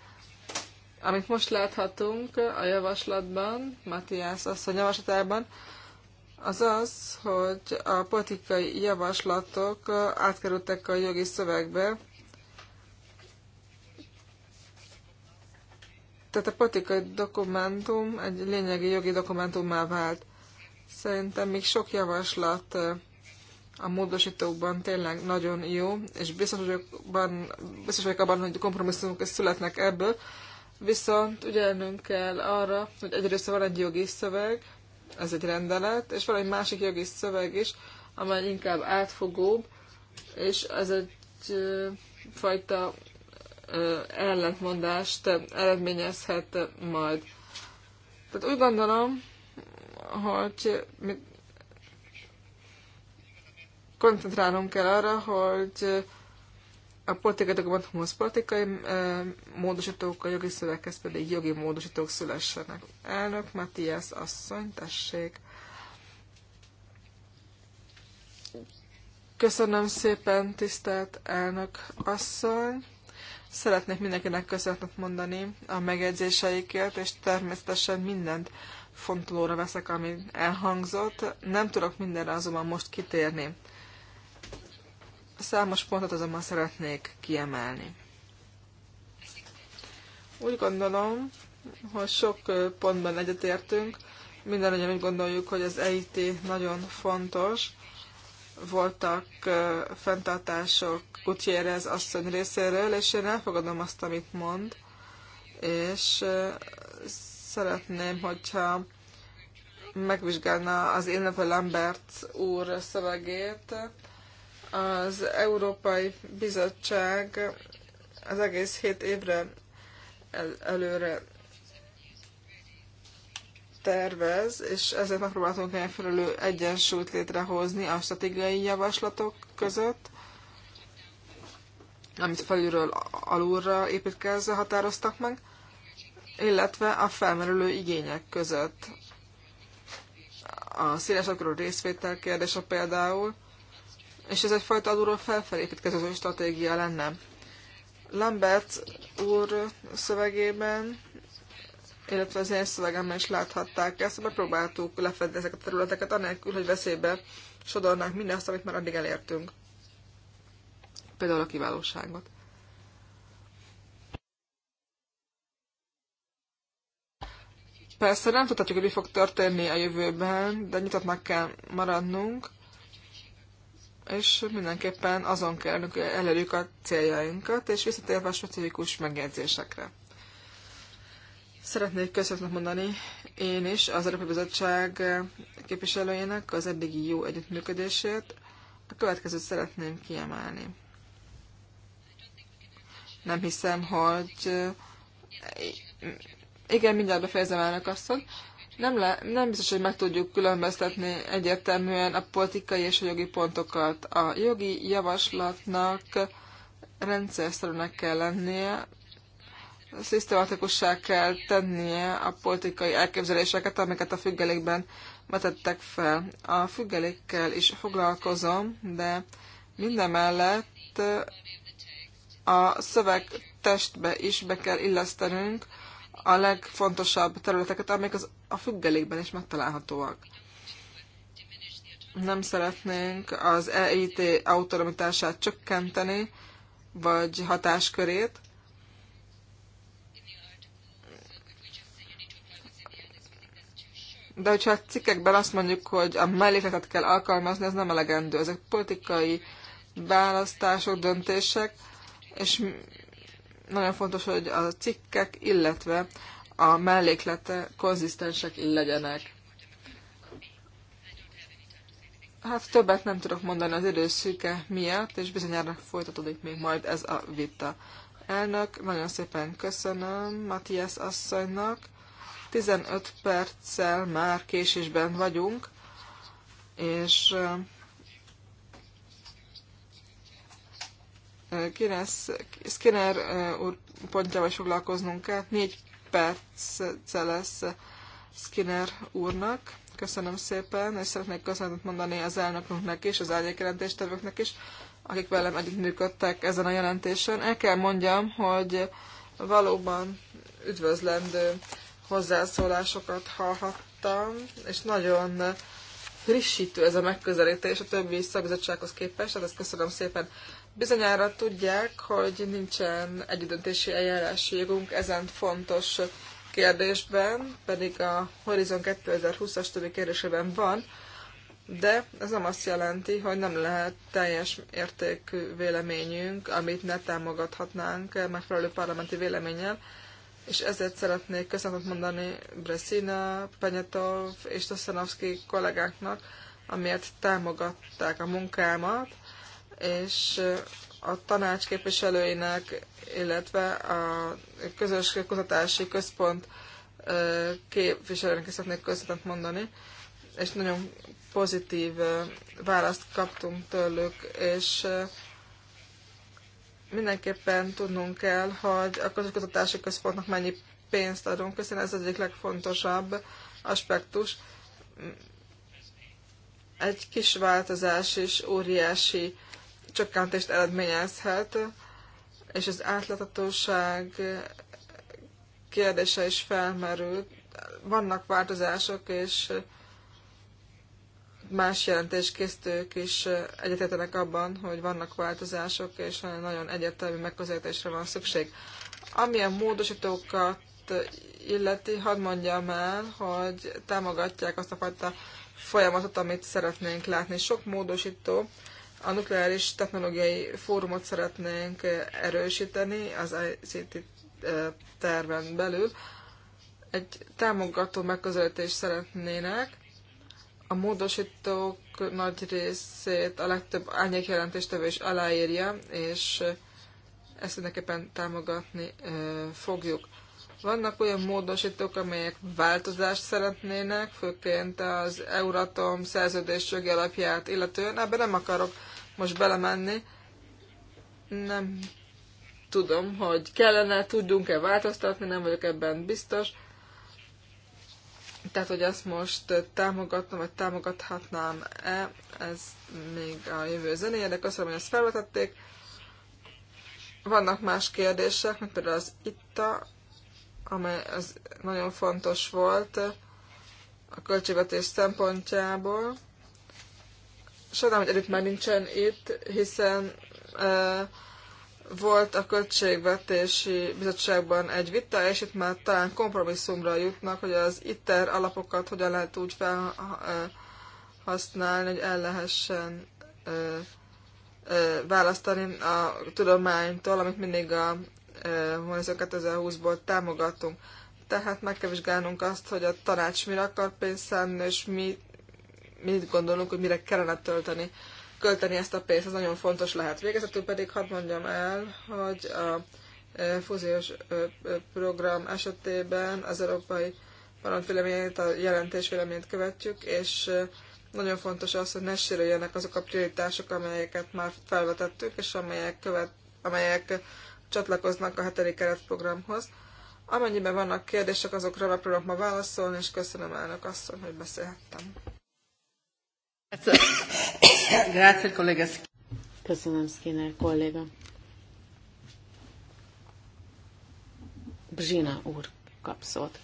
Amit most láthatunk a javaslatban, Matthias asszony javaslatában, az az, hogy a politikai javaslatok átkerültek a jogi szövegbe, tehát a politikai dokumentum egy lényegi jogi dokumentummá vált. Szerintem még sok javaslat a módosítókban tényleg nagyon jó, és biztos vagyok, abban, biztos vagyok abban, hogy kompromisszumok születnek ebből, viszont ügyelnünk kell arra, hogy egyrészt van egy jogi szöveg, ez egy rendelet, és van egy másik jogi szöveg is, amely inkább átfogóbb, és ez egy fajta ellentmondást eredményezhet majd. Tehát úgy gondolom, hogy mi koncentrálunk kell arra, hogy a politikai dokumentumhoz politikai módosítók, a jogi szöveghez pedig jogi módosítók szülessenek. Elnök Matthias asszony, tessék. Köszönöm szépen, tisztelt elnök asszony. Szeretnék mindenkinek köszönetet mondani a megjegyzéseikért, és természetesen mindent fontolóra veszek, ami elhangzott. Nem tudok mindenre azonban most kitérni. Számos pontot azonban szeretnék kiemelni. Úgy gondolom, hogy sok pontban egyetértünk. Minden úgy gondoljuk, hogy az EIT nagyon fontos, voltak fenntartások Gutierrez asszony részéről, és én elfogadom azt, amit mond, és szeretném, hogyha megvizsgálna az Ilnepe Lambert úr szövegét. Az Európai Bizottság az egész hét évre el- előre tervez, és ezért megpróbáltunk megfelelő egyensúlyt létrehozni a stratégiai javaslatok között, amit felülről alulra építkezve határoztak meg, illetve a felmerülő igények között. A széles akaró részvétel kérdése például, és ez egyfajta alulról felfelépítkező stratégia lenne. Lambert úr szövegében illetve az én szövegemben is láthatták ezt, mert próbáltuk lefedni ezeket a területeket, anélkül, hogy veszélybe sodornánk mindazt, amit már addig elértünk. Például a kiválóságot. Persze nem tudhatjuk, hogy mi fog történni a jövőben, de nyitottnak kell maradnunk, és mindenképpen azon kell, hogy elérjük a céljainkat, és visszatérve a specifikus megjegyzésekre. Szeretnék köszönetet mondani én is az Európai Bizottság képviselőjének az eddigi jó együttműködését. A következőt szeretném kiemelni. Nem hiszem, hogy... Igen, mindjárt befejezem elnök asszony. Nem, le, nem biztos, hogy meg tudjuk különböztetni egyértelműen a politikai és a jogi pontokat. A jogi javaslatnak rendszerszerűnek kell lennie, szisztematikussá kell tennie a politikai elképzeléseket, amiket a függelékben vetettek fel. A függelékkel is foglalkozom, de mindemellett a szöveg testbe is be kell illesztenünk a legfontosabb területeket, amik az, a függelékben is megtalálhatóak. Nem szeretnénk az EIT autonomitását csökkenteni, vagy hatáskörét, De hogyha a cikkekben azt mondjuk, hogy a mellékletet kell alkalmazni, ez nem elegendő. Ezek politikai választások, döntések, és nagyon fontos, hogy a cikkek, illetve a melléklete konzisztensek legyenek. Hát többet nem tudok mondani az időszűke miatt, és bizonyára folytatódik még majd ez a vita. Elnök, nagyon szépen köszönöm Matthias asszonynak. 15 perccel már késésben vagyunk, és eh, Skinner eh, úr pontjával is foglalkoznunk kell. Négy perc lesz Skinner úrnak. Köszönöm szépen, és szeretnék köszönetet mondani az elnöknek is, az árnyékjelentéstevőknek is, akik velem együttműködtek ezen a jelentésen. El kell mondjam, hogy valóban üdvözlendő hozzászólásokat hallhattam, és nagyon frissítő ez a megközelítés a többi szakbizottsághoz képest, tehát ezt köszönöm szépen. Bizonyára tudják, hogy nincsen egyidöntési eljárási jogunk ezen fontos kérdésben, pedig a Horizon 2020-as többi kérdésében van, de ez nem azt jelenti, hogy nem lehet teljes értékű véleményünk, amit ne támogathatnánk megfelelő parlamenti véleménnyel és ezért szeretnék köszönetet mondani Bresina, Penyatov és Toszanovszki kollégáknak, amiért támogatták a munkámat, és a tanács képviselőinek, illetve a közös kutatási központ képviselőnek is szeretnék köszönetet mondani, és nagyon pozitív választ kaptunk tőlük, és mindenképpen tudnunk kell, hogy a közoktatási központnak mennyi pénzt adunk, hiszen ez az egyik legfontosabb aspektus. Egy kis változás is óriási csökkentést eredményezhet, és az átláthatóság kérdése is felmerült. Vannak változások, és más jelentéskészítők is egyetértenek abban, hogy vannak változások, és nagyon egyértelmű megközelítésre van szükség. Ami a módosítókat illeti, hadd mondjam el, hogy támogatják azt a fajta folyamatot, amit szeretnénk látni. Sok módosító a nukleáris technológiai fórumot szeretnénk erősíteni az ICT terven belül. Egy támogató megközelítést szeretnének, a módosítók nagy részét a legtöbb árnyék jelentéstevő is aláírja, és ezt mindenképpen támogatni fogjuk. Vannak olyan módosítók, amelyek változást szeretnének, főként az Euratom szerződés jogi alapját illetően. Ebben nem akarok most belemenni. Nem tudom, hogy kellene, tudjunk-e változtatni, nem vagyok ebben biztos. Tehát, hogy ezt most támogatnom, vagy támogathatnám-e, ez még a jövő zenéje, de köszönöm, hogy ezt felvetették. Vannak más kérdések, mint például az itta, amely az nagyon fontos volt a költségvetés szempontjából. Sajnálom, hogy előtt már nincsen itt, hiszen uh, volt a Költségvetési Bizottságban egy vita, és itt már talán kompromisszumra jutnak, hogy az ITER alapokat hogyan lehet úgy felhasználni, hogy el lehessen választani a tudománytól, amit mindig a Horizon 2020-ból támogatunk. Tehát meg kell vizsgálnunk azt, hogy a tanács mire akar pénzt szánni, és mi, mit gondolunk, hogy mire kellene tölteni költeni ezt a pénzt, ez nagyon fontos lehet. Végezetül pedig hadd mondjam el, hogy a e, fúziós e, e, program esetében az Európai Parlament véleményét, a jelentés véleményét követjük, és nagyon fontos az, hogy ne sérüljenek azok a prioritások, amelyeket már felvetettük, és amelyek, követ, amelyek csatlakoznak a hetedik keretprogramhoz. Amennyiben vannak kérdések, azokra megpróbálok ma válaszolni, és köszönöm elnök asszony, hogy beszélhettem. Grazie, kollega. Köszönöm, Skinner kolléga. Bzsina úr kap szót.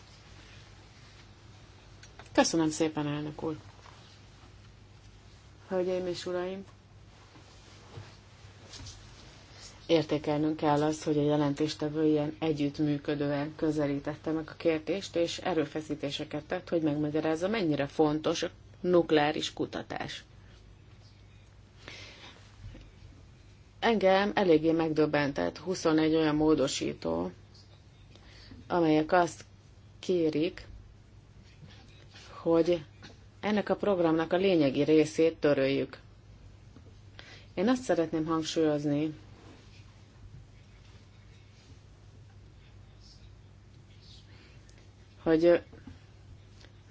Köszönöm szépen, elnök úr. Hölgyeim és uraim, értékelnünk kell azt, hogy a jelentéstevő ilyen együttműködően közelítette meg a kérdést, és erőfeszítéseket tett, hogy megmagyarázza, mennyire fontos a nukleáris kutatás. engem eléggé megdöbbentett 21 olyan módosító, amelyek azt kérik, hogy ennek a programnak a lényegi részét töröljük. Én azt szeretném hangsúlyozni, hogy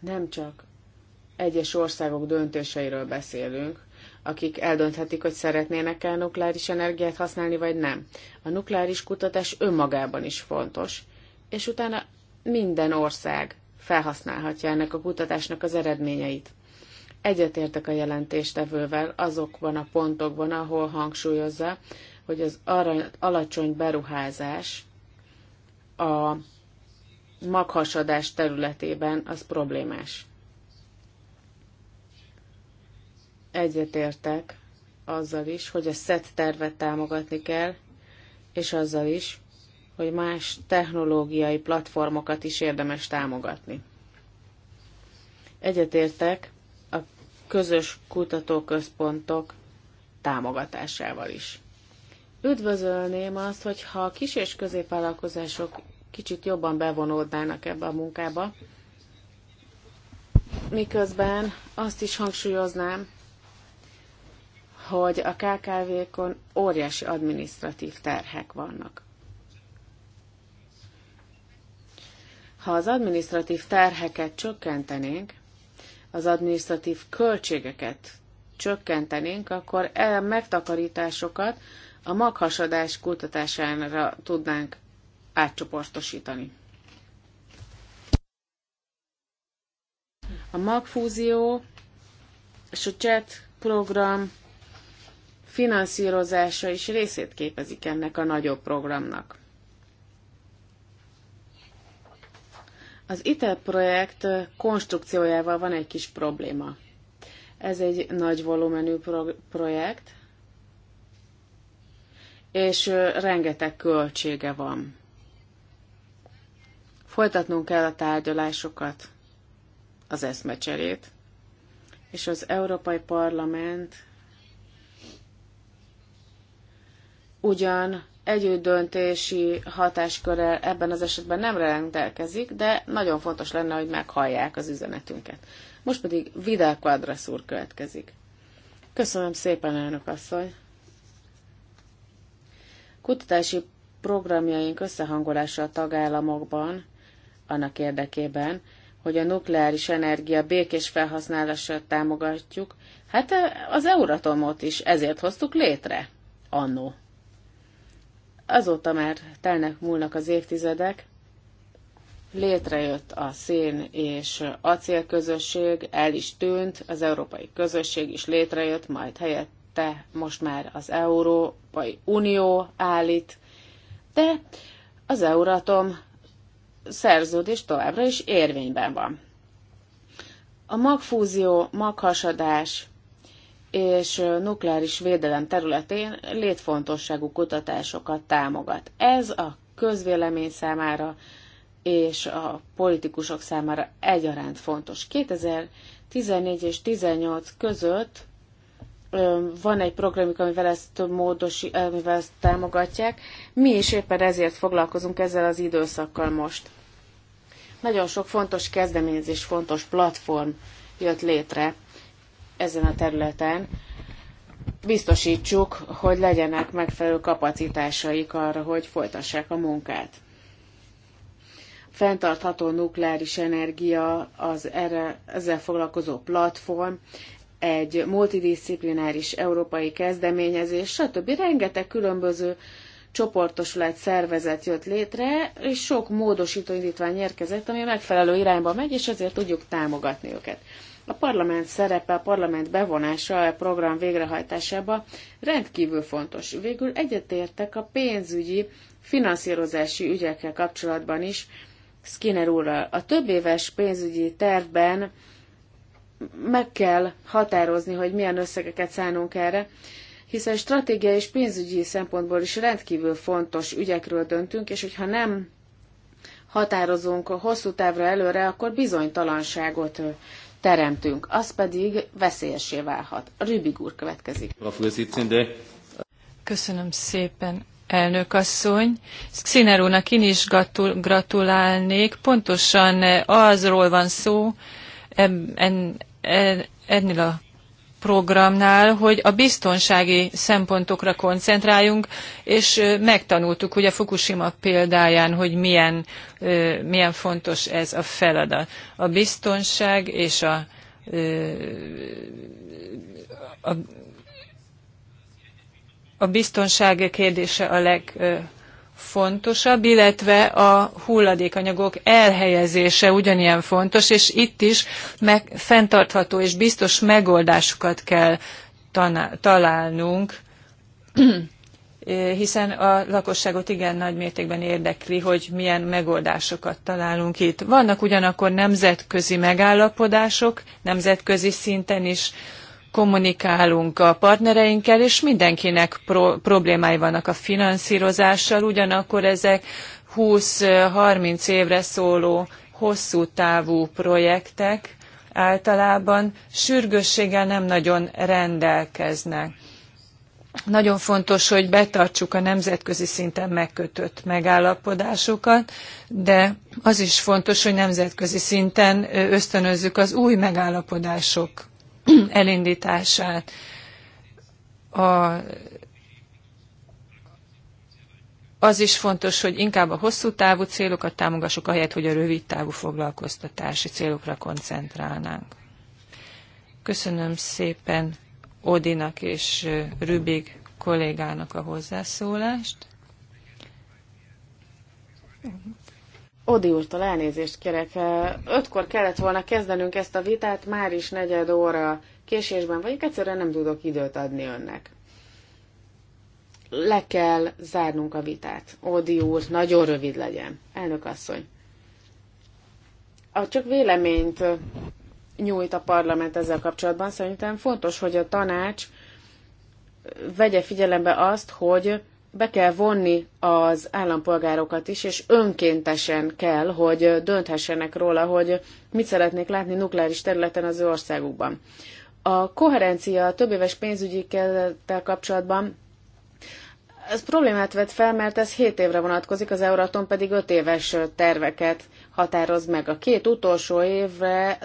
nem csak egyes országok döntéseiről beszélünk, akik eldönthetik, hogy szeretnének-e nukleáris energiát használni, vagy nem. A nukleáris kutatás önmagában is fontos, és utána minden ország felhasználhatja ennek a kutatásnak az eredményeit. Egyetértek a jelentéstevővel azokban a pontokban, ahol hangsúlyozza, hogy az alacsony beruházás a maghasadás területében az problémás. egyetértek azzal is, hogy a SZET tervet támogatni kell, és azzal is, hogy más technológiai platformokat is érdemes támogatni. Egyetértek a közös kutatóközpontok támogatásával is. Üdvözölném azt, hogyha a kis és középvállalkozások kicsit jobban bevonódnának ebbe a munkába, miközben azt is hangsúlyoznám, hogy a KKV-kon óriási adminisztratív terhek vannak. Ha az adminisztratív terheket csökkentenénk, az adminisztratív költségeket csökkentenénk, akkor e megtakarításokat a maghasadás kutatására tudnánk átcsoportosítani. A magfúzió és a chat program finanszírozása is részét képezik ennek a nagyobb programnak. Az ITER projekt konstrukciójával van egy kis probléma. Ez egy nagy volumenű pro- projekt, és rengeteg költsége van. Folytatnunk kell a tárgyalásokat, az eszmecserét, és az Európai Parlament ugyan együttdöntési hatáskörrel ebben az esetben nem rendelkezik, de nagyon fontos lenne, hogy meghallják az üzenetünket. Most pedig Vidal Quadras úr következik. Köszönöm szépen, elnök asszony! Kutatási programjaink összehangolása a tagállamokban annak érdekében, hogy a nukleáris energia békés felhasználását támogatjuk, hát az Euratomot is ezért hoztuk létre, annó. Azóta már telnek múlnak az évtizedek, létrejött a szén és acélközösség, el is tűnt, az európai közösség is létrejött, majd helyette most már az Európai Unió állít, de az Euratom szerződés továbbra is érvényben van. A magfúzió, maghasadás, és nukleáris védelem területén létfontosságú kutatásokat támogat. Ez a közvélemény számára és a politikusok számára egyaránt fontos. 2014 és 2018 között van egy programjuk, amivel ezt, módosi, amivel ezt támogatják. Mi is éppen ezért foglalkozunk ezzel az időszakkal most. Nagyon sok fontos kezdeményezés, fontos platform jött létre ezen a területen biztosítsuk, hogy legyenek megfelelő kapacitásaik arra, hogy folytassák a munkát. Fentartható nukleáris energia, az erre, ezzel foglalkozó platform, egy multidisziplináris európai kezdeményezés, stb. Rengeteg különböző csoportosulat, szervezet jött létre, és sok módosító indítvány érkezett, ami megfelelő irányba megy, és ezért tudjuk támogatni őket. A parlament szerepe, a parlament bevonása a program végrehajtásába rendkívül fontos. Végül egyetértek a pénzügyi, finanszírozási ügyekkel kapcsolatban is Skinner úrral. A több éves pénzügyi tervben meg kell határozni, hogy milyen összegeket szánunk erre, hiszen stratégiai és pénzügyi szempontból is rendkívül fontos ügyekről döntünk, és hogyha nem határozunk hosszú távra előre, akkor bizonytalanságot teremtünk, az pedig veszélyesé válhat. Rübig úr következik. Köszönöm szépen, elnök asszony. Sziner úrnak én is gratulálnék. Pontosan eh, azról van szó, en, en, ennél a programnál, hogy a biztonsági szempontokra koncentráljunk, és megtanultuk ugye Fukushima példáján, hogy milyen, milyen fontos ez a feladat. A biztonság és a, a, a biztonság kérdése a leg fontosabb, illetve a hulladékanyagok elhelyezése ugyanilyen fontos, és itt is meg, fenntartható és biztos megoldásokat kell találnunk, hiszen a lakosságot igen nagy mértékben érdekli, hogy milyen megoldásokat találunk itt. Vannak ugyanakkor nemzetközi megállapodások, nemzetközi szinten is kommunikálunk a partnereinkkel, és mindenkinek pro- problémái vannak a finanszírozással, ugyanakkor ezek 20-30 évre szóló hosszú távú projektek általában sürgősséggel nem nagyon rendelkeznek. Nagyon fontos, hogy betartsuk a nemzetközi szinten megkötött megállapodásokat, de az is fontos, hogy nemzetközi szinten ösztönözzük az új megállapodások elindítását. A, az is fontos, hogy inkább a hosszú távú célokat támogassuk, ahelyett, hogy a rövid távú foglalkoztatási célokra koncentrálnánk. Köszönöm szépen Odinak és Rübig kollégának a hozzászólást. Odi úrtól elnézést kérek. Ötkor kellett volna kezdenünk ezt a vitát, már is negyed óra késésben vagyok, egyszerűen nem tudok időt adni önnek. Le kell zárnunk a vitát. Odi úr, nagyon rövid legyen. Elnök asszony. A csak véleményt nyújt a parlament ezzel kapcsolatban, szerintem fontos, hogy a tanács vegye figyelembe azt, hogy be kell vonni az állampolgárokat is, és önkéntesen kell, hogy dönthessenek róla, hogy mit szeretnék látni nukleáris területen az ő országukban. A koherencia a többéves pénzügyi kerettel kapcsolatban ez problémát vet fel, mert ez 7 évre vonatkozik, az Euratom pedig 5 éves terveket határoz meg. A két utolsó évre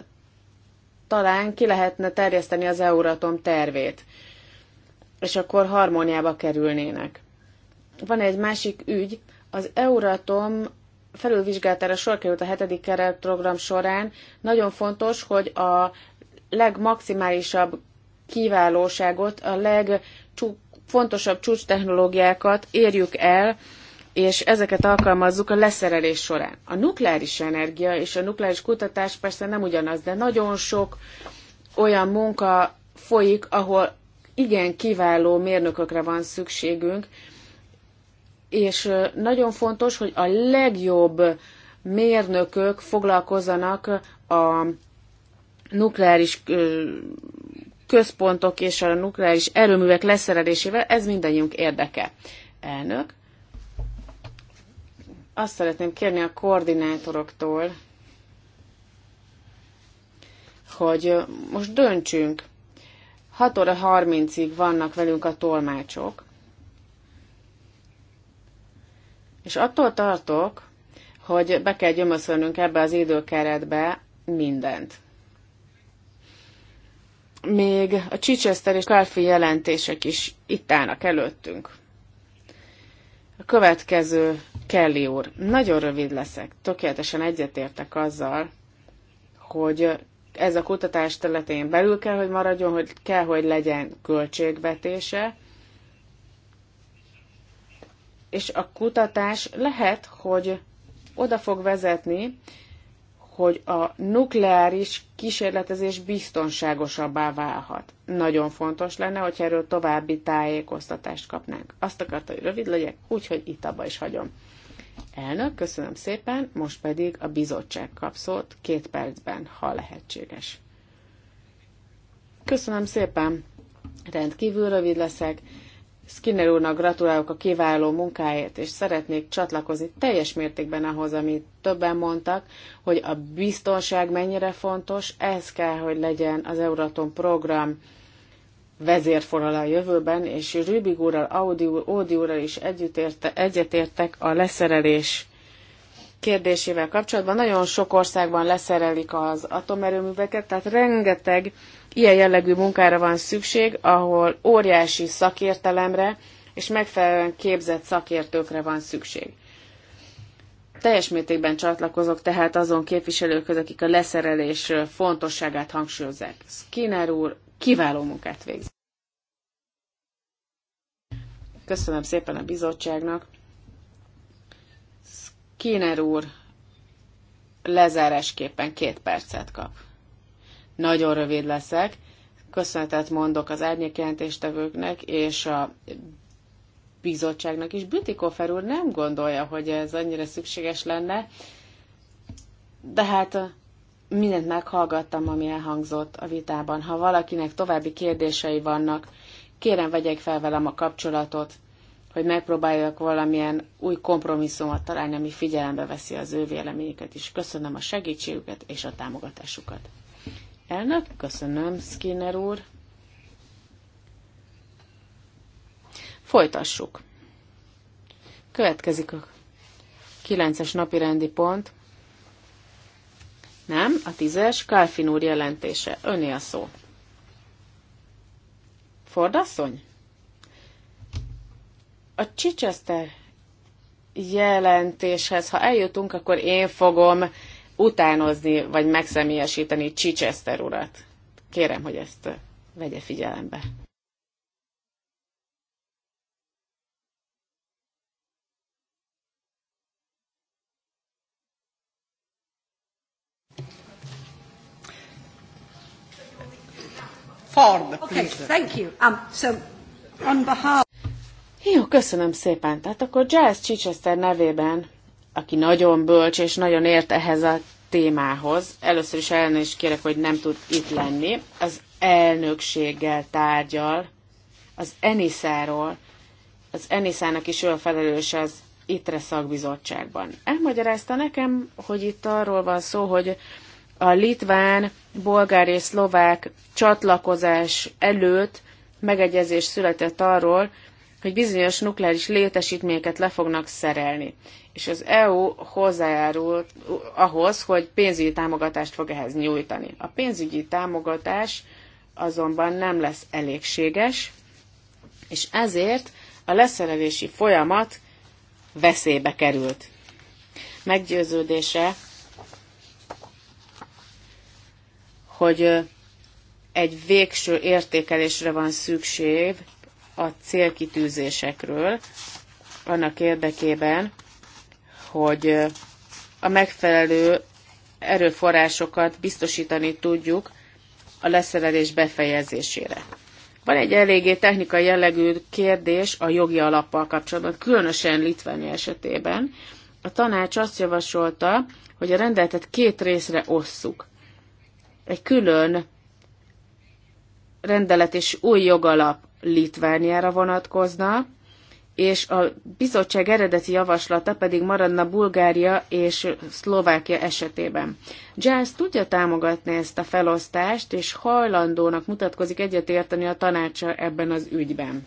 talán ki lehetne terjeszteni az Euratom tervét, és akkor harmóniába kerülnének. Van egy másik ügy, az Euratom felülvizsgálatára sor került a hetedik keretprogram során. Nagyon fontos, hogy a legmaximálisabb kiválóságot, a legfontosabb csúcstechnológiákat érjük el, és ezeket alkalmazzuk a leszerelés során. A nukleáris energia és a nukleáris kutatás persze nem ugyanaz, de nagyon sok olyan munka folyik, ahol igen kiváló mérnökökre van szükségünk, és nagyon fontos, hogy a legjobb mérnökök foglalkozzanak a nukleáris központok és a nukleáris erőművek leszerelésével, ez mindannyiunk érdeke. Elnök, azt szeretném kérni a koordinátoroktól, hogy most döntsünk. 6 óra 30-ig vannak velünk a tolmácsok, És attól tartok, hogy be kell gyömöszölnünk ebbe az időkeretbe mindent. Még a Chichester és Kárfi jelentések is itt állnak előttünk. A következő Kelly úr. Nagyon rövid leszek. Tökéletesen egyetértek azzal, hogy ez a kutatás területén belül kell, hogy maradjon, hogy kell, hogy legyen költségvetése, és a kutatás lehet, hogy oda fog vezetni, hogy a nukleáris kísérletezés biztonságosabbá válhat. Nagyon fontos lenne, hogy erről további tájékoztatást kapnánk. Azt akarta, hogy rövid legyek, úgyhogy itt abba is hagyom. Elnök, köszönöm szépen, most pedig a bizottság kap szót két percben, ha lehetséges. Köszönöm szépen, rendkívül rövid leszek Skinner úrnak gratulálok a kiváló munkáért, és szeretnék csatlakozni teljes mértékben ahhoz, amit többen mondtak, hogy a biztonság mennyire fontos, ez kell, hogy legyen az Euratom program vezérforral a jövőben, és Rübig úrral, Audi úr, Audi úrral is együtt érte, egyetértek a leszerelés kérdésével kapcsolatban nagyon sok országban leszerelik az atomerőműveket, tehát rengeteg ilyen jellegű munkára van szükség, ahol óriási szakértelemre és megfelelően képzett szakértőkre van szükség. Teljes mértékben csatlakozok tehát azon képviselőkhöz, akik a leszerelés fontosságát hangsúlyozzák. Skinner úr kiváló munkát végz. Köszönöm szépen a bizottságnak Kéner úr lezárásképpen két percet kap. Nagyon rövid leszek. Köszönetet mondok az árnyékjelentéstevőknek és a bizottságnak is. Bütikofer úr nem gondolja, hogy ez annyira szükséges lenne, de hát uh, mindent meghallgattam, ami elhangzott a vitában. Ha valakinek további kérdései vannak, kérem vegyek fel velem a kapcsolatot hogy megpróbáljak valamilyen új kompromisszumot találni, ami figyelembe veszi az ő véleményüket is. Köszönöm a segítségüket és a támogatásukat. Elnök, köszönöm, Skinner úr. Folytassuk. Következik a kilences napi rendi pont. Nem, a tízes, Kálfin úr jelentése. Öné a szó. Fordasszony? A Chichester jelentéshez, ha eljutunk, akkor én fogom utánozni, vagy megszemélyesíteni Chichester urat. Kérem, hogy ezt vegye figyelembe. Ford, okay, thank you. Um, so, on behalf jó, köszönöm szépen. Tehát akkor Giles Chichester nevében, aki nagyon bölcs és nagyon ért ehhez a témához, először is elnézést kérek, hogy nem tud itt lenni, az elnökséggel tárgyal, az Eniszáról, az Eniszának is ő a felelős az ITRE szakbizottságban. Elmagyarázta nekem, hogy itt arról van szó, hogy a litván, bolgár és szlovák csatlakozás előtt megegyezés született arról, hogy bizonyos nukleáris létesítményeket le fognak szerelni. És az EU hozzájárul ahhoz, hogy pénzügyi támogatást fog ehhez nyújtani. A pénzügyi támogatás azonban nem lesz elégséges, és ezért a leszerelési folyamat veszélybe került. Meggyőződése, hogy egy végső értékelésre van szükség, a célkitűzésekről annak érdekében, hogy a megfelelő erőforrásokat biztosítani tudjuk a leszerelés befejezésére. Van egy eléggé technikai jellegű kérdés a jogi alappal kapcsolatban, különösen Litvánia esetében. A tanács azt javasolta, hogy a rendeletet két részre osszuk. Egy külön rendelet és új jogalap Litvániára vonatkozna, és a bizottság eredeti javaslata pedig maradna Bulgária és Szlovákia esetében. Giles tudja támogatni ezt a felosztást, és hajlandónak mutatkozik egyetérteni a tanácsa ebben az ügyben.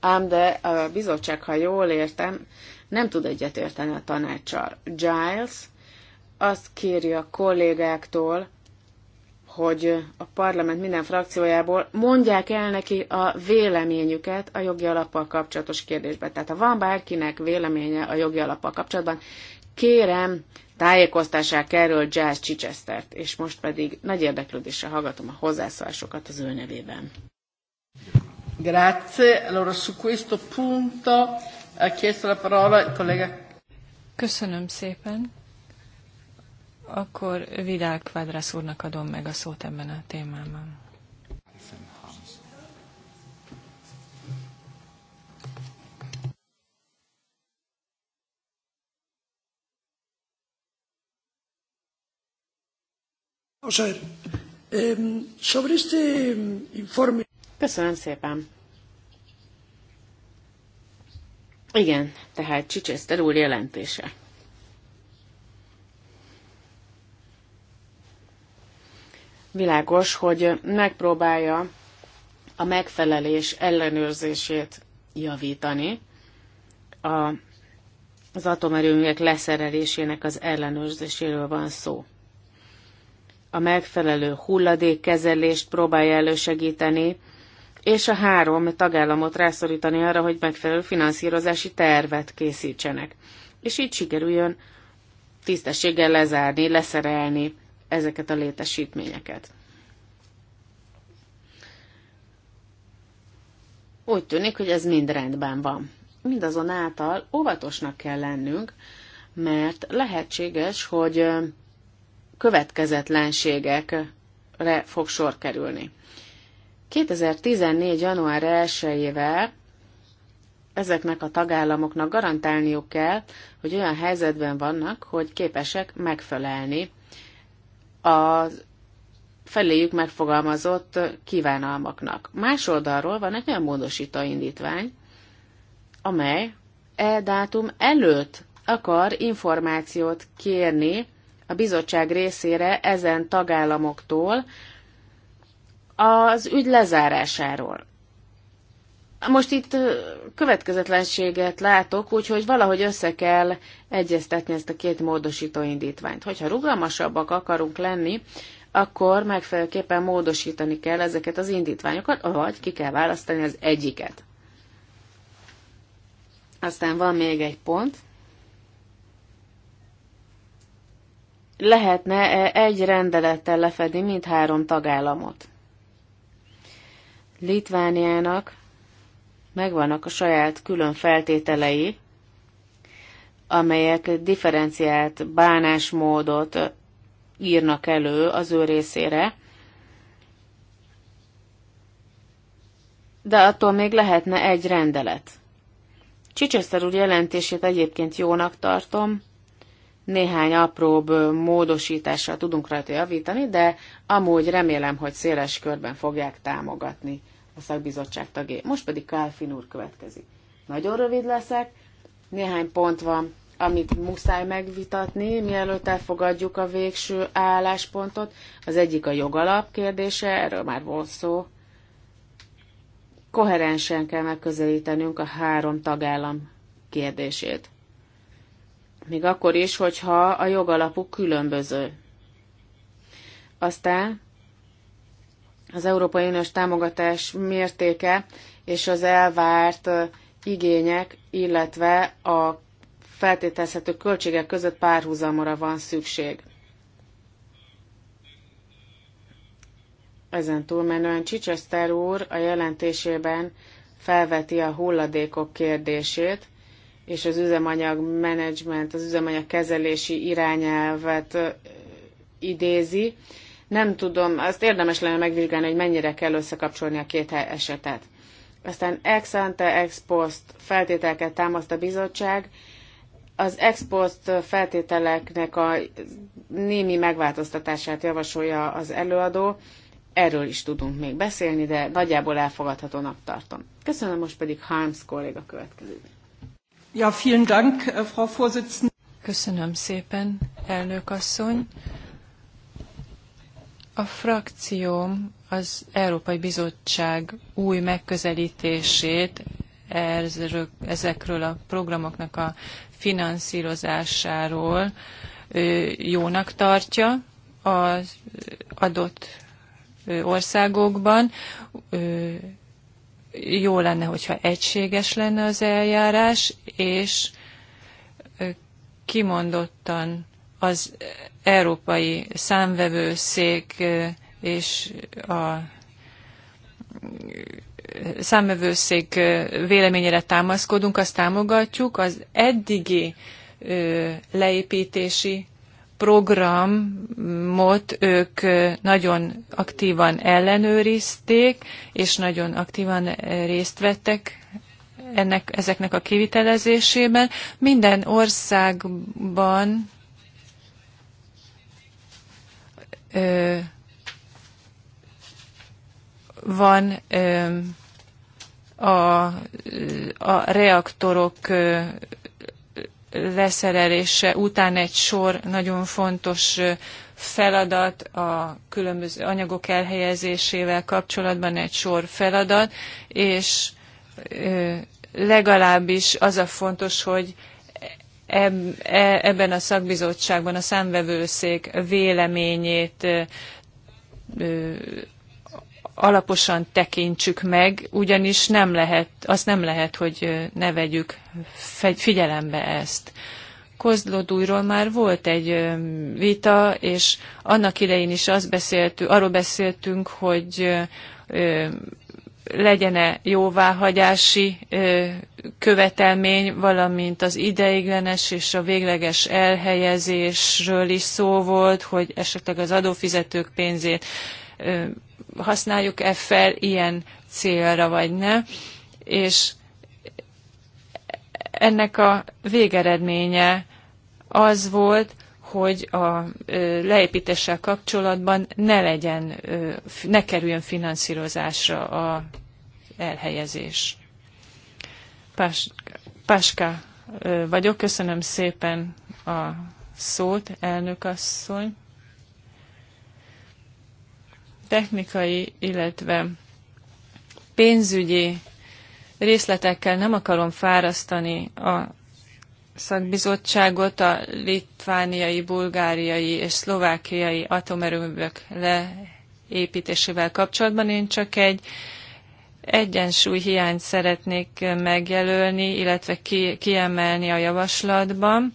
Ám de a bizottság, ha jól értem, nem tud egyetérteni a tanácsal. Giles azt kéri a kollégáktól, hogy a parlament minden frakciójából mondják el neki a véleményüket a jogi alappal kapcsolatos kérdésben. Tehát ha van bárkinek véleménye a jogi alappal kapcsolatban, kérem, tájékoztassák erről Jazz Chichestert, és most pedig nagy érdeklődéssel hallgatom a hozzászólásokat az ő nevében. Grazie. Allora su questo punto ha chiesto la parola il collega. Köszönöm szépen. Akkor Vidal Quadras úrnak adom meg a szót ebben a témában. Köszönöm szépen. Igen, tehát Csicseszter úr jelentése. világos, hogy megpróbálja a megfelelés ellenőrzését javítani, a, az atomerőművek leszerelésének az ellenőrzéséről van szó. A megfelelő hulladékkezelést próbálja elősegíteni, és a három tagállamot rászorítani arra, hogy megfelelő finanszírozási tervet készítsenek. És így sikerüljön tisztességgel lezárni, leszerelni ezeket a létesítményeket. Úgy tűnik, hogy ez mind rendben van. Mindazonáltal óvatosnak kell lennünk, mert lehetséges, hogy következetlenségekre fog sor kerülni. 2014. január 1-ével ezeknek a tagállamoknak garantálniuk kell, hogy olyan helyzetben vannak, hogy képesek megfelelni a feléjük megfogalmazott kívánalmaknak. Más oldalról van egy olyan módosító indítvány, amely e dátum előtt akar információt kérni a bizottság részére ezen tagállamoktól az ügy lezárásáról most itt következetlenséget látok, úgyhogy valahogy össze kell egyeztetni ezt a két módosító indítványt. Hogyha rugalmasabbak akarunk lenni, akkor megfelelőképpen módosítani kell ezeket az indítványokat, vagy ki kell választani az egyiket. Aztán van még egy pont. Lehetne -e egy rendelettel lefedni mindhárom tagállamot? Litvániának megvannak a saját külön feltételei, amelyek differenciált bánásmódot írnak elő az ő részére, de attól még lehetne egy rendelet. Csicseszter úr jelentését egyébként jónak tartom, néhány apróbb módosítással tudunk rajta javítani, de amúgy remélem, hogy széles körben fogják támogatni a szakbizottság tagé. Most pedig Kálfin úr következik. Nagyon rövid leszek, néhány pont van, amit muszáj megvitatni, mielőtt elfogadjuk a végső álláspontot. Az egyik a jogalap kérdése, erről már volt szó. Koherensen kell megközelítenünk a három tagállam kérdését. Még akkor is, hogyha a jogalapuk különböző. Aztán az Európai Uniós támogatás mértéke és az elvárt igények, illetve a feltételezhető költségek között párhuzamra van szükség. Ezen túlmenően Csicseszter úr a jelentésében felveti a hulladékok kérdését, és az üzemanyag menedzsment, az üzemanyag kezelési irányelvet idézi, nem tudom, azt érdemes lenne megvizsgálni, hogy mennyire kell összekapcsolni a két esetet. Aztán ex ante, ex post feltételeket támaszt a bizottság. Az ex post feltételeknek a némi megváltoztatását javasolja az előadó. Erről is tudunk még beszélni, de nagyjából elfogadhatónak tartom. Köszönöm, most pedig Harms kolléga következő. Ja, vielen Dank, Frau Vorsitzende. Köszönöm szépen, elnök asszony. A frakcióm az Európai Bizottság új megközelítését ezekről a programoknak a finanszírozásáról jónak tartja az adott országokban. Jó lenne, hogyha egységes lenne az eljárás, és kimondottan az Európai Számvevőszék és a számvevőszék véleményére támaszkodunk, azt támogatjuk. Az eddigi leépítési programot ők nagyon aktívan ellenőrizték, és nagyon aktívan részt vettek ennek, ezeknek a kivitelezésében. Minden országban van a, a reaktorok leszerelése után egy sor nagyon fontos feladat, a különböző anyagok elhelyezésével kapcsolatban egy sor feladat, és legalábbis az a fontos, hogy E, ebben a szakbizottságban a számvevőszék véleményét alaposan tekintsük meg, ugyanis nem lehet, azt nem lehet, hogy ne vegyük figyelembe ezt. Kozlodújról már volt egy vita, és annak idején is azt beszéltünk, arról beszéltünk, hogy legyen-e jóváhagyási követelmény, valamint az ideiglenes és a végleges elhelyezésről is szó volt, hogy esetleg az adófizetők pénzét használjuk-e fel ilyen célra, vagy ne. És ennek a végeredménye az volt, hogy a leépítéssel kapcsolatban ne legyen, ne kerüljön finanszírozásra a elhelyezés. Pás, Páska vagyok, köszönöm szépen a szót, elnök asszony. Technikai, illetve pénzügyi részletekkel nem akarom fárasztani a szakbizottságot a litvániai, bulgáriai és szlovákiai atomerőművek leépítésével kapcsolatban. Én csak egy egyensúly hiányt szeretnék megjelölni, illetve ki, kiemelni a javaslatban.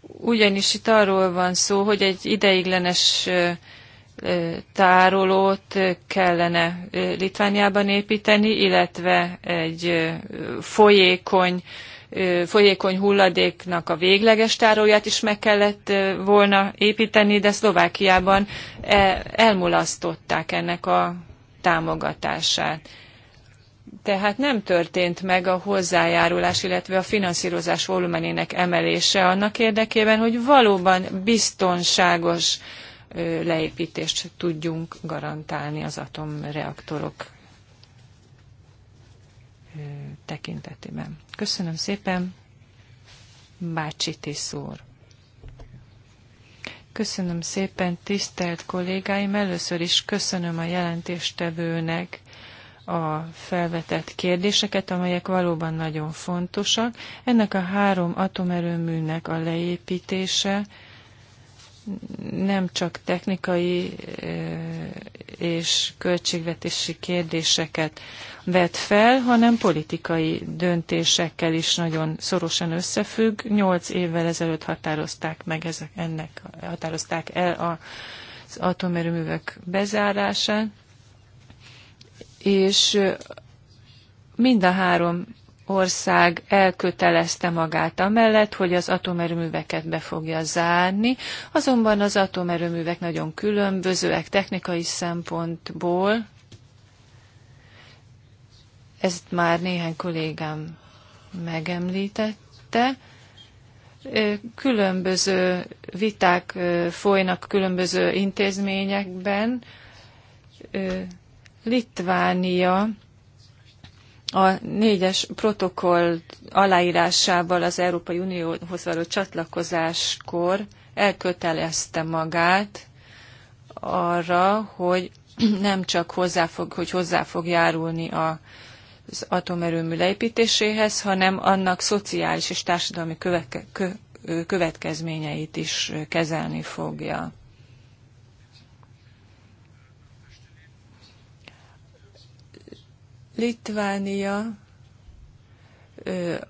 Ugyanis itt arról van szó, hogy egy ideiglenes tárolót kellene Litvániában építeni, illetve egy folyékony, folyékony hulladéknak a végleges tárolját is meg kellett volna építeni, de Szlovákiában e, elmulasztották ennek a támogatását. Tehát nem történt meg a hozzájárulás, illetve a finanszírozás volumenének emelése annak érdekében, hogy valóban biztonságos leépítést tudjunk garantálni az atomreaktorok tekintetében. Köszönöm szépen, Bácsi Tiszúr. Köszönöm szépen, tisztelt kollégáim! Először is köszönöm a jelentéstevőnek a felvetett kérdéseket, amelyek valóban nagyon fontosak. Ennek a három atomerőműnek a leépítése, nem csak technikai eh, és költségvetési kérdéseket vet fel, hanem politikai döntésekkel is nagyon szorosan összefügg. Nyolc évvel ezelőtt határozták meg ezek, ennek, határozták el az atomerőművek bezárását, és eh, mind a három ország elkötelezte magát amellett, hogy az atomerőműveket be fogja zárni, azonban az atomerőművek nagyon különbözőek technikai szempontból. Ezt már néhány kollégám megemlítette. Különböző viták folynak különböző intézményekben. Litvánia a négyes protokoll aláírásával az Európai Unióhoz való csatlakozáskor elkötelezte magát arra, hogy nem csak hozzá fog, hogy hozzá fog járulni a, az atomerőmű leépítéséhez, hanem annak szociális és társadalmi követke, kö, következményeit is kezelni fogja. Litvánia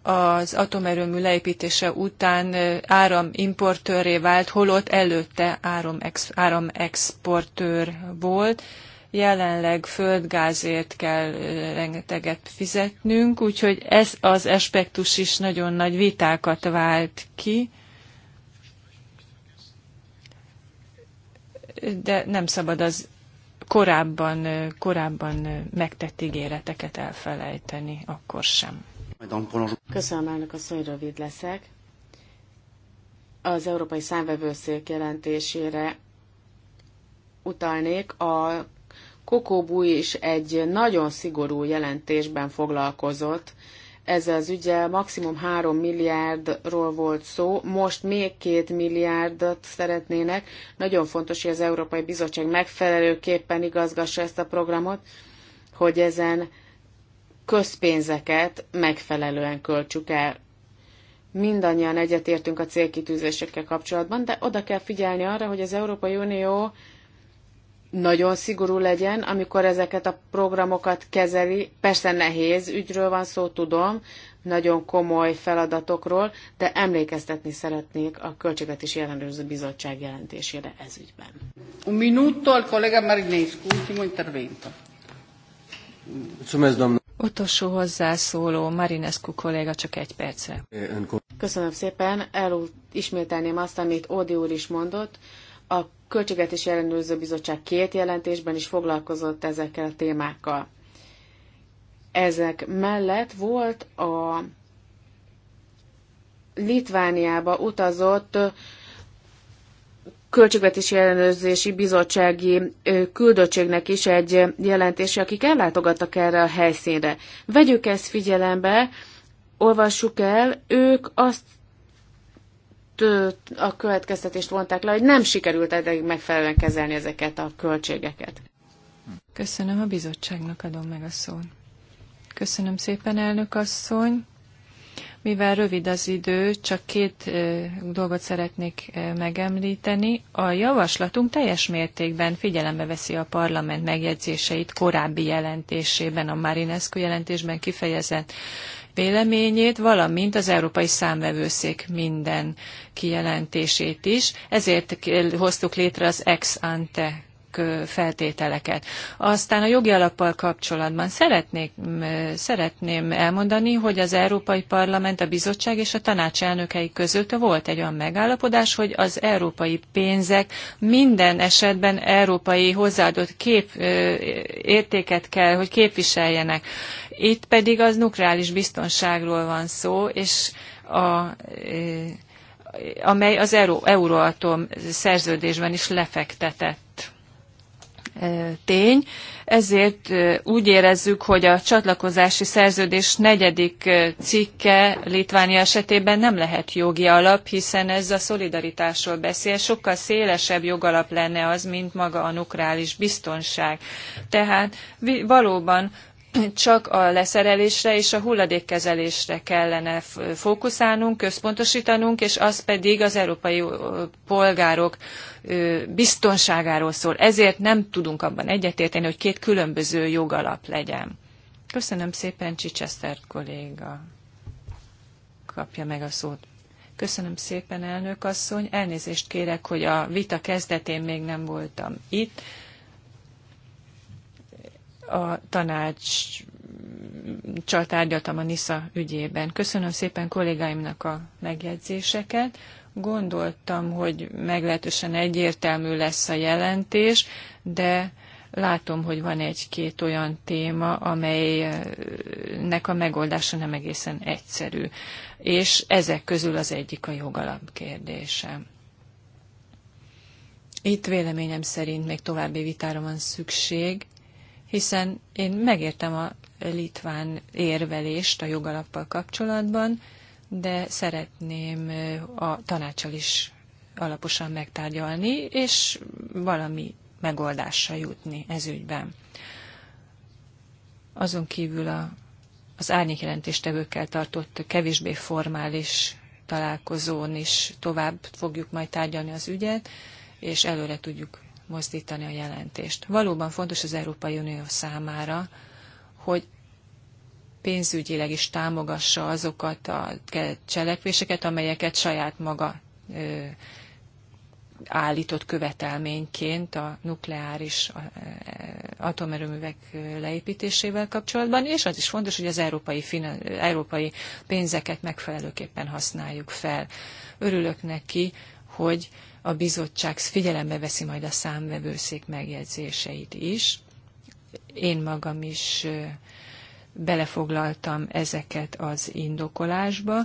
az atomerőmű leépítése után áramimportőré vált, holott előtte áramexportőr volt. Jelenleg földgázért kell rengeteget fizetnünk, úgyhogy ez az aspektus is nagyon nagy vitákat vált ki. De nem szabad az korábban, korábban megtett ígéreteket elfelejteni, akkor sem. Köszönöm, elnök asszony, rövid leszek. Az Európai Számvevőszék jelentésére utalnék. A Kokóbú is egy nagyon szigorú jelentésben foglalkozott ezzel az ügyel maximum 3 milliárdról volt szó, most még 2 milliárdot szeretnének. Nagyon fontos, hogy az Európai Bizottság megfelelőképpen igazgassa ezt a programot, hogy ezen közpénzeket megfelelően költsük el. Mindannyian egyetértünk a célkitűzésekkel kapcsolatban, de oda kell figyelni arra, hogy az Európai Unió nagyon szigorú legyen, amikor ezeket a programokat kezeli. Persze nehéz ügyről van szó, tudom, nagyon komoly feladatokról, de emlékeztetni szeretnék a Költségvetési Ellenőrző Bizottság jelentésére ez ügyben. Un minuto al collega Marinescu, ultimo intervento. Utolsó hozzászóló Marinescu kolléga csak egy percre. Köszönöm szépen, ismételném azt, amit Ódi úr is mondott, a Költségvetési Ellenőrző Bizottság két jelentésben is foglalkozott ezekkel a témákkal. Ezek mellett volt a Litvániába utazott Költségvetési Ellenőrzési Bizottsági küldöttségnek is egy jelentése, akik ellátogattak erre a helyszínre. Vegyük ezt figyelembe, olvassuk el, ők azt a következtetést vonták le, hogy nem sikerült eddig megfelelően kezelni ezeket a költségeket. Köszönöm a bizottságnak, adom meg a szót. Köszönöm szépen, elnök asszony. Mivel rövid az idő, csak két dolgot szeretnék megemlíteni. A javaslatunk teljes mértékben figyelembe veszi a parlament megjegyzéseit korábbi jelentésében, a Marinescu jelentésben kifejezett véleményét, valamint az Európai Számvevőszék minden kijelentését is. Ezért hoztuk létre az ex ante feltételeket. Aztán a jogi alappal kapcsolatban szeretnék, szeretném elmondani, hogy az Európai Parlament, a Bizottság és a Tanács elnökei között volt egy olyan megállapodás, hogy az európai pénzek minden esetben európai hozzáadott kép, értéket kell, hogy képviseljenek. Itt pedig az nukleáris biztonságról van szó, és a amely az Euro, Euroatom szerződésben is lefektetett tény. Ezért úgy érezzük, hogy a csatlakozási szerződés negyedik cikke Litvánia esetében nem lehet jogi alap, hiszen ez a szolidaritásról beszél, sokkal szélesebb jogalap lenne az, mint maga a nukleáris biztonság. Tehát valóban csak a leszerelésre és a hulladékkezelésre kellene fókuszálnunk, központosítanunk, és az pedig az európai polgárok biztonságáról szól. Ezért nem tudunk abban egyetérteni, hogy két különböző jogalap legyen. Köszönöm szépen, Csicseszter kolléga kapja meg a szót. Köszönöm szépen, elnök asszony. Elnézést kérek, hogy a vita kezdetén még nem voltam itt a tanács tárgyaltam a NISZA ügyében. Köszönöm szépen kollégáimnak a megjegyzéseket. Gondoltam, hogy meglehetősen egyértelmű lesz a jelentés, de látom, hogy van egy-két olyan téma, amelynek a megoldása nem egészen egyszerű. És ezek közül az egyik a jogalap kérdése. Itt véleményem szerint még további vitára van szükség, hiszen én megértem a litván érvelést a jogalappal kapcsolatban, de szeretném a tanácsal is alaposan megtárgyalni, és valami megoldásra jutni ez ügyben. Azon kívül a, az árnyékjelentéstevőkkel tartott kevésbé formális találkozón is tovább fogjuk majd tárgyalni az ügyet, és előre tudjuk mozdítani a jelentést. Valóban fontos az Európai Unió számára, hogy pénzügyileg is támogassa azokat a cselekvéseket, amelyeket saját maga állított követelményként a nukleáris atomerőművek leépítésével kapcsolatban, és az is fontos, hogy az európai, európai pénzeket megfelelőképpen használjuk fel. Örülök neki, hogy a bizottság figyelembe veszi majd a számvevőszék megjegyzéseit is. Én magam is belefoglaltam ezeket az indokolásba.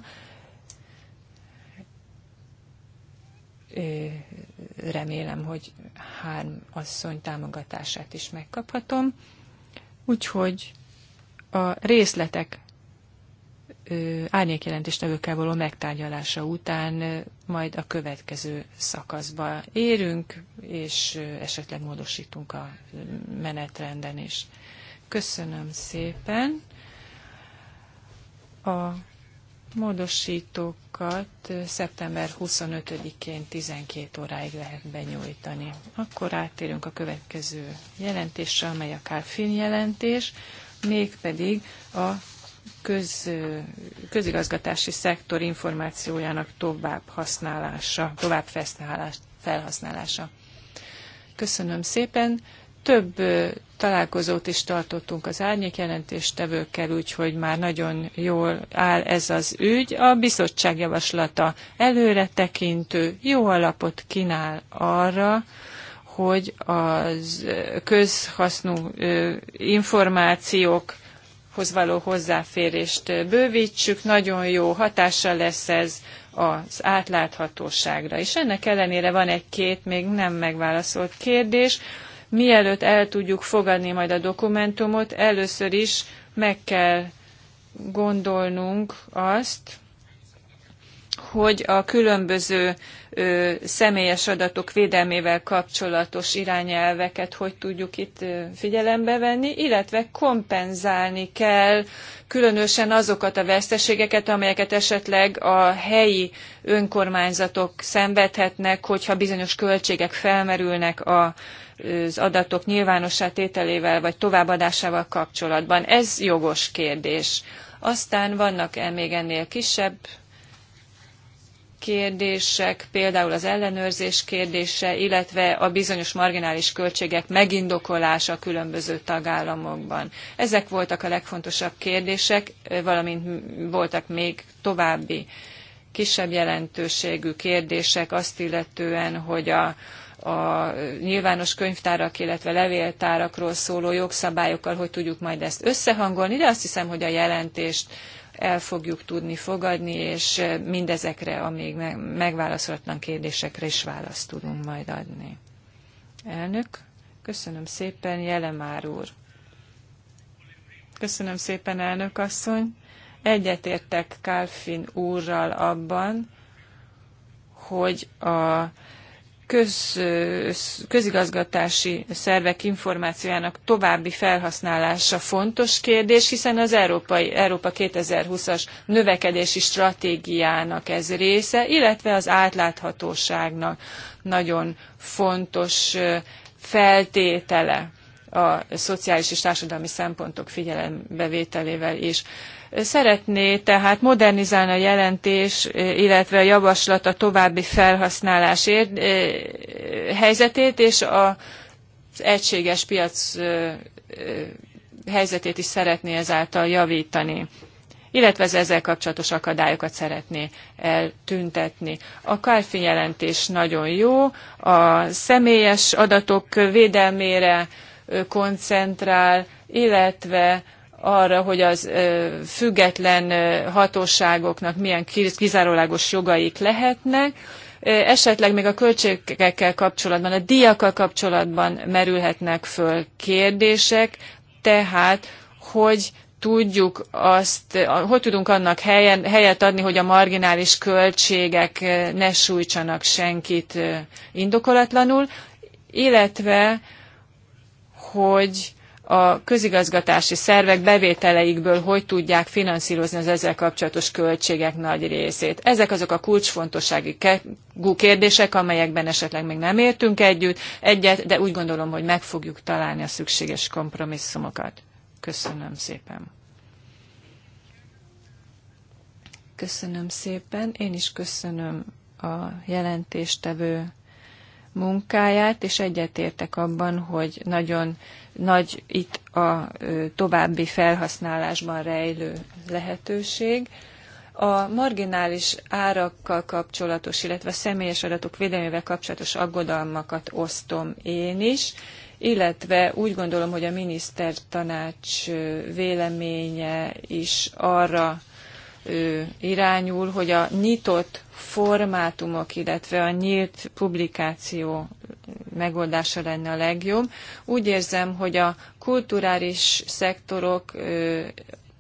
Remélem, hogy három asszony támogatását is megkaphatom. Úgyhogy a részletek árnyékjelentéstevőkkel való megtárgyalása után majd a következő szakaszba érünk, és esetleg módosítunk a menetrenden is. Köszönöm szépen. A módosítókat szeptember 25-én 12 óráig lehet benyújtani. Akkor áttérünk a következő jelentésre, amely a Kárfin jelentés, mégpedig a köz, közigazgatási szektor információjának tovább használása, tovább felhasználása. Köszönöm szépen. Több találkozót is tartottunk az árnyék jelentéstevőkkel, úgyhogy már nagyon jól áll ez az ügy. A bizottság javaslata előre tekintő, jó alapot kínál arra, hogy az közhasznú információk hoz való hozzáférést bővítsük, nagyon jó hatással lesz ez az átláthatóságra. És ennek ellenére van egy-két még nem megválaszolt kérdés. Mielőtt el tudjuk fogadni majd a dokumentumot, először is meg kell gondolnunk azt, hogy a különböző ö, személyes adatok védelmével kapcsolatos irányelveket hogy tudjuk itt ö, figyelembe venni, illetve kompenzálni kell különösen azokat a veszteségeket, amelyeket esetleg a helyi önkormányzatok szenvedhetnek, hogyha bizonyos költségek felmerülnek a az adatok nyilvánossá tételével vagy továbbadásával kapcsolatban. Ez jogos kérdés. Aztán vannak -e még ennél kisebb kérdések, például az ellenőrzés kérdése, illetve a bizonyos marginális költségek megindokolása a különböző tagállamokban. Ezek voltak a legfontosabb kérdések, valamint voltak még további kisebb jelentőségű kérdések azt illetően, hogy a, a nyilvános könyvtárak, illetve levéltárakról szóló jogszabályokkal hogy tudjuk majd ezt összehangolni, de azt hiszem, hogy a jelentést el fogjuk tudni fogadni, és mindezekre a még megválaszolatlan kérdésekre is választ tudunk majd adni. Elnök, köszönöm szépen, Jelemár úr. Köszönöm szépen, elnök asszony. Egyetértek Kálfin úrral abban, hogy a köz, közigazgatási szervek információjának további felhasználása fontos kérdés, hiszen az Európai, Európa 2020-as növekedési stratégiának ez része, illetve az átláthatóságnak nagyon fontos feltétele a szociális és társadalmi szempontok figyelembevételével is. Szeretné tehát modernizálni a jelentés, illetve a javaslat a további felhasználás eh, helyzetét, és az egységes piac eh, eh, helyzetét is szeretné ezáltal javítani illetve az ezzel kapcsolatos akadályokat szeretné eltüntetni. A Kárfin jelentés nagyon jó, a személyes adatok védelmére koncentrál, illetve arra, hogy az független hatóságoknak milyen kizárólagos jogaik lehetnek, esetleg még a költségekkel kapcsolatban, a díjakkal kapcsolatban merülhetnek föl kérdések, tehát hogy tudjuk azt, hogy tudunk annak helyen, helyet adni, hogy a marginális költségek ne sújtsanak senkit indokolatlanul, illetve hogy a közigazgatási szervek bevételeikből hogy tudják finanszírozni az ezzel kapcsolatos költségek nagy részét. Ezek azok a kulcsfontossági kérdések, amelyekben esetleg még nem értünk együtt, egyet, de úgy gondolom, hogy meg fogjuk találni a szükséges kompromisszumokat. Köszönöm szépen. Köszönöm szépen. Én is köszönöm a jelentéstevő munkáját, és egyetértek abban, hogy nagyon nagy itt a további felhasználásban rejlő lehetőség. A marginális árakkal kapcsolatos, illetve a személyes adatok védelmével kapcsolatos aggodalmakat osztom én is, illetve úgy gondolom, hogy a minisztertanács véleménye is arra irányul, hogy a nyitott formátumok, illetve a nyílt publikáció megoldása lenne a legjobb. Úgy érzem, hogy a kulturális szektorok,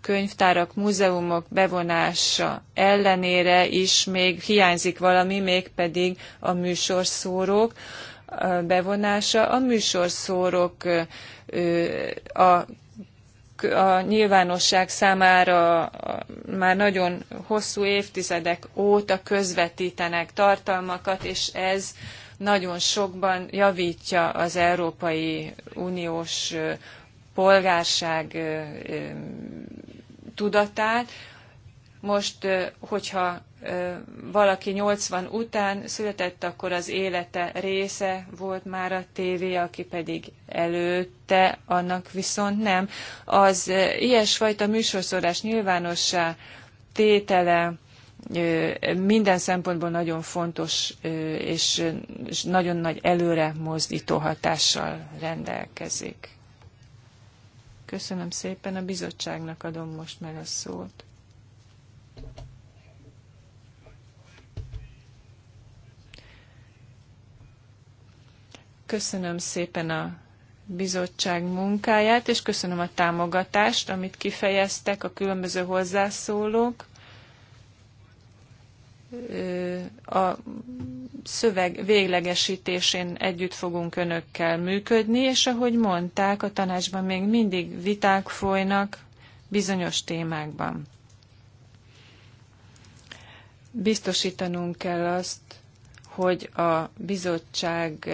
könyvtárak, múzeumok bevonása ellenére is még hiányzik valami, mégpedig a műsorszórók bevonása. A műsorszórók a a nyilvánosság számára már nagyon hosszú évtizedek óta közvetítenek tartalmakat, és ez nagyon sokban javítja az Európai Uniós polgárság tudatát. Most, hogyha valaki 80 után született, akkor az élete része volt már a tévé, aki pedig előtte, annak viszont nem. Az ilyesfajta műsorszórás nyilvánossá tétele minden szempontból nagyon fontos és nagyon nagy előre mozdító hatással rendelkezik. Köszönöm szépen, a bizottságnak adom most meg a szót. Köszönöm szépen a bizottság munkáját, és köszönöm a támogatást, amit kifejeztek a különböző hozzászólók. A szöveg véglegesítésén együtt fogunk önökkel működni, és ahogy mondták, a tanácsban még mindig viták folynak bizonyos témákban. Biztosítanunk kell azt, hogy a bizottság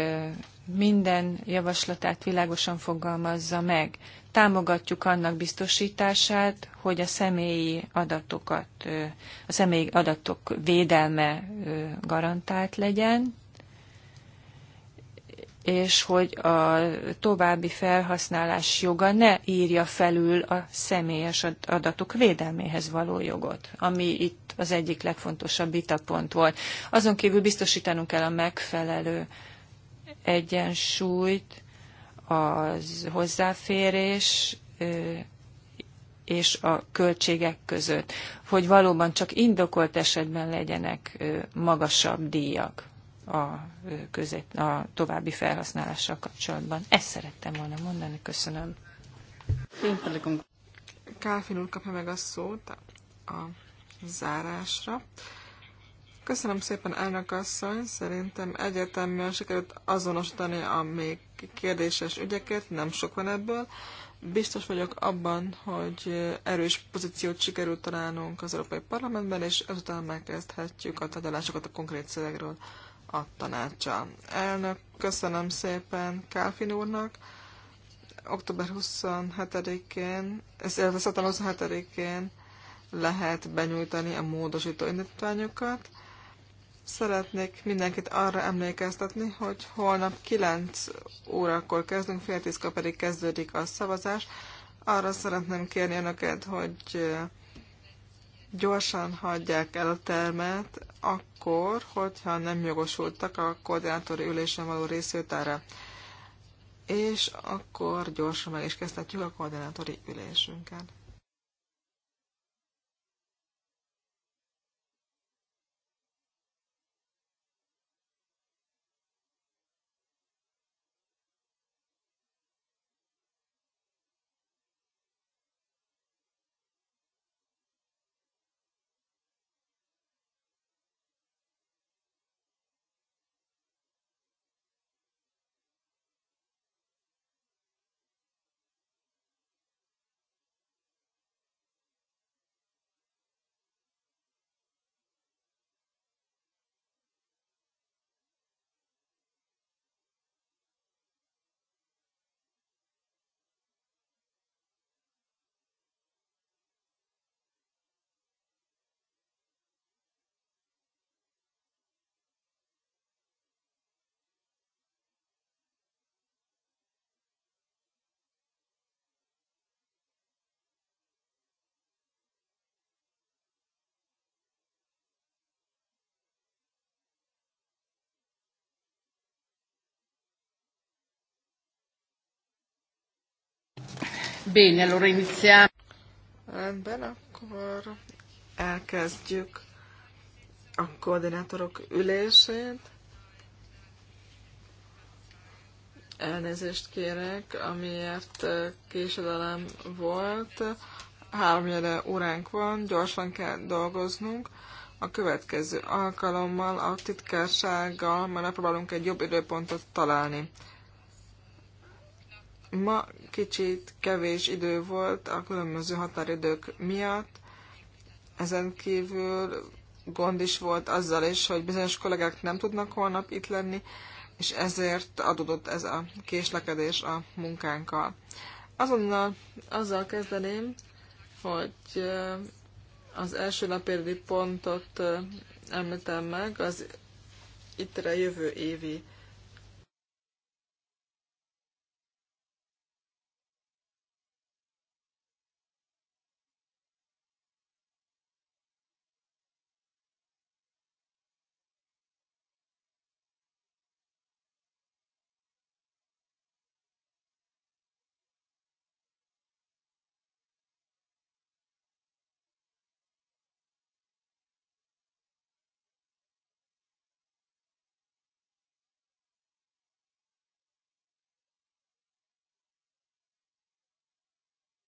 minden javaslatát világosan fogalmazza meg. Támogatjuk annak biztosítását, hogy a személyi adatokat, a személyi adatok védelme garantált legyen, és hogy a további felhasználás joga ne írja felül a személyes adatok védelméhez való jogot, ami itt az egyik legfontosabb vitapont volt. Azon kívül biztosítanunk kell a megfelelő egyensúlyt az hozzáférés és a költségek között, hogy valóban csak indokolt esetben legyenek magasabb díjak a, között, a további felhasználással kapcsolatban. Ezt szerettem volna mondani, köszönöm. Káfin úr kapja meg a szót a zárásra. Köszönöm szépen, elnök asszony. Szerintem egyértelműen sikerült azonosítani a még kérdéses ügyeket, nem sok van ebből. Biztos vagyok abban, hogy erős pozíciót sikerült találnunk az Európai Parlamentben, és ezután megkezdhetjük a tárgyalásokat a konkrét szövegről a tanácsa. Elnök, köszönöm szépen Kálfin úrnak. Október 27-én, szeptember 27-én lehet benyújtani a módosító indítványokat. Szeretnék mindenkit arra emlékeztetni, hogy holnap 9 órakor kezdünk, fél tízkor pedig kezdődik a szavazás. Arra szeretném kérni önöket, hogy eh, gyorsan hagyják el a termet, akkor, hogyha nem jogosultak a koordinátori ülésen való részvételre. És akkor gyorsan meg is kezdhetjük a koordinátori ülésünket. Bene, allora iniziamo. Rendben, akkor elkezdjük a koordinátorok ülését. Elnézést kérek, amiért késedelem volt. Háromjele óránk van, gyorsan kell dolgoznunk. A következő alkalommal a titkársággal mert megpróbálunk egy jobb időpontot találni. Ma kicsit kevés idő volt a különböző határidők miatt, ezen kívül gond is volt azzal is, hogy bizonyos kollégák nem tudnak holnap itt lenni, és ezért adódott ez a késlekedés a munkánkkal. Azonnal azzal kezdeném, hogy az első napérdi pontot említem meg, az ittre jövő évi